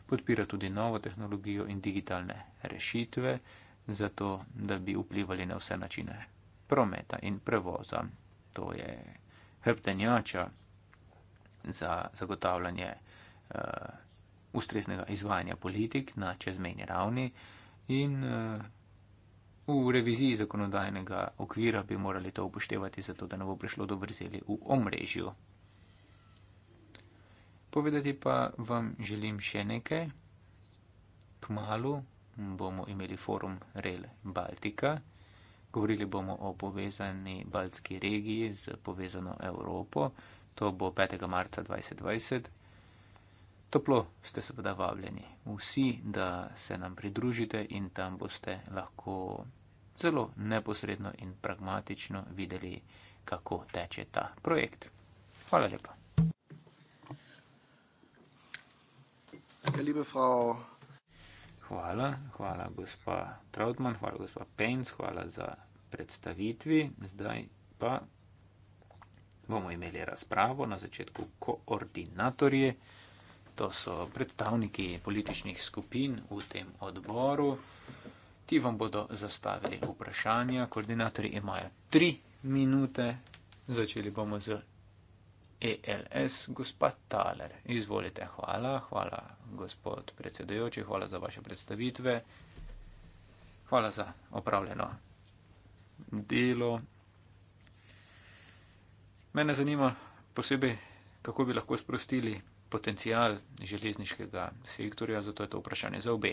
podpira tudi novo tehnologijo in digitalne rešitve, zato da bi vplivali na vse načine prometa in prevoza. To je hrbtenjača za zagotavljanje uh, ustreznega izvajanja politik na čezmejni ravni in uh, v reviziji zakonodajnega okvira bi morali to upoštevati, zato da ne bo prišlo do vrzeli v omrežju povedati pa vam želim še nekaj. Kmalu bomo imeli forum Rel Baltika. Govorili bomo o povezani baltski regiji z povezano Evropo. To bo 5. marca 2020. Toplo ste seveda vabljeni vsi, da se nam pridružite in tam boste lahko zelo neposredno in pragmatično videli, kako teče ta projekt. Hvala lepa. Ja, hvala, hvala gospa Trautmann, hvala gospa Pence, hvala za predstavitvi. Zdaj pa bomo imeli razpravo na začetku koordinatorje. To so predstavniki političnih skupin v tem odboru. Ti vam bodo zastavili vprašanja. Koordinatori imajo tri minute. Začeli bomo z ELS, gospod Taler. Izvolite, hvala, hvala, gospod predsedujoči, hvala za vaše predstavitve, hvala za opravljeno delo. Mene zanima posebej, kako bi lahko sprostili potencijal železniškega sektorja, zato je to vprašanje za obe.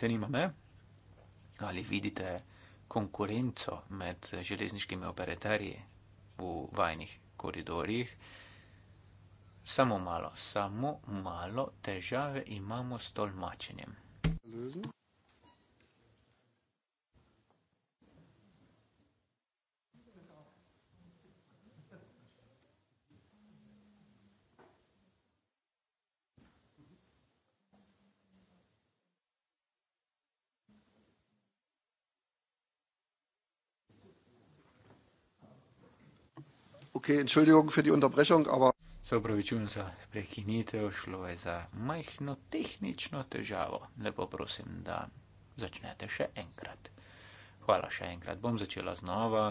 Zanima me, ali vidite, konkurenco med železniškimi operaterji v vajnih koridorjih. Samo malo, samo malo težave imamo s tolmačenjem. Lösen. Okay, Entschuldigung für die Unterbrechung, aber. So, pravičujem se, prekinite, šlo je za majhno tehnično težavo. Lepo prosim, da začnete še enkrat. Hvala še enkrat, bom začela znova.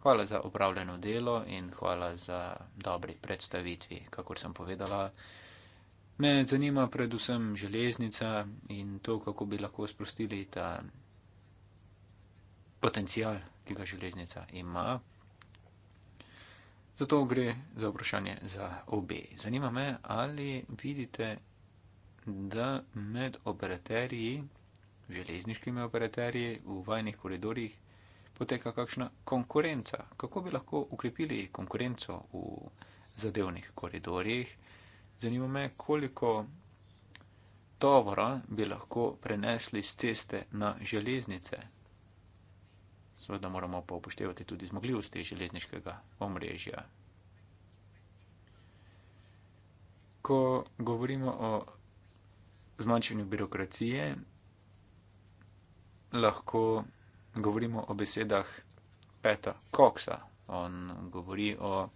Hvala za opravljeno delo in hvala za dobri predstavitvi, kakor sem povedala. Me zanima predvsem železnica in to, kako bi lahko sprostili ta potencial, ki ga železnica ima, Zato gre za vprašanje za obe. Zanima me, ali vidite, da med operaterji, železniškimi operaterji v vajnih koridorjih poteka kakšna konkurenca. Kako bi lahko ukrepili konkurenco v zadevnih koridorjih? Zanima me, koliko tovora bi lahko prenesli z ceste na železnice. Seveda moramo pa upoštevati tudi zmogljivosti železniškega omrežja. Ko govorimo o zmanjšanju birokracije, lahko govorimo o besedah Peta Koksa. On govori o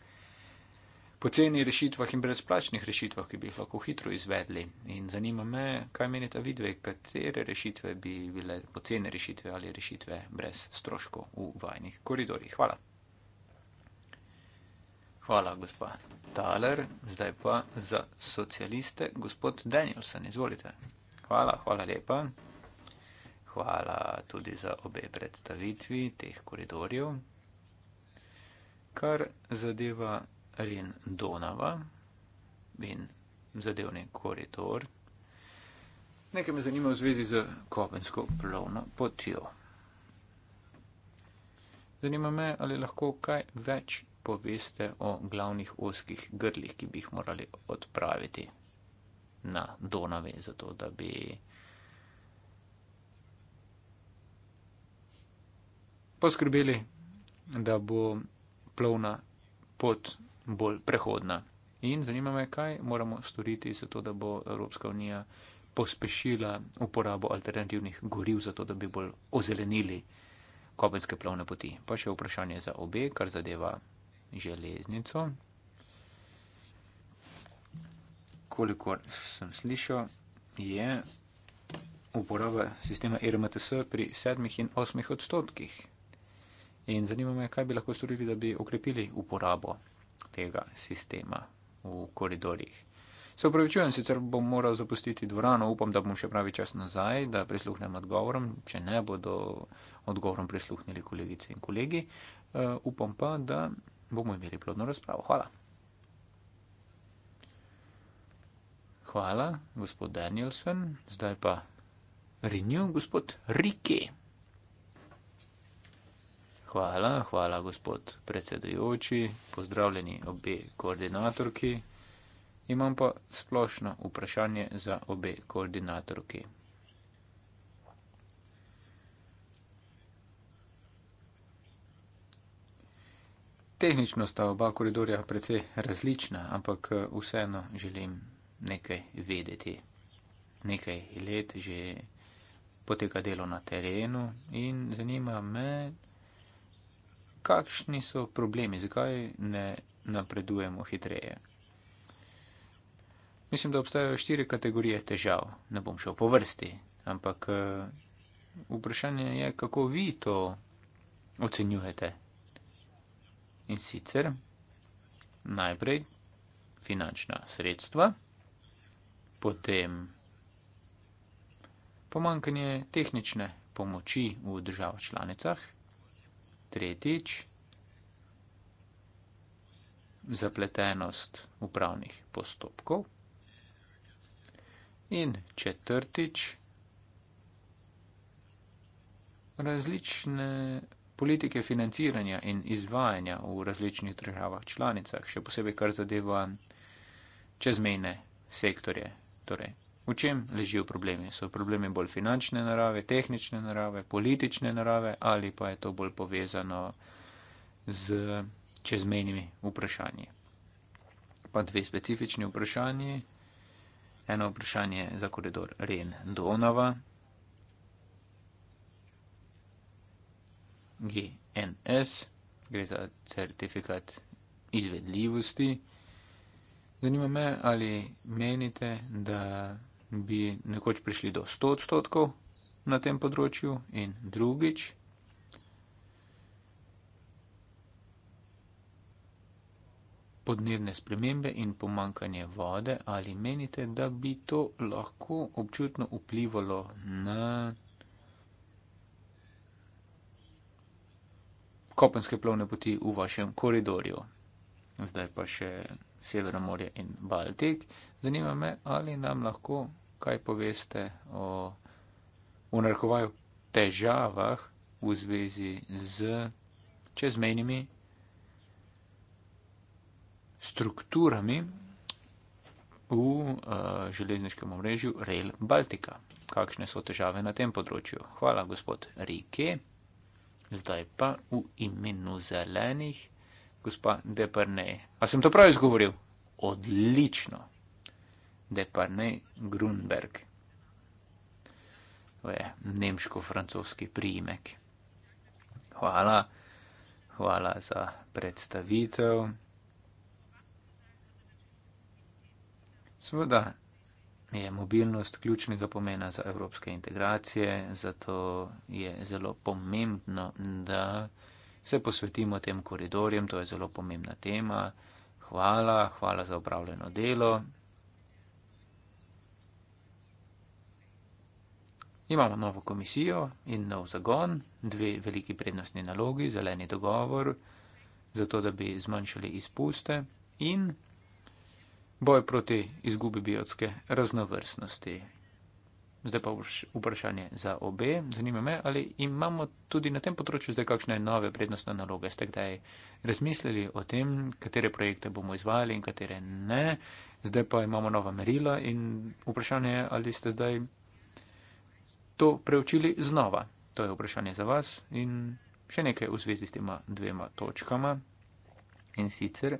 poceni rešitvah in brezplačnih rešitvah, ki bi jih lahko hitro izvedli. In zanima me, kaj menite vidve, katere rešitve bi bile poceni rešitve ali rešitve brez stroškov v vajnih koridorjih. Hvala. Hvala, gospa Taler. Zdaj pa za socialiste, gospod Danielson, izvolite. Hvala, hvala lepa. Hvala tudi za obe predstavitvi teh koridorjev. Kar zadeva Rin Donava in zadevni koridor. Nekaj me zanima v zvezi z kopensko plovno potjo. Zanima me, ali lahko kaj več poveste o glavnih oskih grlih, ki bi jih morali odpraviti na Donave, zato da bi poskrbeli, da bo plovna pot bolj prehodna. In zanima me, kaj moramo storiti za to, da bo Evropska unija pospešila uporabo alternativnih goriv, zato da bi bolj ozelenili kopenske plovne poti. Pa še vprašanje za obe, kar zadeva železnico. Kolikor sem slišal, je uporaba sistema RMTS pri 7 in 8 odstotkih. In zanima me, kaj bi lahko storili, da bi okrepili uporabo tega sistema v koridorjih. Se upravičujem, sicer bom moral zapustiti dvorano, upam, da bom še pravi čas nazaj, da prisluhnem odgovorom, če ne bodo odgovorom prisluhnili kolegice in kolegi. Uh, upam pa, da bomo imeli plodno razpravo. Hvala. Hvala, gospod Danielson. Zdaj pa Renew, gospod Rike. Hvala, hvala gospod predsedujoči, pozdravljeni obe koordinatorki. Imam pa splošno vprašanje za obe koordinatorki. Tehnično sta oba koridorja precej različna, ampak vseeno želim nekaj vedeti. Nekaj let že poteka delo na terenu in zanima me, kakšni so problemi, zakaj ne napredujemo hitreje. Mislim, da obstajajo štiri kategorije težav, ne bom šel po vrsti, ampak eh, vprašanje je, kako vi to ocenjujete. In sicer najprej finančna sredstva, potem pomankanje tehnične pomoči v državah članicah, tretjič, zapletenost upravnih postopkov in četrtič, različne politike financiranja in izvajanja v različnih državah članicah, še posebej kar zadeva čezmejne sektorje, torej V čem ležijo problemi? So problemi bolj finančne narave, tehnične narave, politične narave ali pa je to bolj povezano z čezmenimi vprašanji? Pa dve specifični vprašanji. Eno vprašanje za koridor Ren-Donava. GNS, gre za certifikat izvedljivosti. Zanima me, ali menite, da bi nekoč prišli do 100 odstotkov na tem področju in drugič, podnebne spremembe in pomankanje vode, ali menite, da bi to lahko občutno vplivalo na kopenske plovne poti v vašem koridorju. Zdaj pa še Severno morje in Baltik. Zanima me, ali nam lahko kaj poveste o v narekovaju težavah v zvezi z čezmejnimi strukturami v uh, železniškem omrežju Rail Baltica. Kakšne so težave na tem področju? Hvala, gospod Rike. Zdaj pa v imenu zelenih, gospa Deprnej. A sem to prav izgovoril? Odlično de pa ne Grunberg. To je nemško-francoski priimek. Hvala, hvala za predstavitev. Sveda je mobilnost ključnega pomena za evropske integracije, zato je zelo pomembno, da se posvetimo tem koridorjem, to je zelo pomembna tema. Hvala, hvala za upravljeno delo. Imamo novo komisijo in nov zagon, dve veliki prednostni nalogi, zeleni dogovor, zato da bi zmanjšali izpuste in boj proti izgubi biotske raznovrstnosti. Zdaj pa vprašanje za obe. Zanima me, ali imamo tudi na tem področju zdaj kakšne nove prednostne naloge. Ste kdaj razmislili o tem, katere projekte bomo izvajali in katere ne. Zdaj pa imamo nova merila in vprašanje je, ali ste zdaj to preučili znova? To je vprašanje za vas in še nekaj v zvezi s tema dvema točkama. In sicer,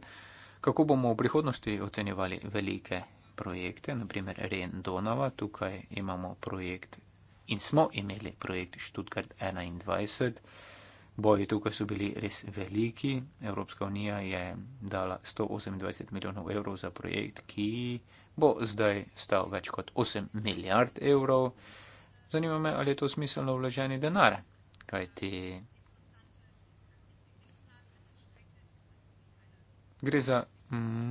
kako bomo v prihodnosti ocenjevali velike projekte, naprimer Ren Donova, tukaj imamo projekt in smo imeli projekt Študgard 21. Boji tukaj so bili res veliki. Evropska unija je dala 128 milijonov evrov za projekt, ki bo zdaj stal več kot 8 milijard evrov. Zanima me, ali je to smiselno vloženi denar, kaj ti gre za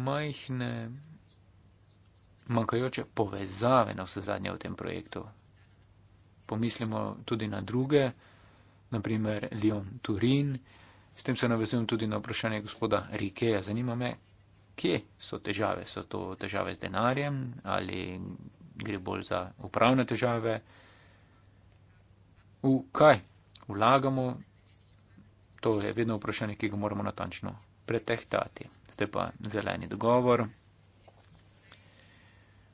majhne manjkajoče povezave na vse zadnje v tem projektu. Pomislimo tudi na druge, naprimer Lyon Turin, s tem se navezujem tudi na vprašanje gospoda Rikeja. Zanima me, kje so težave? So to težave z denarjem ali gre bolj za upravne težave? v kaj vlagamo, to je vedno vprašanje, ki ga moramo natančno pretehtati. Zdaj pa zeleni dogovor.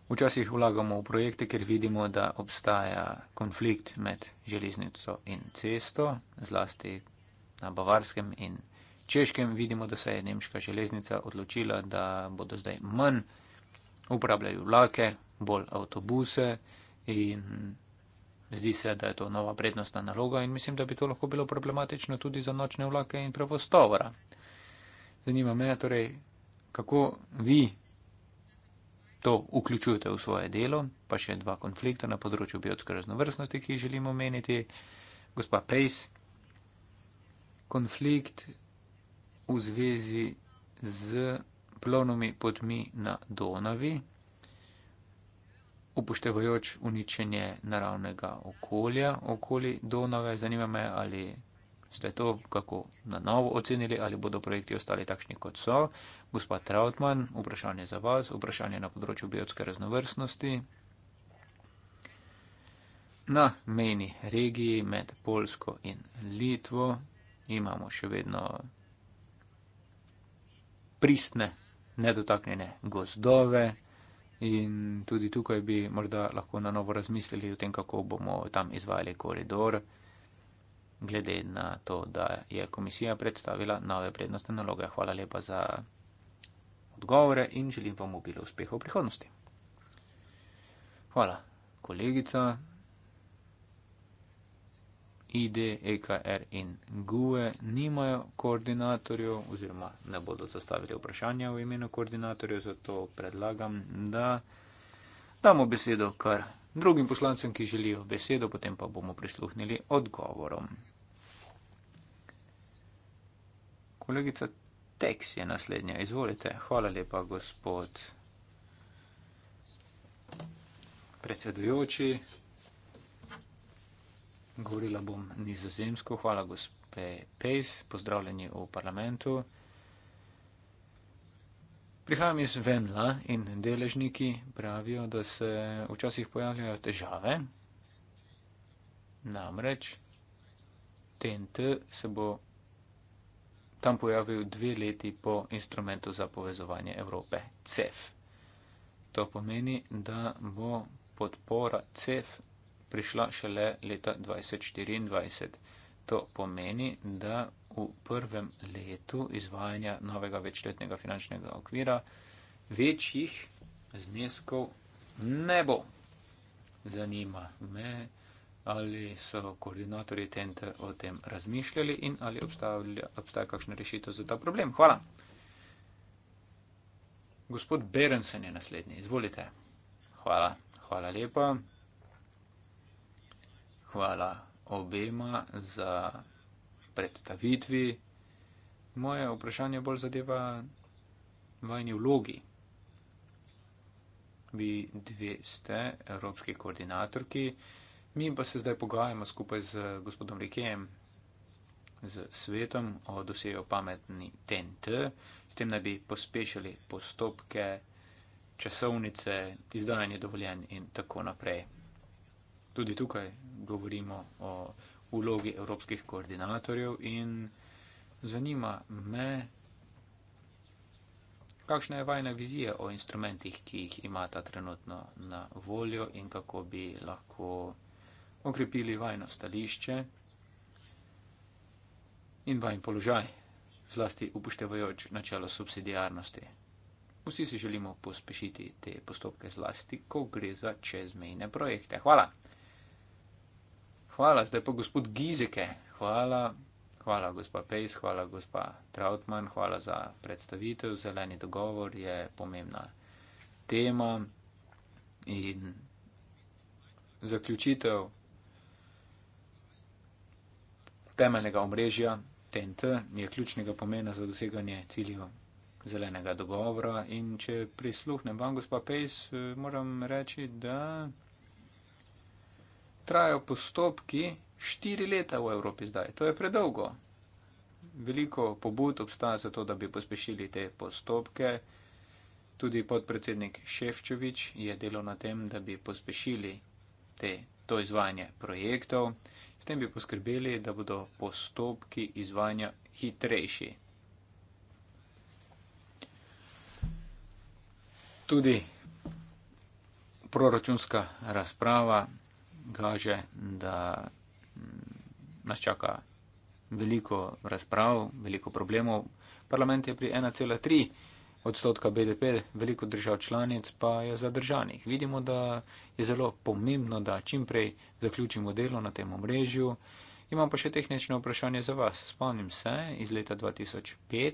Včasih vlagamo v projekte, ker vidimo, da obstaja konflikt med železnico in cesto, zlasti na bavarskem in češkem. Vidimo, da se je nemška železnica odločila, da bodo zdaj manj uporabljali vlake, bolj avtobuse in zdi se, da je to nova prednostna naloga in mislim, da bi to lahko bilo problematično tudi za nočne vlake in prevostovora. Zanima me, torej, kako vi to vključujete v svoje delo, pa še dva konflikta na področju biotske raznovrstnosti, ki jih želimo omeniti. Gospa Pejs, konflikt v zvezi z plovnimi potmi na Donavi, upoštevajoč uničenje naravnega okolja okoli Donave. Zanima me, ali ste to kako na novo ocenili, ali bodo projekti ostali takšni, kot so. Gospa Trautmann, vprašanje za vas, vprašanje na področju biotske raznovrstnosti. Na mejni regiji med Polsko in Litvo imamo še vedno pristne, nedotaknjene gozdove. In tudi tukaj bi morda lahko na novo razmislili o tem, kako bomo tam izvajali koridor, glede na to, da je komisija predstavila nove prednostne naloge. Hvala lepa za odgovore in želim vam obilo uspehov v prihodnosti. Hvala, kolegica. ID, EKR in GUE nimajo koordinatorjev oziroma ne bodo zastavili vprašanja v imenu koordinatorjev, zato predlagam, da damo besedo kar drugim poslancem, ki želijo besedo, potem pa bomo prisluhnili odgovorom. Kolegica Tex je naslednja, izvolite. Hvala lepa, gospod predsedujoči. Govorila bom nizozemsko. Hvala, gospe Pejs. Pozdravljeni v parlamentu. Prihajam iz Venla in deležniki pravijo, da se včasih pojavljajo težave. Namreč TNT se bo tam pojavil dve leti po instrumentu za povezovanje Evrope, CEF. To pomeni, da bo podpora CEF prišla šele leta 2024. To pomeni, da v prvem letu izvajanja novega večletnega finančnega okvira večjih zneskov ne bo. Zanima me, ali so koordinatorji tente o tem razmišljali in ali obstaja, obstaja kakšna rešitev za ta problem. Hvala. Gospod Berensen je naslednji. Izvolite. Hvala. Hvala lepa hvala obema za predstavitvi. Moje vprašanje bolj zadeva vajni vlogi. Vi dve ste evropski koordinatorki, mi pa se zdaj pogajamo skupaj z gospodom Rikejem, z svetom o dosejo pametni TNT, s tem naj bi pospešili postopke, časovnice, izdajanje dovoljen in tako naprej tudi tukaj govorimo o vlogi evropskih koordinatorjev in zanima me, kakšna je vajna vizija o instrumentih, ki jih imata trenutno na voljo in kako bi lahko okrepili vajno stališče in vajn položaj, zlasti upoštevajoč načelo subsidijarnosti. Vsi si želimo pospešiti te postopke zlasti, ko gre za čezmejne projekte. Hvala. Hvala, zdaj pa gospod Gizike. Hvala, hvala gospa Pejs, hvala gospa Trautmann, hvala za predstavitev. Zeleni dogovor je pomembna tema in zaključitev temeljnega omrežja TNT je ključnega pomena za doseganje ciljev zelenega dogovora in če prisluhnem vam, gospa Pejs, moram reči, da trajajo postopki štiri leta v Evropi zdaj. To je predolgo. Veliko pobud obstaja za to, da bi pospešili te postopke. Tudi podpredsednik Ševčevič je delal na tem, da bi pospešili te, to izvajanje projektov. S tem bi poskrbeli, da bodo postopki izvajanja hitrejši. Tudi proračunska razprava kaže, da mm, nas čaka veliko razprav, veliko problemov. Parlament je pri 1,3 odstotka BDP, veliko držav članic pa je zadržanih. Vidimo, da je zelo pomembno, da čim prej zaključimo delo na tem omrežju. Imam pa še tehnično vprašanje za vas. Spomnim se iz leta 2005,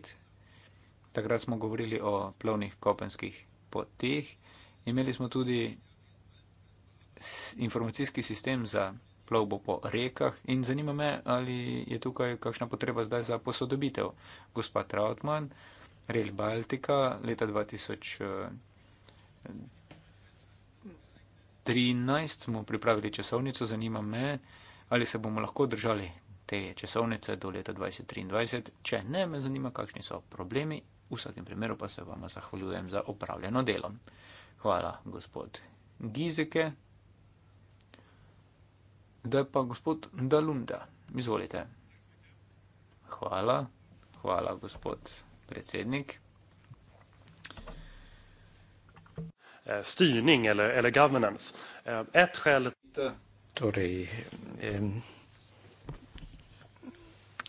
takrat smo govorili o plovnih kopenskih poteh. Imeli smo tudi informacijski sistem za plovbo po rekah in zanima me, ali je tukaj kakšna potreba zdaj za posodobitev. Gospa Trautmann, Rail Baltica leta 2013 eh, smo pripravili časovnico, zanima me, ali se bomo lahko držali te časovnice do leta 2023. Če ne, me zanima, kakšni so problemi. V vsakem primeru pa se vam zahvaljujem za opravljeno delo. Hvala, gospod Gizike. Zdaj pa gospod Dalunda, izvolite. Hvala, hvala gospod predsednik. Eh, styrning ali, ali governance. Eh, et šel. Torej,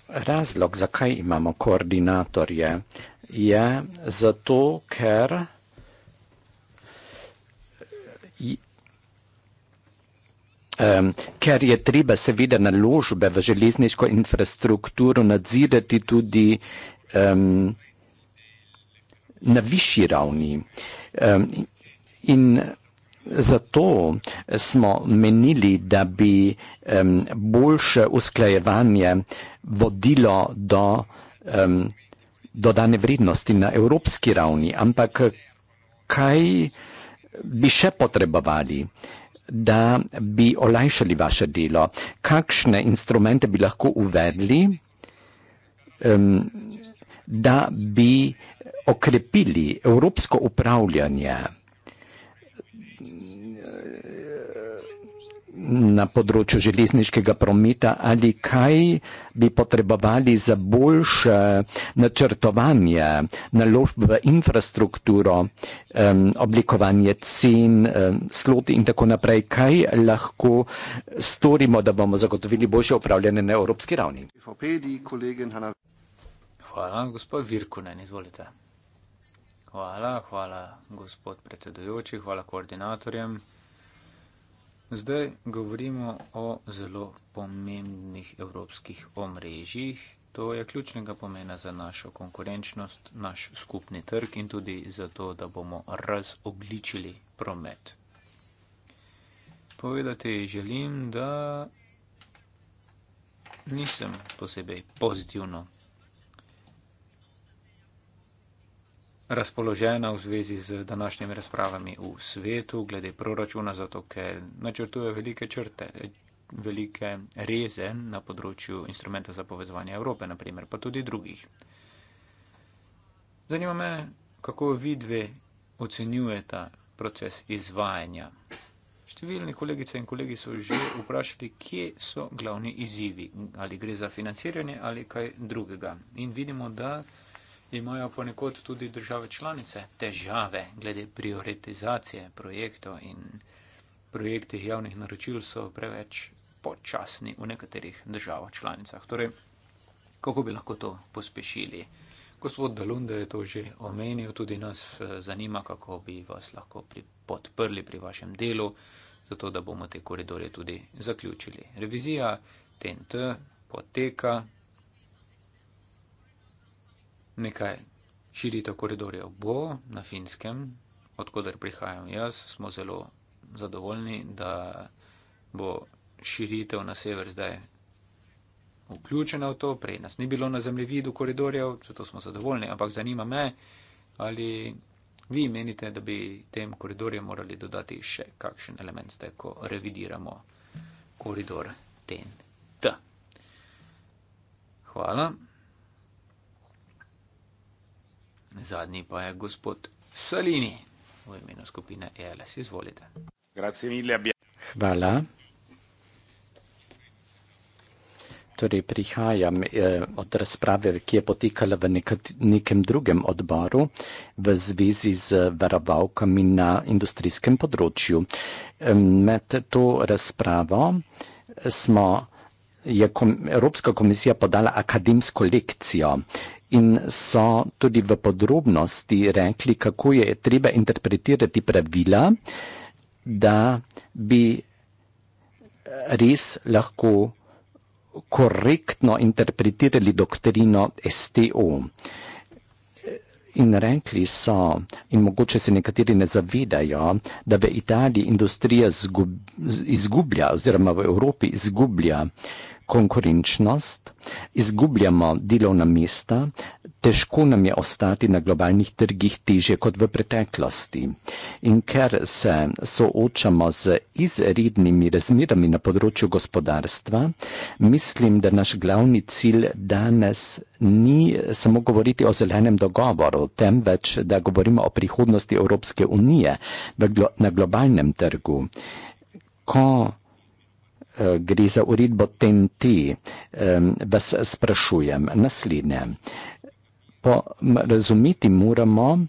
razlog, zakaj imamo koordinatorje, je zato, ker Um, ker je treba seveda naložbe v železniško infrastrukturo nadzirati tudi um, na višji ravni. Um, in zato smo menili, da bi um, boljše usklajevanje vodilo do um, dodane vrednosti na evropski ravni. Ampak kaj bi še potrebovali? da bi olajšali vaše delo. Kakšne instrumente bi lahko uvedli, um, da bi okrepili evropsko upravljanje? na področju železniškega prometa ali kaj bi potrebovali za boljše načrtovanje naložb v infrastrukturo, um, oblikovanje cen, um, sloti in tako naprej, kaj lahko storimo, da bomo zagotovili boljše upravljanje na evropski ravni. Hvala, gospod Virkunen, izvolite. Hvala, hvala, gospod predsedujoči, hvala koordinatorjem. Zdaj govorimo o zelo pomembnih evropskih omrežjih. To je ključnega pomena za našo konkurenčnost, naš skupni trg in tudi za to, da bomo razogličili promet. Povedati želim, da nisem posebej pozitivno razpoložena v zvezi z današnjimi razpravami v svetu, glede proračuna, zato ker načrtuje velike črte, velike reze na področju instrumenta za povezovanje Evrope, naprimer, pa tudi drugih. Zanima me, kako vi dve ocenjujete proces izvajanja. Številni kolegice in kolegi so že vprašali, kje so glavni izzivi, ali gre za financiranje ali kaj drugega. In vidimo, da imajo ponekod tudi države članice težave glede prioritizacije projektov in projekti javnih naročil so preveč počasni v nekaterih državah članicah. Torej, kako bi lahko to pospešili? Gospod Dalunde je to že omenil, tudi nas eh, zanima, kako bi vas lahko pri, podprli pri vašem delu, zato da bomo te koridore tudi zaključili. Revizija TNT poteka nekaj širitev koridorjev bo na finskem, odkudar prihajam jaz, smo zelo zadovoljni, da bo širitev na sever zdaj vključena v to, prej nas ni bilo na zemljevidu koridorjev, zato smo zadovoljni, ampak zanima me, ali vi menite, da bi tem koridorjem morali dodati še kakšen element zdaj, ko revidiramo koridor TNT. Hvala. Zadnji pa je gospod Salini v imenu skupine ELS. Izvolite. Hvala. Torej, prihajam eh, od razprave, ki je potekala v nekat, nekem drugem odboru v zvezi z varovalkami na industrijskem področju. Med to razpravo smo, je kom, Evropska komisija podala akademsko lekcijo, in so tudi v podrobnosti rekli, kako je treba interpretirati pravila, da bi eh, res lahko korektno interpretirali doktrino STO. In rekli so, in mogoče se nekateri ne zavedajo, da v Italiji industrija zgub, izgublja oziroma v Evropi izgublja uh, konkurenčnost, izgubljamo delovna mesta, težko nam je ostati na globalnih trgih težje kot v preteklosti. In ker se soočamo z izrednimi razmerami na področju gospodarstva, mislim, da naš glavni cilj danes ni samo govoriti o zelenem dogovoru, temveč, da govorimo o prihodnosti Evropske unije glo na globalnem trgu. Ko Eh, gre za uredbo TNT, vas sprašujem naslednje. Po razumeti moramo,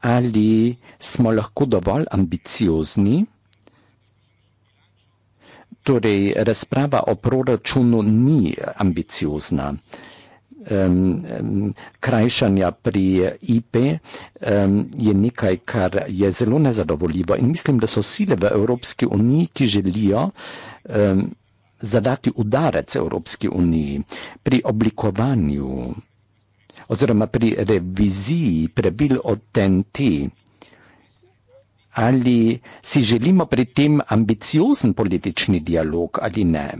ali smo lahko dovolj ambiciozni, torej razprava o proračunu ni ambiciozna. Krajšanja pri IP je nekaj, kar je zelo nezadovoljivo in mislim, da so sile v Evropski uniji, ki želijo, da um, zadati udarec Evropski uniji pri oblikovanju oziroma pri reviziji prebil od TNT. Ali si želimo pri tem ambiciozen politični dialog ali ne?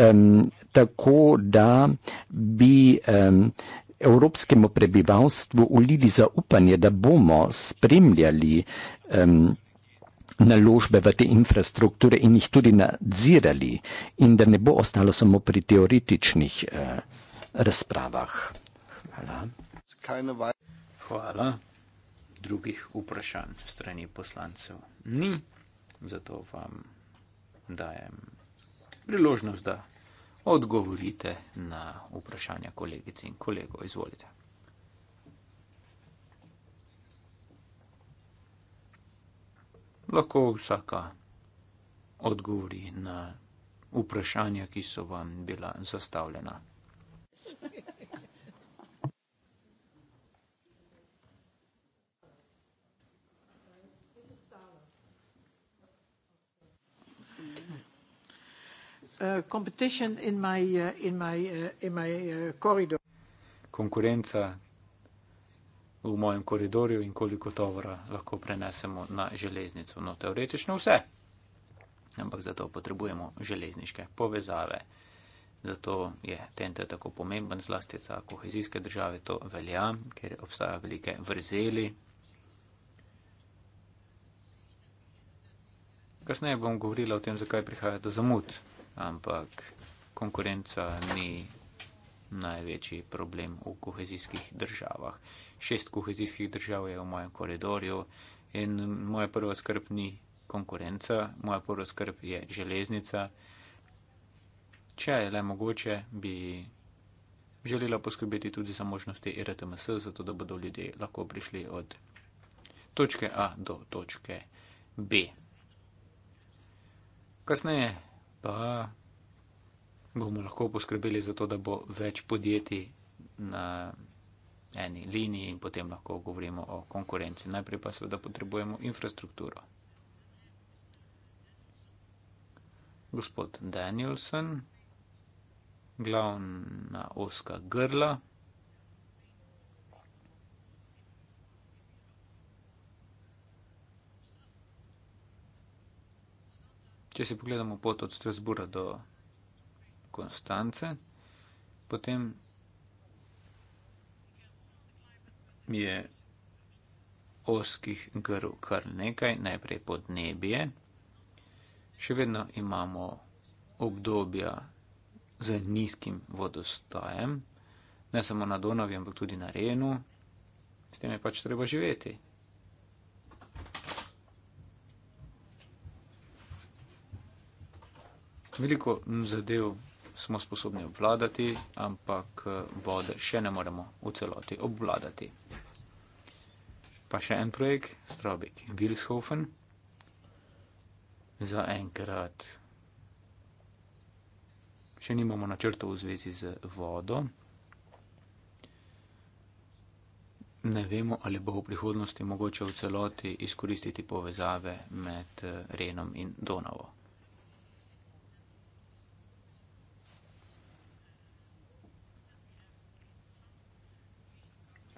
Um, tako da bi um, evropskemu prebivalstvu ulili zaupanje, da bomo spremljali um, naložbe v te infrastrukture in jih tudi nadzirali, in da ne bo ostalo samo pri teoretičnih eh, razpravah. Hvala. Hvala. Drugih vprašanj strani poslancev ni, zato vam dajem priložnost, da odgovorite na vprašanja kolegic in kolegov. Izvolite. lahko vsaka odgovori na vprašanja, ki so vam bila zastavljena. Uh, uh, uh, Konkurenca v mojem koridorju in koliko tovora lahko prenesemo na železnico. No, teoretično vse, ampak zato potrebujemo železniške povezave. Zato je TNT tako pomemben, zlasti za kohezijske države to velja, ker obstajajo velike vrzeli. Kasneje bom govorila o tem, zakaj prihaja do zamud, ampak konkurenca ni največji problem v kohezijskih državah šest kohezijskih držav je v mojem koridorju in moja prva skrb ni konkurenca, moja prva skrb je železnica. Če je le mogoče, bi želela poskrbeti tudi za možnosti RTMS, zato da bodo ljudje lahko prišli od točke A do točke B. Kasneje pa bomo lahko poskrbeli za to, da bo več podjetij na eni liniji in potem lahko govorimo o konkurenci. Najprej pa seveda potrebujemo infrastrukturo. Gospod Danielson, glavna oska grla. Če si pogledamo pot od Strasbura do Konstance, potem je oskih grl kar nekaj, najprej podnebje, še vedno imamo obdobja z nizkim vodostajem, ne samo na Donavi, ampak tudi na Renu, s tem je pač treba živeti. Veliko zadev smo sposobni obvladati, ampak eh, vode še ne moremo v celoti obvladati pa še en projekt, Strobik in Wilshofen. Za enkrat še nimamo načrtov v zvezi z vodo. Ne vemo, ali bo v prihodnosti mogoče v celoti izkoristiti povezave med eh, Renom in Donavo.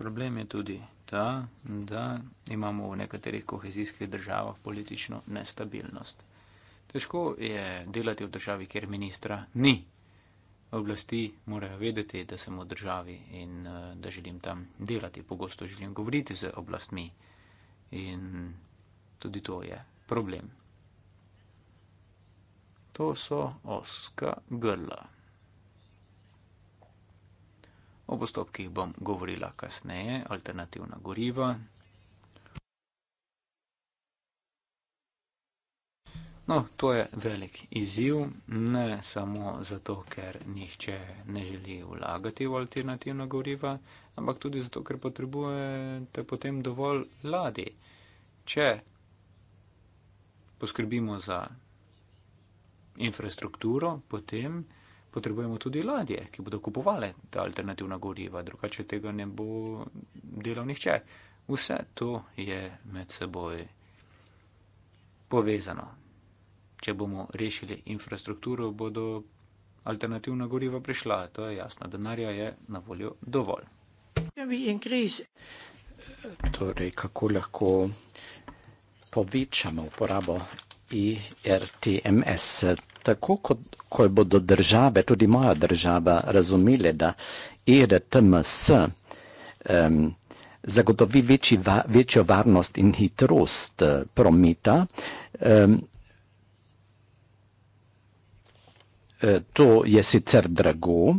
Problem je tudi ta, da imamo v nekaterih kohezijskih državah politično nestabilnost. Težko je delati v državi, kjer ministra ni. Oblasti morajo vedeti, da sem v državi in eh, da želim tam delati. Pogosto želim govoriti z oblastmi in tudi to je problem. To so oska grla. O postopkih bom govorila kasneje, alternativna goriva. No, to je velik izziv, ne samo zato, ker nihče ne želi vlagati v alternativna goriva, ampak tudi zato, ker potrebujete potem dovolj ladi. Če poskrbimo za infrastrukturo, potem potrebujemo tudi ladje, ki bodo kupovale ta alternativna goriva, drugače tega ne bo delal nihče. Vse to je med seboj povezano. Če bomo rešili infrastrukturo, bodo alternativna goriva prišla. To je jasno, denarja je na voljo dovolj. Torej, kako lahko povečamo uporabo IRTMS. Tako kot ko bodo države, tudi moja država, razumele, da IRTMS um, zagotovi večji, va, večjo varnost in hitrost eh, prometa, um, to je sicer drago,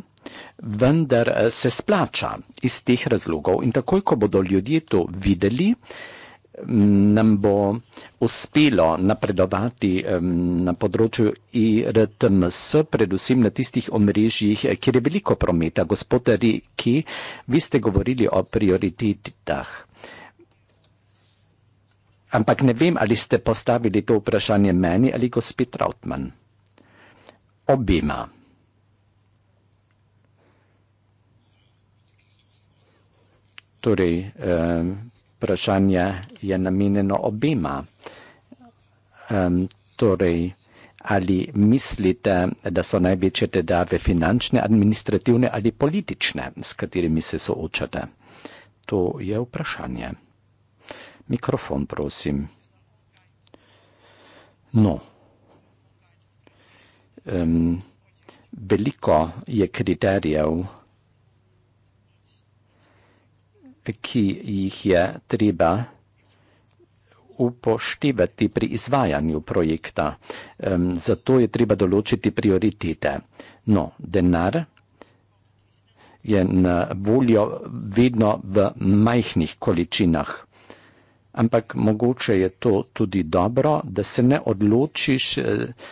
vendar eh, se splača iz teh razlogov in takoj, ko bodo ljudje to videli, uh, nam bo uspelo napredovati na področju IRTMS, predvsem na tistih omrežjih, kjer je veliko prometa. Gospod Riki, vi ste govorili o prioritetah. Ampak ne vem, ali ste postavili to vprašanje meni ali gospod Trautmann. Obima. Torej, eh, vprašanje je namenjeno obema. Um, torej, ali mislite, da so največje težave finančne, administrativne ali politične, s katerimi se soočate? To je vprašanje. Mikrofon, prosim. No, um, veliko je kriterijev ki jih je treba upoštevati pri izvajanju projekta. Um, zato je treba določiti prioritete. No, denar je na voljo vedno v majhnih količinah. Ampak mogoče je to tudi dobro, da se ne odločiš. Uh,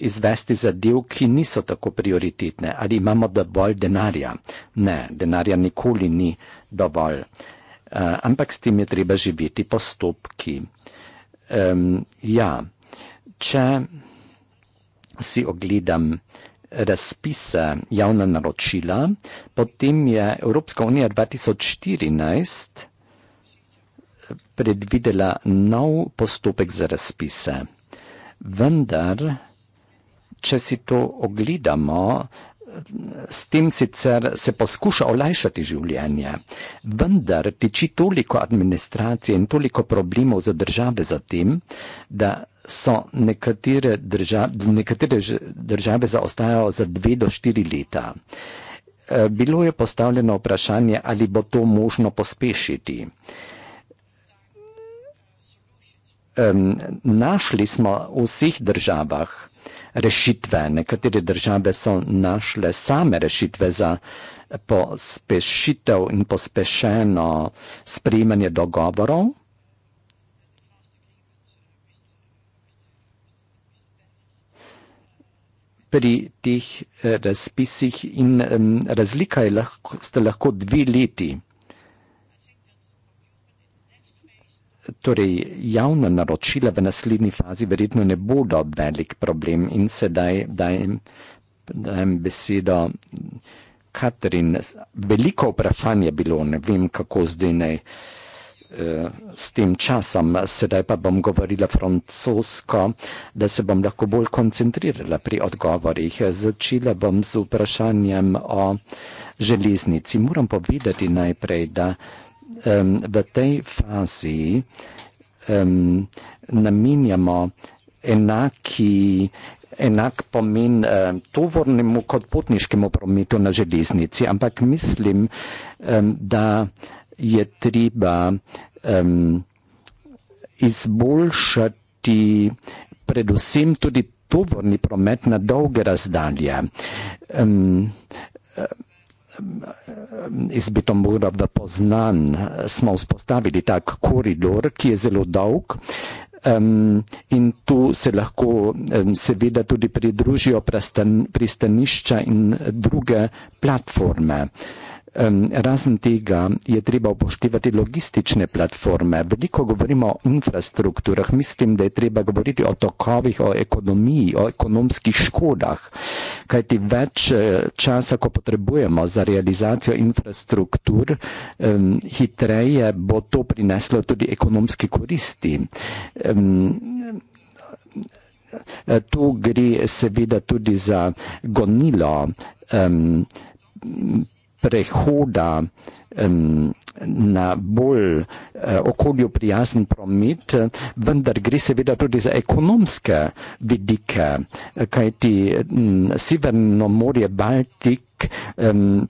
izvesti zadev, ki niso tako prioritetne, ali imamo dovolj denarja. Ne, denarja nikoli ni dovolj, uh, ampak s tem je treba živeti postopki. Um, ja, če si ogledam razpise javna naročila, potem je Evropska unija 2014 eh, predvidela nov postopek za razpise. Vendar če si to ogledamo, s tem sicer se poskuša olajšati življenje, vendar tiči toliko administracije in toliko problemov za države za tem, da so nekatere, držav, nekatere države zaostajajo za dve do štiri leta. Eh, bilo je postavljeno vprašanje, ali bo to možno pospešiti. Našli smo v vseh državah, rešitve. Nekatere države so našle same rešitve za pospešitev in pospešeno sprejemanje dogovorov. pri tih eh, razpisih in um, razlika je lahko, sta lahko dve leti. Torej, javna naročila v naslednji fazi verjetno ne bodo velik problem in sedaj dajem, dajem besedo Katrin. Veliko vprašanj je bilo, ne vem kako zdaj ne eh, s tem časom, sedaj pa bom govorila francosko, da se bom lahko bolj koncentrirala pri odgovorih. Začela bom z vprašanjem o železnici. Moram povedati najprej, da um, v tej fazi um, namenjamo enaki, enak pomen um, tovornemu kot potniškemu prometu na železnici, ampak mislim, um, da je treba um, izboljšati predvsem tudi tovorni promet na dolge razdalje. Um, um, jaz bi to moral, da poznam, smo vzpostavili tak koridor, ki je zelo dolg. Um, in tu se lahko um, seveda tudi pridružijo pristanišča in druge platforme. Uh, Razen tega je treba upoštevati logistične platforme. Veliko govorimo o infrastrukturah, mislim, da je treba govoriti o tokovih, o ekonomiji, o ekonomskih škodah, kajti več eh, časa, ko potrebujemo za realizacijo infrastruktur, hitreje bo to prineslo tudi ekonomski koristi. Tu gre seveda tudi za gonilo prehoda um, na bolj uh, okolju prijazen promet, vendar gre seveda tudi za ekonomske vidike, kajti um, Severno morje Baltik. Um,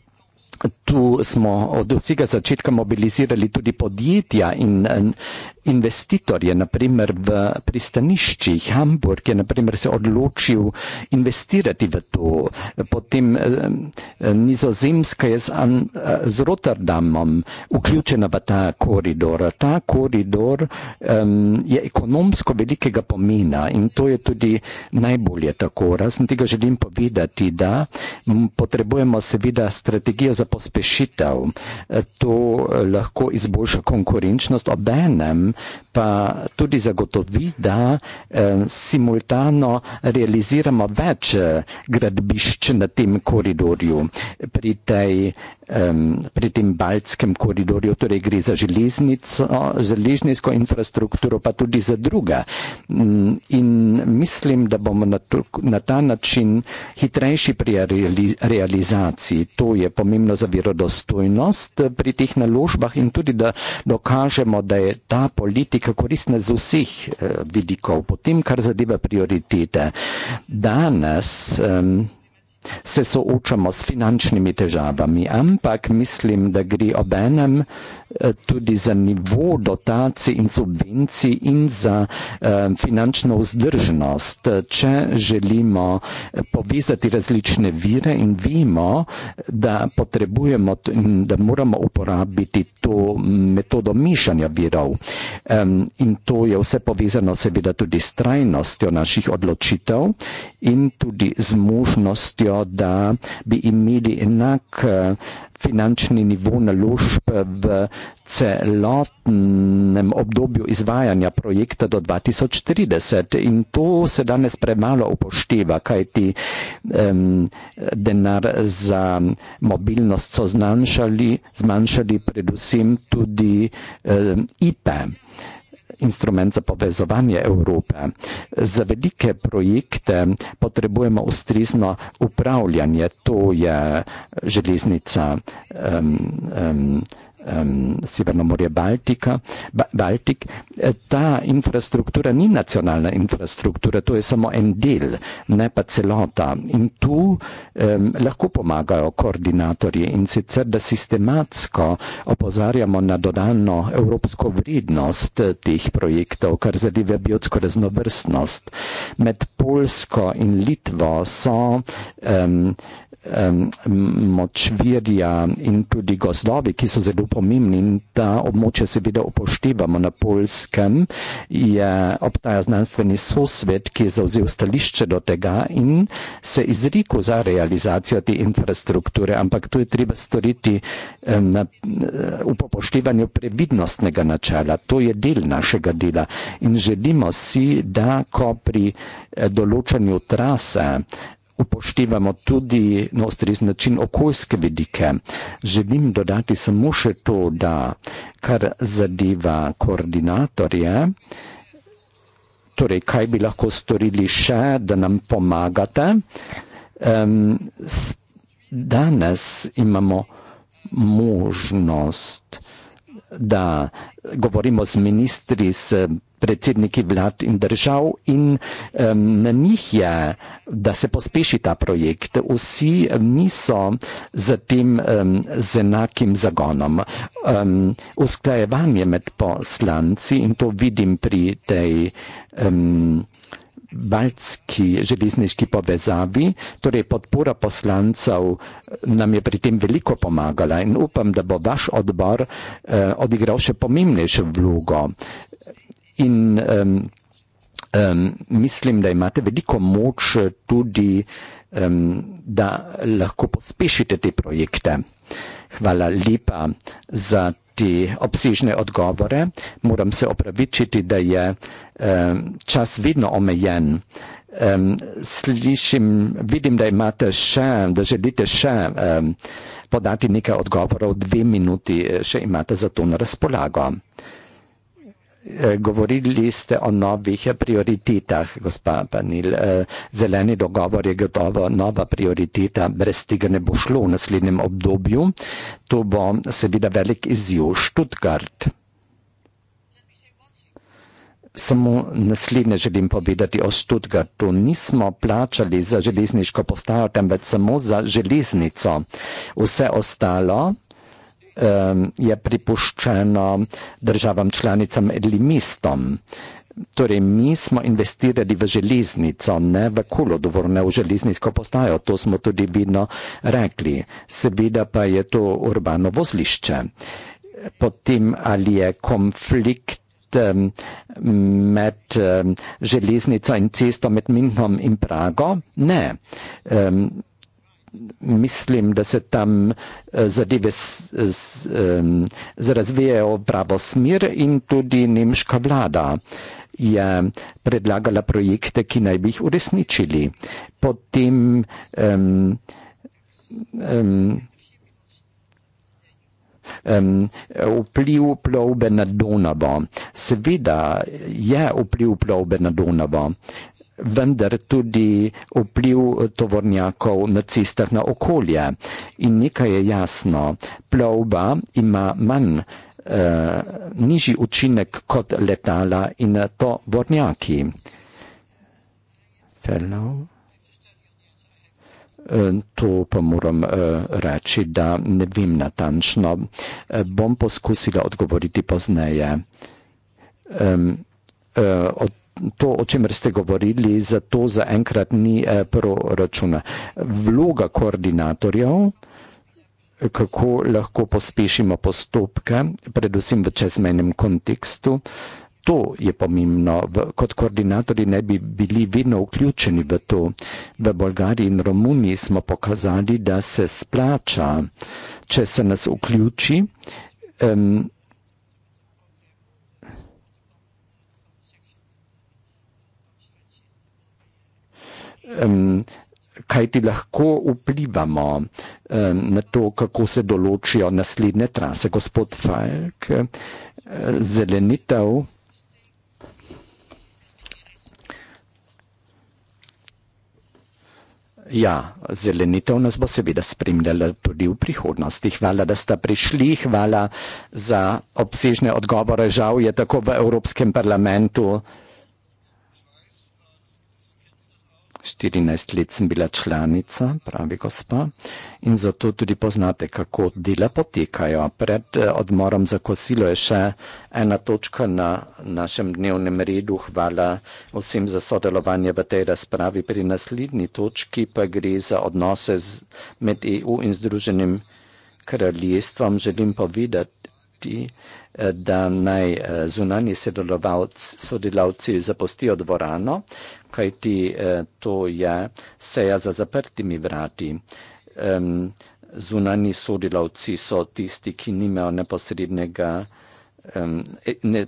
Tu smo od vsega začetka mobilizirali tudi podjetja in, in investitor je naprimer v pristaniščih, Hamburg je naprimer se odločil investirati v to, potem eh, Nizozemska je eh, z Rotterdamom vključena v ta koridor. Ta koridor um, je ekonomsko velikega pomena in to je tudi najbolje tako. Razen tega želim povedati, da potrebujemo seveda strategijo za pospešitev. To eh, lahko izboljša konkurenčnost obenem pa tudi zagotovi, da eh, simultano realiziramo več eh, gradbišč na tem koridorju. Pri tej um, pri tem Baltskem koridorju, torej gre za železniško infrastrukturo, pa tudi za druga. Mm, in mislim, da bomo na, to, na ta način hitrejši pri reali, realizaciji. To je pomembno za verodostojnost eh, pri teh naložbah in tudi, da dokažemo, da je ta politika koristna z vseh eh, vidikov, potem kar zadeva prioritete. Danes um, se soočamo s finančnimi težavami, ampak mislim, da gre obenem eh, tudi za nivo dotacij in subvencij in za eh, finančno vzdržnost. Če želimo eh, povezati različne vire in vemo, da potrebujemo in da moramo uporabiti to metodo mišanja virov. In to je vse povezano seveda tudi s trajnostjo naših odločitev in tudi z možnostjo pravijo, da bi imeli enak eh, finančni nivo naložb v celotnem obdobju izvajanja projekta do 2030 in to se danes premalo upošteva, kaj ti um, denar za mobilnost so zmanjšali, zmanjšali predvsem tudi um, IPE instrument za povezovanje Evrope. Za velike projekte potrebujemo ustrezno upravljanje, to je eh, železnica. Um, um, um, ehm, Sjeverno morje Baltika, ba Baltik, e, ta infrastruktura ni nacionalna infrastruktura, to je samo en del, ne pa celota. In tu um, lahko pomagajo koordinatorji in sicer, da sistematsko opozarjamo na dodano evropsko vrednost e, teh projektov, kar zadeva biotsko raznovrstnost. Med Polsko in Litvo so um, um, močvirja in tudi gozdovi, ki so zelo pomembni in ta območja seveda upoštevamo na polskem, je obstaja znanstveni sosvet, ki je zauzel stališče do tega in se izriko za realizacijo te infrastrukture, ampak to je treba storiti um, na, uh, v upoštevanju previdnostnega načela. To je del našega dela in želimo si, da ko pri uh, določanju trase uh, upoštevamo tudi na ustrezen način okoljske vedike. Želim dodati samo še to, da kar zadeva koordinatorje, torej kaj bi lahko storili še, da nam pomagate. Danes imamo možnost, da govorimo z ministri, s predsedniki vlad in držav in um, na njih je, da se pospeši ta projekt. Vsi niso za tem um, z enakim zagonom. Um, usklajevanje med poslanci in to vidim pri tej um, baltski železniški povezavi, torej podpora poslancev nam je pri tem veliko pomagala in upam, da bo vaš odbor eh, odigral še pomembnejšo vlogo In um, um, mislim, da imate veliko moč tudi, um, da lahko pospešite te projekte. Hvala lepa za te obsežne odgovore. Moram se opravičiti, da je um, čas vedno omejen. Um, slišim, vidim, da imate še, da želite še um, podati nekaj odgovorov, dve minuti eh, še imate za to na razpolago. Eh, govorili ste o novih prioritetah, gospa Panil. Eh, zeleni dogovor je gotovo nova prioriteta, brez tega ne bo šlo v naslednjem obdobju. To bo seveda velik izziv. Študgard. Samo naslednje želim povedati o Študgartu. Nismo plačali za železniško postajo, temveč samo za železnico. Vse ostalo je pripuščeno državam članicam limistom. Torej, mi smo investirali v železnico, ne v kolodvor, ne v železnico postajo, to smo tudi vidno rekli. Seveda pa je to urbano vozlišče. Potem ali je konflikt med železnico in cesto med Minhom in Prago? Ne mislim, da se tam eh, zadeve razvijajo v pravo smer in tudi nemška vlada je predlagala projekte, ki naj bi jih uresničili. Potem um, um, um, vpliv plovbe na Donavo. Seveda je vpliv plovbe na Donavo vendar tudi vpliv eh, tovornjakov nacistov na okolje. In nekaj je jasno, plovba ima manj eh, nižji učinek kot letala in tovornjaki. Fellow. Eh, to pa moram uh, reči, da ne vem natančno. Uh, bom poskusila odgovoriti pozneje. Um, uh, od, to, o čemer ste govorili, zato zaenkrat ni eh, proračuna. Vloga koordinatorjev, kako lahko pospešimo postopke, predvsem v čezmenem kontekstu, to je pomembno. Kot koordinatorji ne bi bili vedno vključeni v to. V Bolgariji in Romuniji smo pokazali, da se splača, če se nas vključi. Um, um, kaj ti lahko vplivamo um, na to, kako se določijo naslednje trase. Gospod Falk, eh, zelenitev. Ja, zelenitev nas bo seveda spremljala tudi v prihodnosti. Hvala, da ste prišli, hvala za obsežne odgovore. Žal je tako v Evropskem parlamentu. 14 let sem bila članica, pravi gospa, in zato tudi poznate, kako dela potekajo. Pred eh, odmorom za kosilo je še ena točka na našem dnevnem redu. Hvala vsem za sodelovanje v tej razpravi. Pri naslednji točki pa gre za odnose z, med EU in Združenim kraljestvom. Želim povedati, eh, da naj eh, zunani sodelavci zapustijo dvorano, kajti eh, to je seja za zaprtimi vrati. Zunani sodelavci so tisti, ki nimajo neposrednega. E,